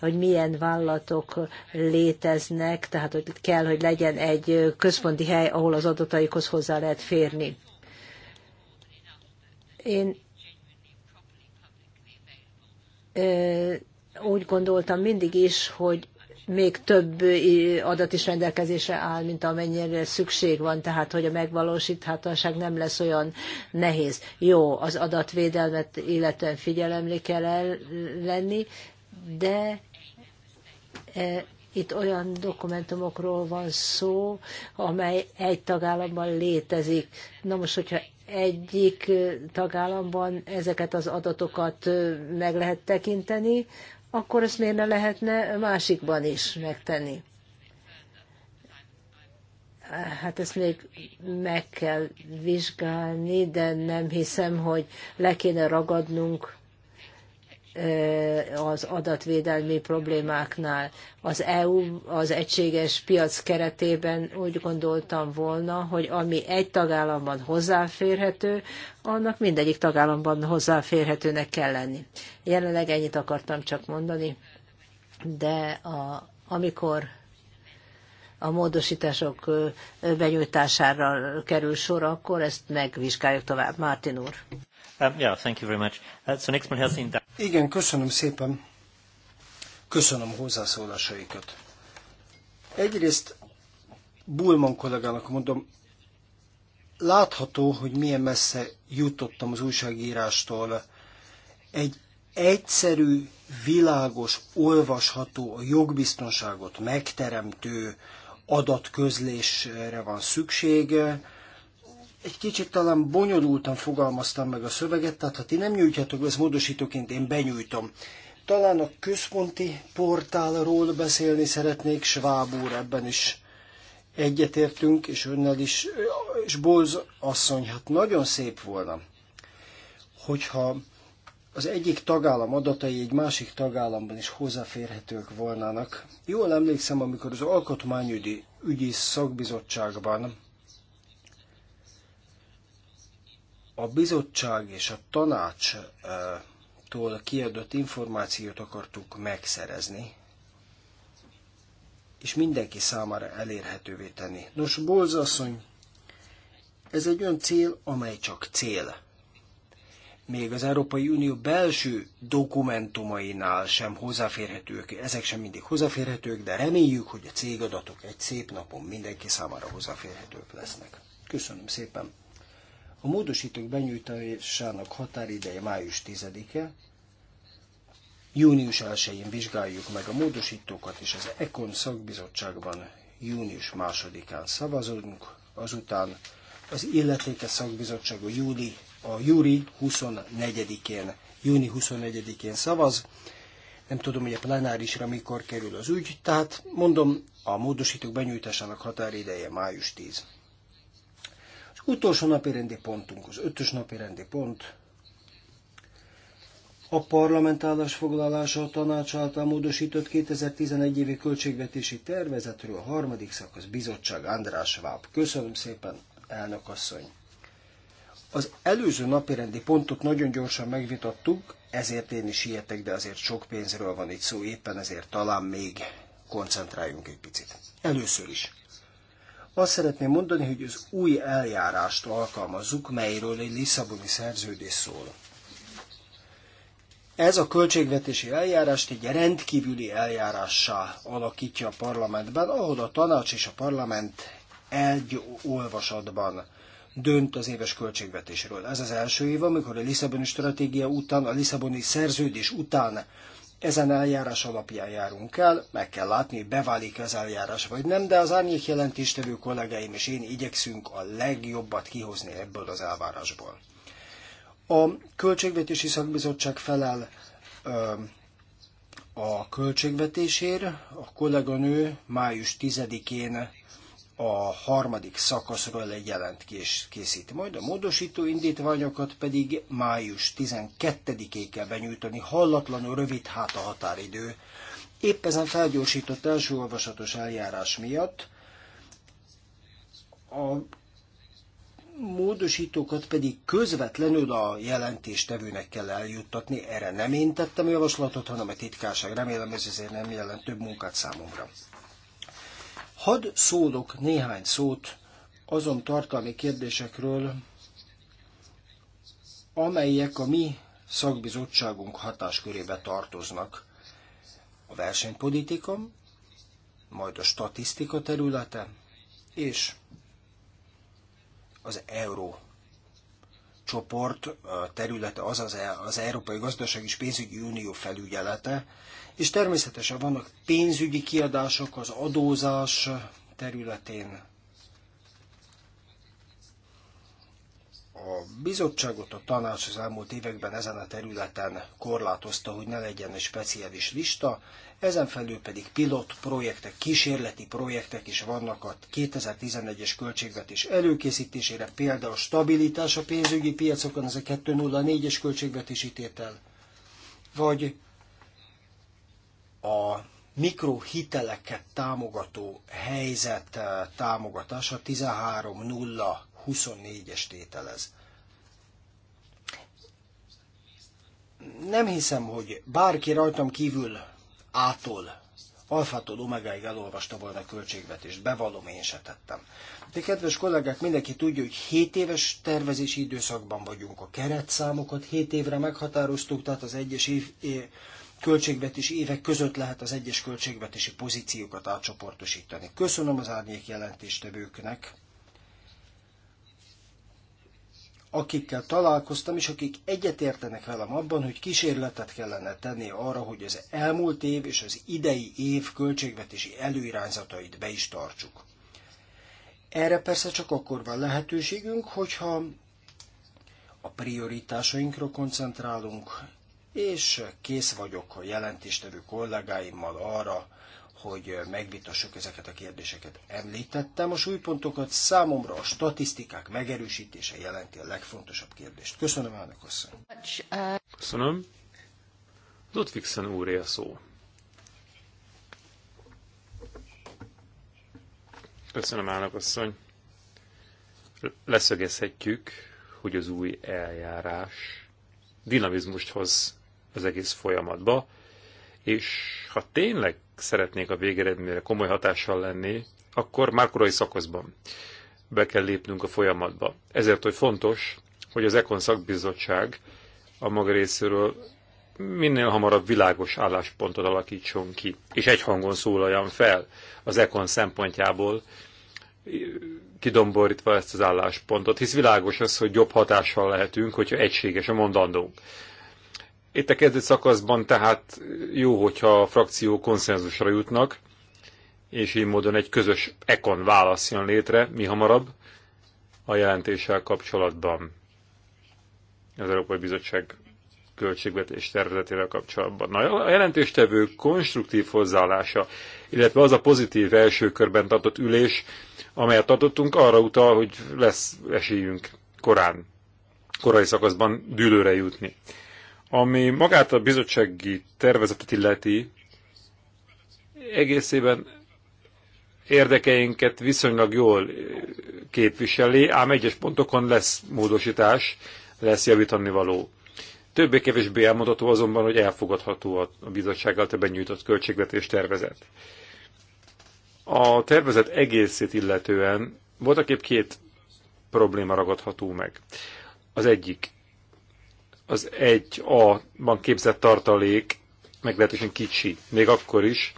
hogy milyen vállalatok léteznek, tehát hogy kell, hogy legyen egy központi hely, ahol az adataikhoz hozzá lehet férni. Én úgy gondoltam mindig is, hogy még több adat is rendelkezésre áll, mint amennyire szükség van, tehát hogy a megvalósíthatóság nem lesz olyan nehéz. Jó, az adatvédelmet illetően figyelemre kell lenni, de e, itt olyan dokumentumokról van szó, amely egy tagállamban létezik. Na most, hogyha egyik tagállamban ezeket az adatokat meg lehet tekinteni, akkor ezt miért ne lehetne másikban is megtenni? Hát ezt még meg kell vizsgálni, de nem hiszem, hogy le kéne ragadnunk az adatvédelmi problémáknál. Az EU az egységes piac keretében úgy gondoltam volna, hogy ami egy tagállamban hozzáférhető, annak mindegyik tagállamban hozzáférhetőnek kell lenni. Jelenleg ennyit akartam csak mondani, de a, amikor a módosítások benyújtására kerül sor, akkor ezt megvizsgáljuk tovább. Mártin úr. Um, uh, Igen, köszönöm szépen. Köszönöm hozzászólásaikat. Egyrészt Bulman kollégának mondom, látható, hogy milyen messze jutottam az újságírástól. Egy egyszerű, világos, olvasható, a jogbiztonságot megteremtő adatközlésre van szüksége, egy kicsit talán bonyolultan fogalmaztam meg a szöveget, tehát ha ti nem nyújtjátok ezt módosítóként, én benyújtom. Talán a központi portálról beszélni szeretnék, Schwab úr, ebben is egyetértünk, és önnel is, és Bolz asszony, hát nagyon szép volna, hogyha az egyik tagállam adatai egy másik tagállamban is hozzáférhetők volnának. Jól emlékszem, amikor az Alkotmányügyi Ügyi Szakbizottságban a bizottság és a tanácstól eh, kiadott információt akartuk megszerezni, és mindenki számára elérhetővé tenni. Nos, Bolzasszony, ez egy olyan cél, amely csak cél. Még az Európai Unió belső dokumentumainál sem hozzáférhetők, ezek sem mindig hozzáférhetők, de reméljük, hogy a cégadatok egy szép napon mindenki számára hozzáférhetők lesznek. Köszönöm szépen! A módosítók benyújtásának határideje május 10-e, június 1-én vizsgáljuk meg a módosítókat, és az EKON szakbizottságban június 2-án szavazunk, azután az illetékes szakbizottság a, júli, a júli 24-én, júni 24-én szavaz, nem tudom, hogy a plenárisra mikor kerül az ügy, tehát mondom, a módosítók benyújtásának határideje május 10. Utolsó napi rendi pontunk, az ötös napi rendi pont. A parlamentálás foglalása a tanács által módosított 2011 évi költségvetési tervezetről a harmadik szakasz bizottság András Schwab. Köszönöm szépen, elnök asszony! Az előző napirendi pontot nagyon gyorsan megvitattuk, ezért én is sietek, de azért sok pénzről van itt szó, éppen ezért talán még koncentráljunk egy picit. Először is. Azt szeretném mondani, hogy az új eljárást alkalmazzuk, melyről egy Lisszaboni szerződés szól. Ez a költségvetési eljárást egy rendkívüli eljárássá alakítja a parlamentben, ahol a tanács és a parlament egy olvasatban dönt az éves költségvetésről. Ez az első év, amikor a Lisszaboni stratégia után, a Lisszaboni szerződés után ezen eljárás alapján járunk el, meg kell látni, hogy beválik az eljárás vagy nem, de az árnyék jelentéstevő kollégáim és én igyekszünk a legjobbat kihozni ebből az elvárásból. A Költségvetési Szakbizottság felel ö, a költségvetésért, a kolléganő május 10-én a harmadik szakaszról egy jelentkés készít. Majd a módosító indítványokat pedig május 12-ig kell benyújtani, hallatlanul rövid hát a határidő. Épp ezen felgyorsított első olvasatos eljárás miatt a módosítókat pedig közvetlenül a jelentéstevőnek kell eljuttatni. Erre nem én tettem javaslatot, hanem a titkárság. Remélem ez azért nem jelent több munkát számomra. Hadd szólok néhány szót azon tartalmi kérdésekről, amelyek a mi szakbizottságunk hatáskörébe tartoznak. A versenypolitika, majd a statisztika területe, és az euró csoport területe, azaz e- az Európai Gazdaság és Pénzügyi Unió felügyelete, és természetesen vannak pénzügyi kiadások az adózás területén. A bizottságot a tanács az elmúlt években ezen a területen korlátozta, hogy ne legyen egy speciális lista, ezen felül pedig pilot projektek, kísérleti projektek is vannak a 2011-es költségvetés előkészítésére, például a stabilitás a pénzügyi piacokon, ez a 204-es költségvetési tétel, vagy a mikrohiteleket támogató helyzet eh, támogatása 13.024-es tételez. Nem hiszem, hogy bárki rajtam kívül ától, alfától omegáig elolvasta volna a költségvetést. Bevallom, én se tettem. De kedves kollégák, mindenki tudja, hogy 7 éves tervezési időszakban vagyunk. A keretszámokat 7 évre meghatároztuk, tehát az egyes év, év költségvetés évek között lehet az egyes költségvetési pozíciókat átcsoportosítani. Köszönöm az árnyék jelentéstevőknek, akikkel találkoztam, és akik egyetértenek velem abban, hogy kísérletet kellene tenni arra, hogy az elmúlt év és az idei év költségvetési előirányzatait be is tartsuk. Erre persze csak akkor van lehetőségünk, hogyha a prioritásainkra koncentrálunk, és kész vagyok a jelentéstevő kollégáimmal arra, hogy megvitassuk ezeket a kérdéseket. Említettem a súlypontokat, számomra a statisztikák megerősítése jelenti a legfontosabb kérdést. Köszönöm, elnök asszony. Köszönöm. Ludvigsen úré a szó. Köszönöm, elnök asszony. Leszögezhetjük, hogy az új eljárás dinamizmust hoz az egész folyamatba, és ha tényleg szeretnék a végeredményre komoly hatással lenni, akkor már korai szakaszban be kell lépnünk a folyamatba. Ezért, hogy fontos, hogy az Ekon szakbizottság a maga részéről minél hamarabb világos álláspontot alakítson ki, és egy hangon szólaljon fel az Ekon szempontjából, kidomborítva ezt az álláspontot, hisz világos az, hogy jobb hatással lehetünk, hogyha egységes a mondandónk. Itt a kezdő szakaszban tehát jó, hogyha a frakció konszenzusra jutnak, és így módon egy közös ekon válasz jön létre, mi hamarabb, a jelentéssel kapcsolatban, az Európai Bizottság költségvetés tervezetével kapcsolatban. Na, a jelentéstevő konstruktív hozzáállása, illetve az a pozitív első körben tartott ülés, amelyet tartottunk, arra utal, hogy lesz esélyünk korán, korai szakaszban dűlőre jutni. Ami magát a bizottsági tervezetet illeti, egészében érdekeinket viszonylag jól képviseli, ám egyes pontokon lesz módosítás, lesz javítani való. Többé-kevésbé elmondható azonban, hogy elfogadható a bizottság által benyújtott költségvetés tervezet. A tervezet egészét illetően voltaképp két probléma ragadható meg. Az egyik az 1A-ban képzett tartalék meglehetősen kicsi, még akkor is,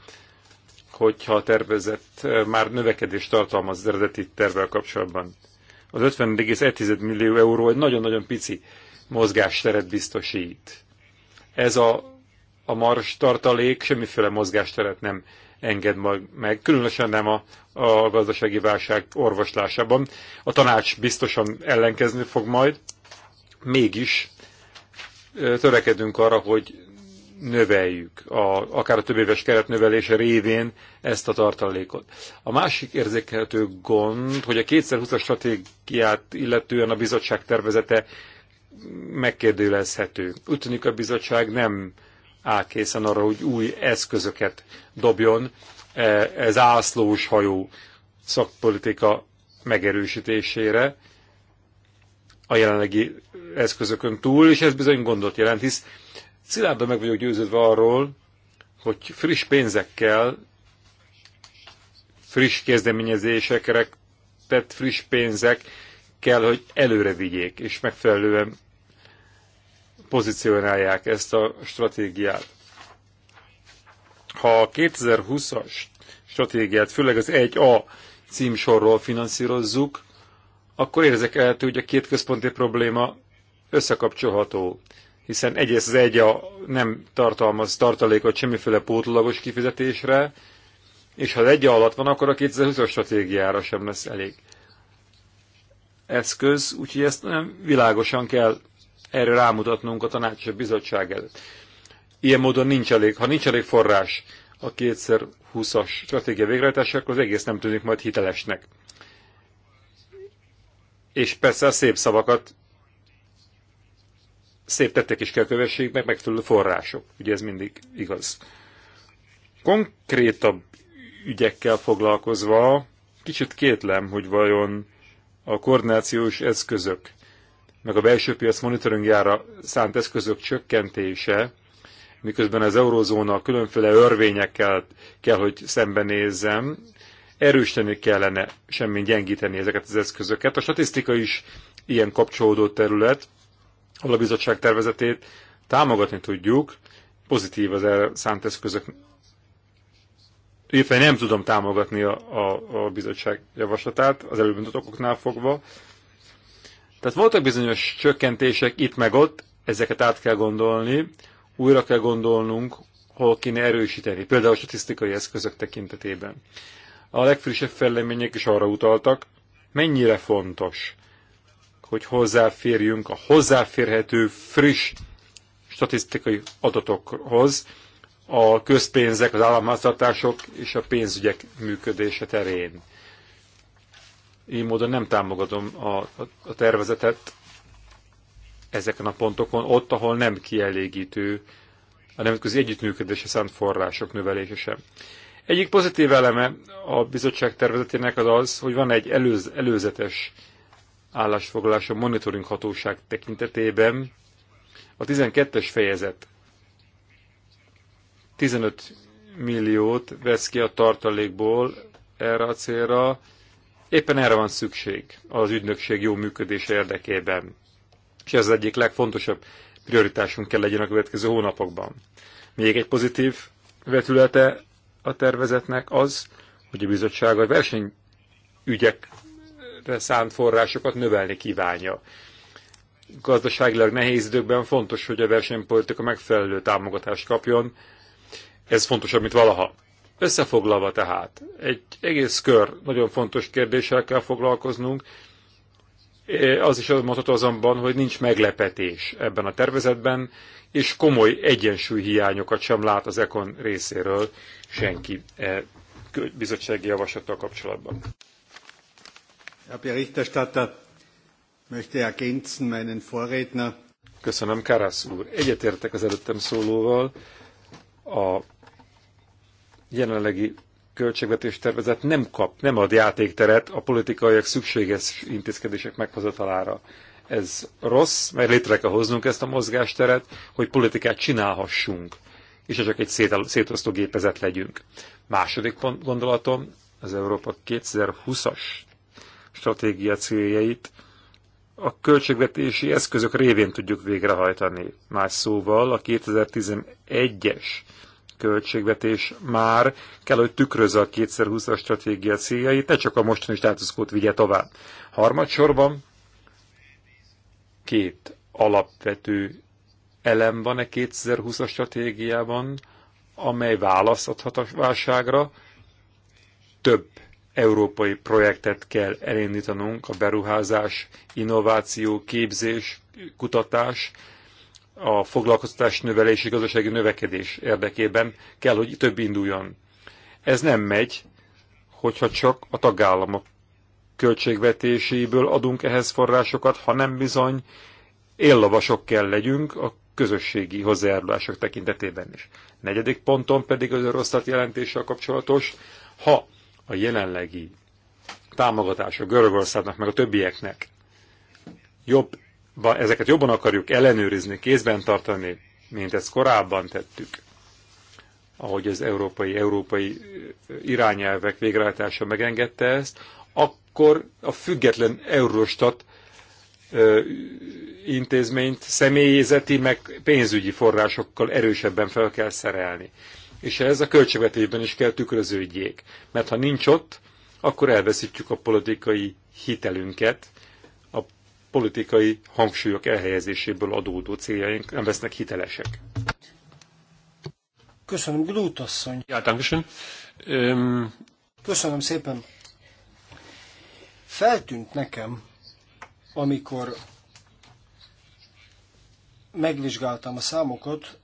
hogyha a tervezett már növekedést tartalmaz az eredeti tervvel kapcsolatban. Az 50,1 millió euró egy nagyon-nagyon pici mozgásteret biztosít. Ez a, a mars tartalék semmiféle mozgásteret nem enged meg, különösen nem a, a gazdasági válság orvoslásában. A tanács biztosan ellenkezni fog majd, mégis törekedünk arra, hogy növeljük, a, akár a több éves keret növelése révén ezt a tartalékot. A másik érzékelhető gond, hogy a 2020-as stratégiát illetően a bizottság tervezete megkérdőlezhető. Úgy tűnik a bizottság nem áll készen arra, hogy új eszközöket dobjon e, ez ászlós hajó szakpolitika megerősítésére a jelenlegi eszközökön túl, és ez bizony gondot jelent, hisz szilárdan meg vagyok győződve arról, hogy friss pénzekkel, friss kezdeményezésekre tett friss pénzek kell, hogy előre vigyék, és megfelelően pozícionálják ezt a stratégiát. Ha a 2020-as stratégiát, főleg az 1A címsorról finanszírozzuk, akkor érzek el, hogy a két központi probléma összekapcsolható, hiszen egyrészt az egy a nem tartalmaz tartalékot semmiféle pótlagos kifizetésre, és ha az egy alatt van, akkor a 2020-as stratégiára sem lesz elég eszköz, úgyhogy ezt nem világosan kell erre rámutatnunk a tanács bizottság előtt. Ilyen módon nincs elég, ha nincs elég forrás a 2020-as stratégia végrehajtására, akkor az egész nem tűnik majd hitelesnek. És persze a szép szavakat szép tettek is kell kövessék meg, megfelelő források. Ugye ez mindig igaz. Konkrétabb ügyekkel foglalkozva kicsit kétlem, hogy vajon a koordinációs eszközök, meg a belső piac monitoringjára szánt eszközök csökkentése, miközben az eurozóna különféle örvényekkel kell, hogy szembenézzem, erősíteni kellene, semmi gyengíteni ezeket az eszközöket. A statisztika is ilyen kapcsolódó terület, bizottság tervezetét támogatni tudjuk, pozitív az erre szánt eszközök. Éppen nem tudom támogatni a, a, a bizottság javaslatát, az előbb okoknál fogva. Tehát voltak bizonyos csökkentések itt meg ott, ezeket át kell gondolni, újra kell gondolnunk, hol kéne erősíteni, például a statisztikai eszközök tekintetében. A legfrissebb fellemények is arra utaltak, mennyire fontos hogy hozzáférjünk a hozzáférhető, friss statisztikai adatokhoz a közpénzek, az államháztartások és a pénzügyek működése terén. Így módon nem támogatom a, a, a tervezetet ezeken a pontokon, ott, ahol nem kielégítő a nemzetközi együttműködése szánt források növelése sem. Egyik pozitív eleme a bizottság tervezetének az az, hogy van egy előz, előzetes állásfoglalás a monitoring hatóság tekintetében a 12-es fejezet 15 milliót vesz ki a tartalékból erre a célra. Éppen erre van szükség az ügynökség jó működése érdekében. És ez az egyik legfontosabb prioritásunk kell legyen a következő hónapokban. Még egy pozitív vetülete a tervezetnek az, hogy a bizottság a versenyügyek szánt forrásokat növelni kívánja. Gazdaságilag nehéz időkben fontos, hogy a versenypolitika megfelelő támogatást kapjon. Ez fontosabb, mint valaha. Összefoglalva tehát, egy egész kör nagyon fontos kérdéssel kell foglalkoznunk, az is mondható azonban, hogy nincs meglepetés ebben a tervezetben, és komoly egyensúlyhiányokat sem lát az ECON részéről senki e bizottsági javaslattal kapcsolatban. Herr Berichterstatter, möchte ergänzen meinen Vorredner. Köszönöm, Karász úr. Egyetértek az előttem szólóval. A jelenlegi költségvetés tervezet nem kap, nem ad játékteret a politikaiak szükséges intézkedések meghozatalára. Ez rossz, mert létre kell hoznunk ezt a mozgásteret, hogy politikát csinálhassunk, és csak egy szétosztó gépezet legyünk. Második pont gondolatom, az Európa 2020-as stratégia céljait a költségvetési eszközök révén tudjuk végrehajtani. Más szóval a 2011-es költségvetés már kell, hogy tükrözze a 2020-as stratégia céljait, ne csak a mostani státuszkót vigye tovább. Harmadsorban két alapvető elem van a e 2020-as stratégiában, amely választhat a válságra, több európai projektet kell elindítanunk, a beruházás, innováció, képzés, kutatás, a foglalkoztatás növelési, gazdasági növekedés érdekében kell, hogy több induljon. Ez nem megy, hogyha csak a tagállamok költségvetéséből adunk ehhez forrásokat, hanem bizony éllavasok kell legyünk a közösségi hozzájárulások tekintetében is. Negyedik ponton pedig az Eurostat jelentéssel kapcsolatos, ha a jelenlegi támogatása Görögországnak, meg a többieknek jobb, ezeket jobban akarjuk ellenőrizni, kézben tartani, mint ezt korábban tettük, ahogy az európai, európai irányelvek végrehajtása megengedte ezt, akkor a független Eurostat intézményt személyzeti, meg pénzügyi forrásokkal erősebben fel kell szerelni és ez a költségvetésben is kell tükröződjék. Mert ha nincs ott, akkor elveszítjük a politikai hitelünket, a politikai hangsúlyok elhelyezéséből adódó céljaink nem lesznek hitelesek. Köszönöm, Glút asszony. Ja, köszönöm. Öm... Köszönöm szépen. Feltűnt nekem, amikor megvizsgáltam a számokat,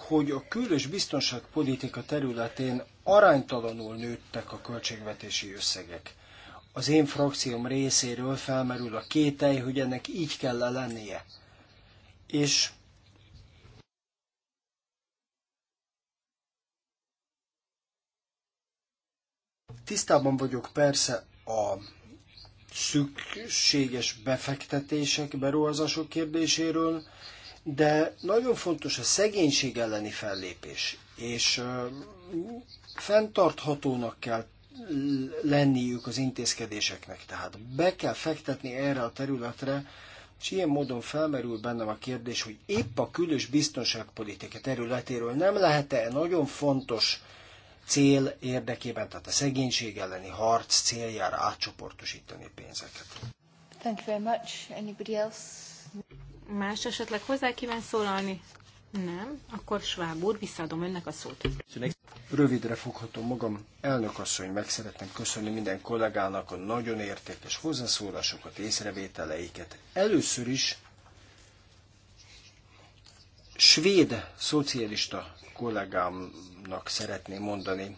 hogy a kül- és biztonságpolitika területén aránytalanul nőttek a költségvetési összegek. Az én frakcióm részéről felmerül a kételj, hogy ennek így kell -e lennie. És tisztában vagyok persze a szükséges befektetések, beruházások kérdéséről, de nagyon fontos a szegénység elleni fellépés, és fenntarthatónak kell lenniük az intézkedéseknek. Tehát be kell fektetni erre a területre, és ilyen módon felmerül bennem a kérdés, hogy épp a külös biztonságpolitika területéről nem lehet-e nagyon fontos cél érdekében, tehát a szegénység elleni harc céljára átcsoportosítani pénzeket. Thank you very much. Anybody else? Más esetleg hozzá kíván szólalni? Nem? Akkor Schwab úr, visszaadom önnek a szót. Rövidre foghatom magam. Elnök asszony, meg szeretném köszönni minden kollégának a nagyon értékes hozzászólásokat, észrevételeiket. Először is svéd szocialista kollégámnak szeretném mondani,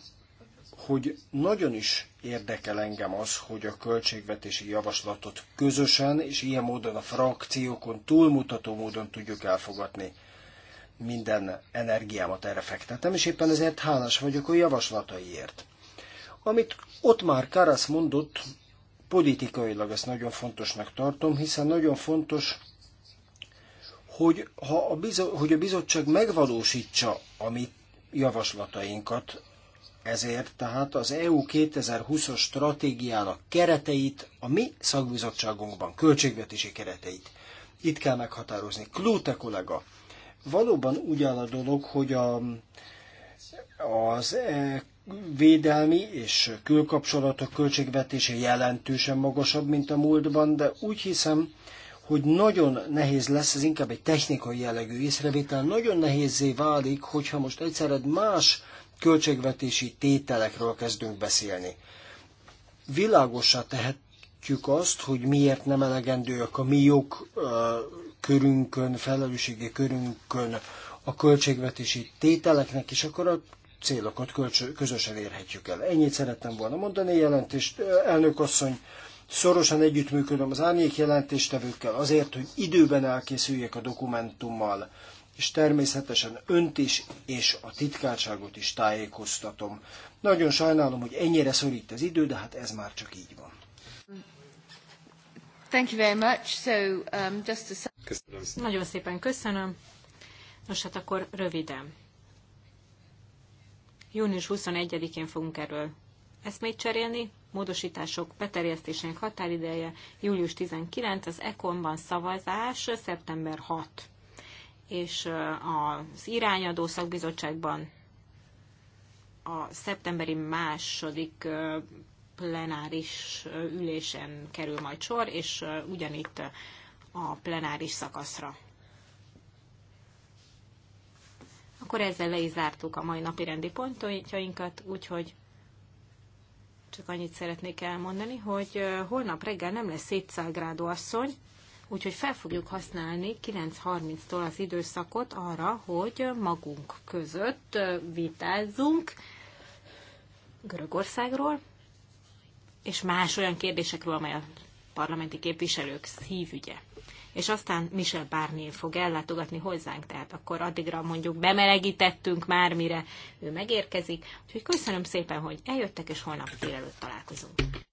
hogy nagyon is érdekel engem az, hogy a költségvetési javaslatot közösen és ilyen módon a frakciókon túlmutató módon tudjuk elfogadni. Minden energiámat erre fektetem, és éppen ezért hálás vagyok a javaslataiért. Amit ott már Karasz mondott, politikailag ezt nagyon fontosnak tartom, hiszen nagyon fontos, hogy, ha a, bizo- hogy a bizottság megvalósítsa a mi javaslatainkat, ezért tehát az EU 2020-as stratégiának kereteit a mi szakbizottságunkban, költségvetési kereteit. Itt kell meghatározni. Klóte kollega, valóban úgy áll a dolog, hogy a, az e védelmi és külkapcsolatok költségvetése jelentősen magasabb, mint a múltban, de úgy hiszem, hogy nagyon nehéz lesz, ez inkább egy technikai jellegű észrevétel, nagyon nehézé válik, hogyha most egyszerre más költségvetési tételekről kezdünk beszélni. Világosá tehetjük azt, hogy miért nem elegendőek a mi körünkön, felelősségi körünkön a költségvetési tételeknek, és akkor a célokat közösen érhetjük el. Ennyit szerettem volna mondani, jelentést, elnök asszony, szorosan együttműködöm az árnyék jelentéstevőkkel azért, hogy időben elkészüljek a dokumentummal, és természetesen önt is és a titkárságot is tájékoztatom. Nagyon sajnálom, hogy ennyire szorít az idő, de hát ez már csak így van. Thank you very much. So, um, just a... Köszönöm. Nagyon szépen köszönöm. Nos, hát akkor röviden. Június 21-én fogunk erről eszmét cserélni, módosítások beterjesztésének határideje július 19, az ECOM-ban szavazás szeptember 6 és az irányadó szakbizottságban a szeptemberi második plenáris ülésen kerül majd sor, és ugyanitt a plenáris szakaszra. Akkor ezzel le is zártuk a mai napi rendi pontjainkat, úgyhogy csak annyit szeretnék elmondani, hogy holnap reggel nem lesz szétszágrádó asszony, Úgyhogy fel fogjuk használni 9.30-tól az időszakot arra, hogy magunk között vitázzunk Görögországról, és más olyan kérdésekről, amely a parlamenti képviselők szívügye. És aztán Michel Barnier fog ellátogatni hozzánk, tehát akkor addigra mondjuk bemelegítettünk már, mire ő megérkezik. Úgyhogy köszönöm szépen, hogy eljöttek, és holnap délelőtt találkozunk.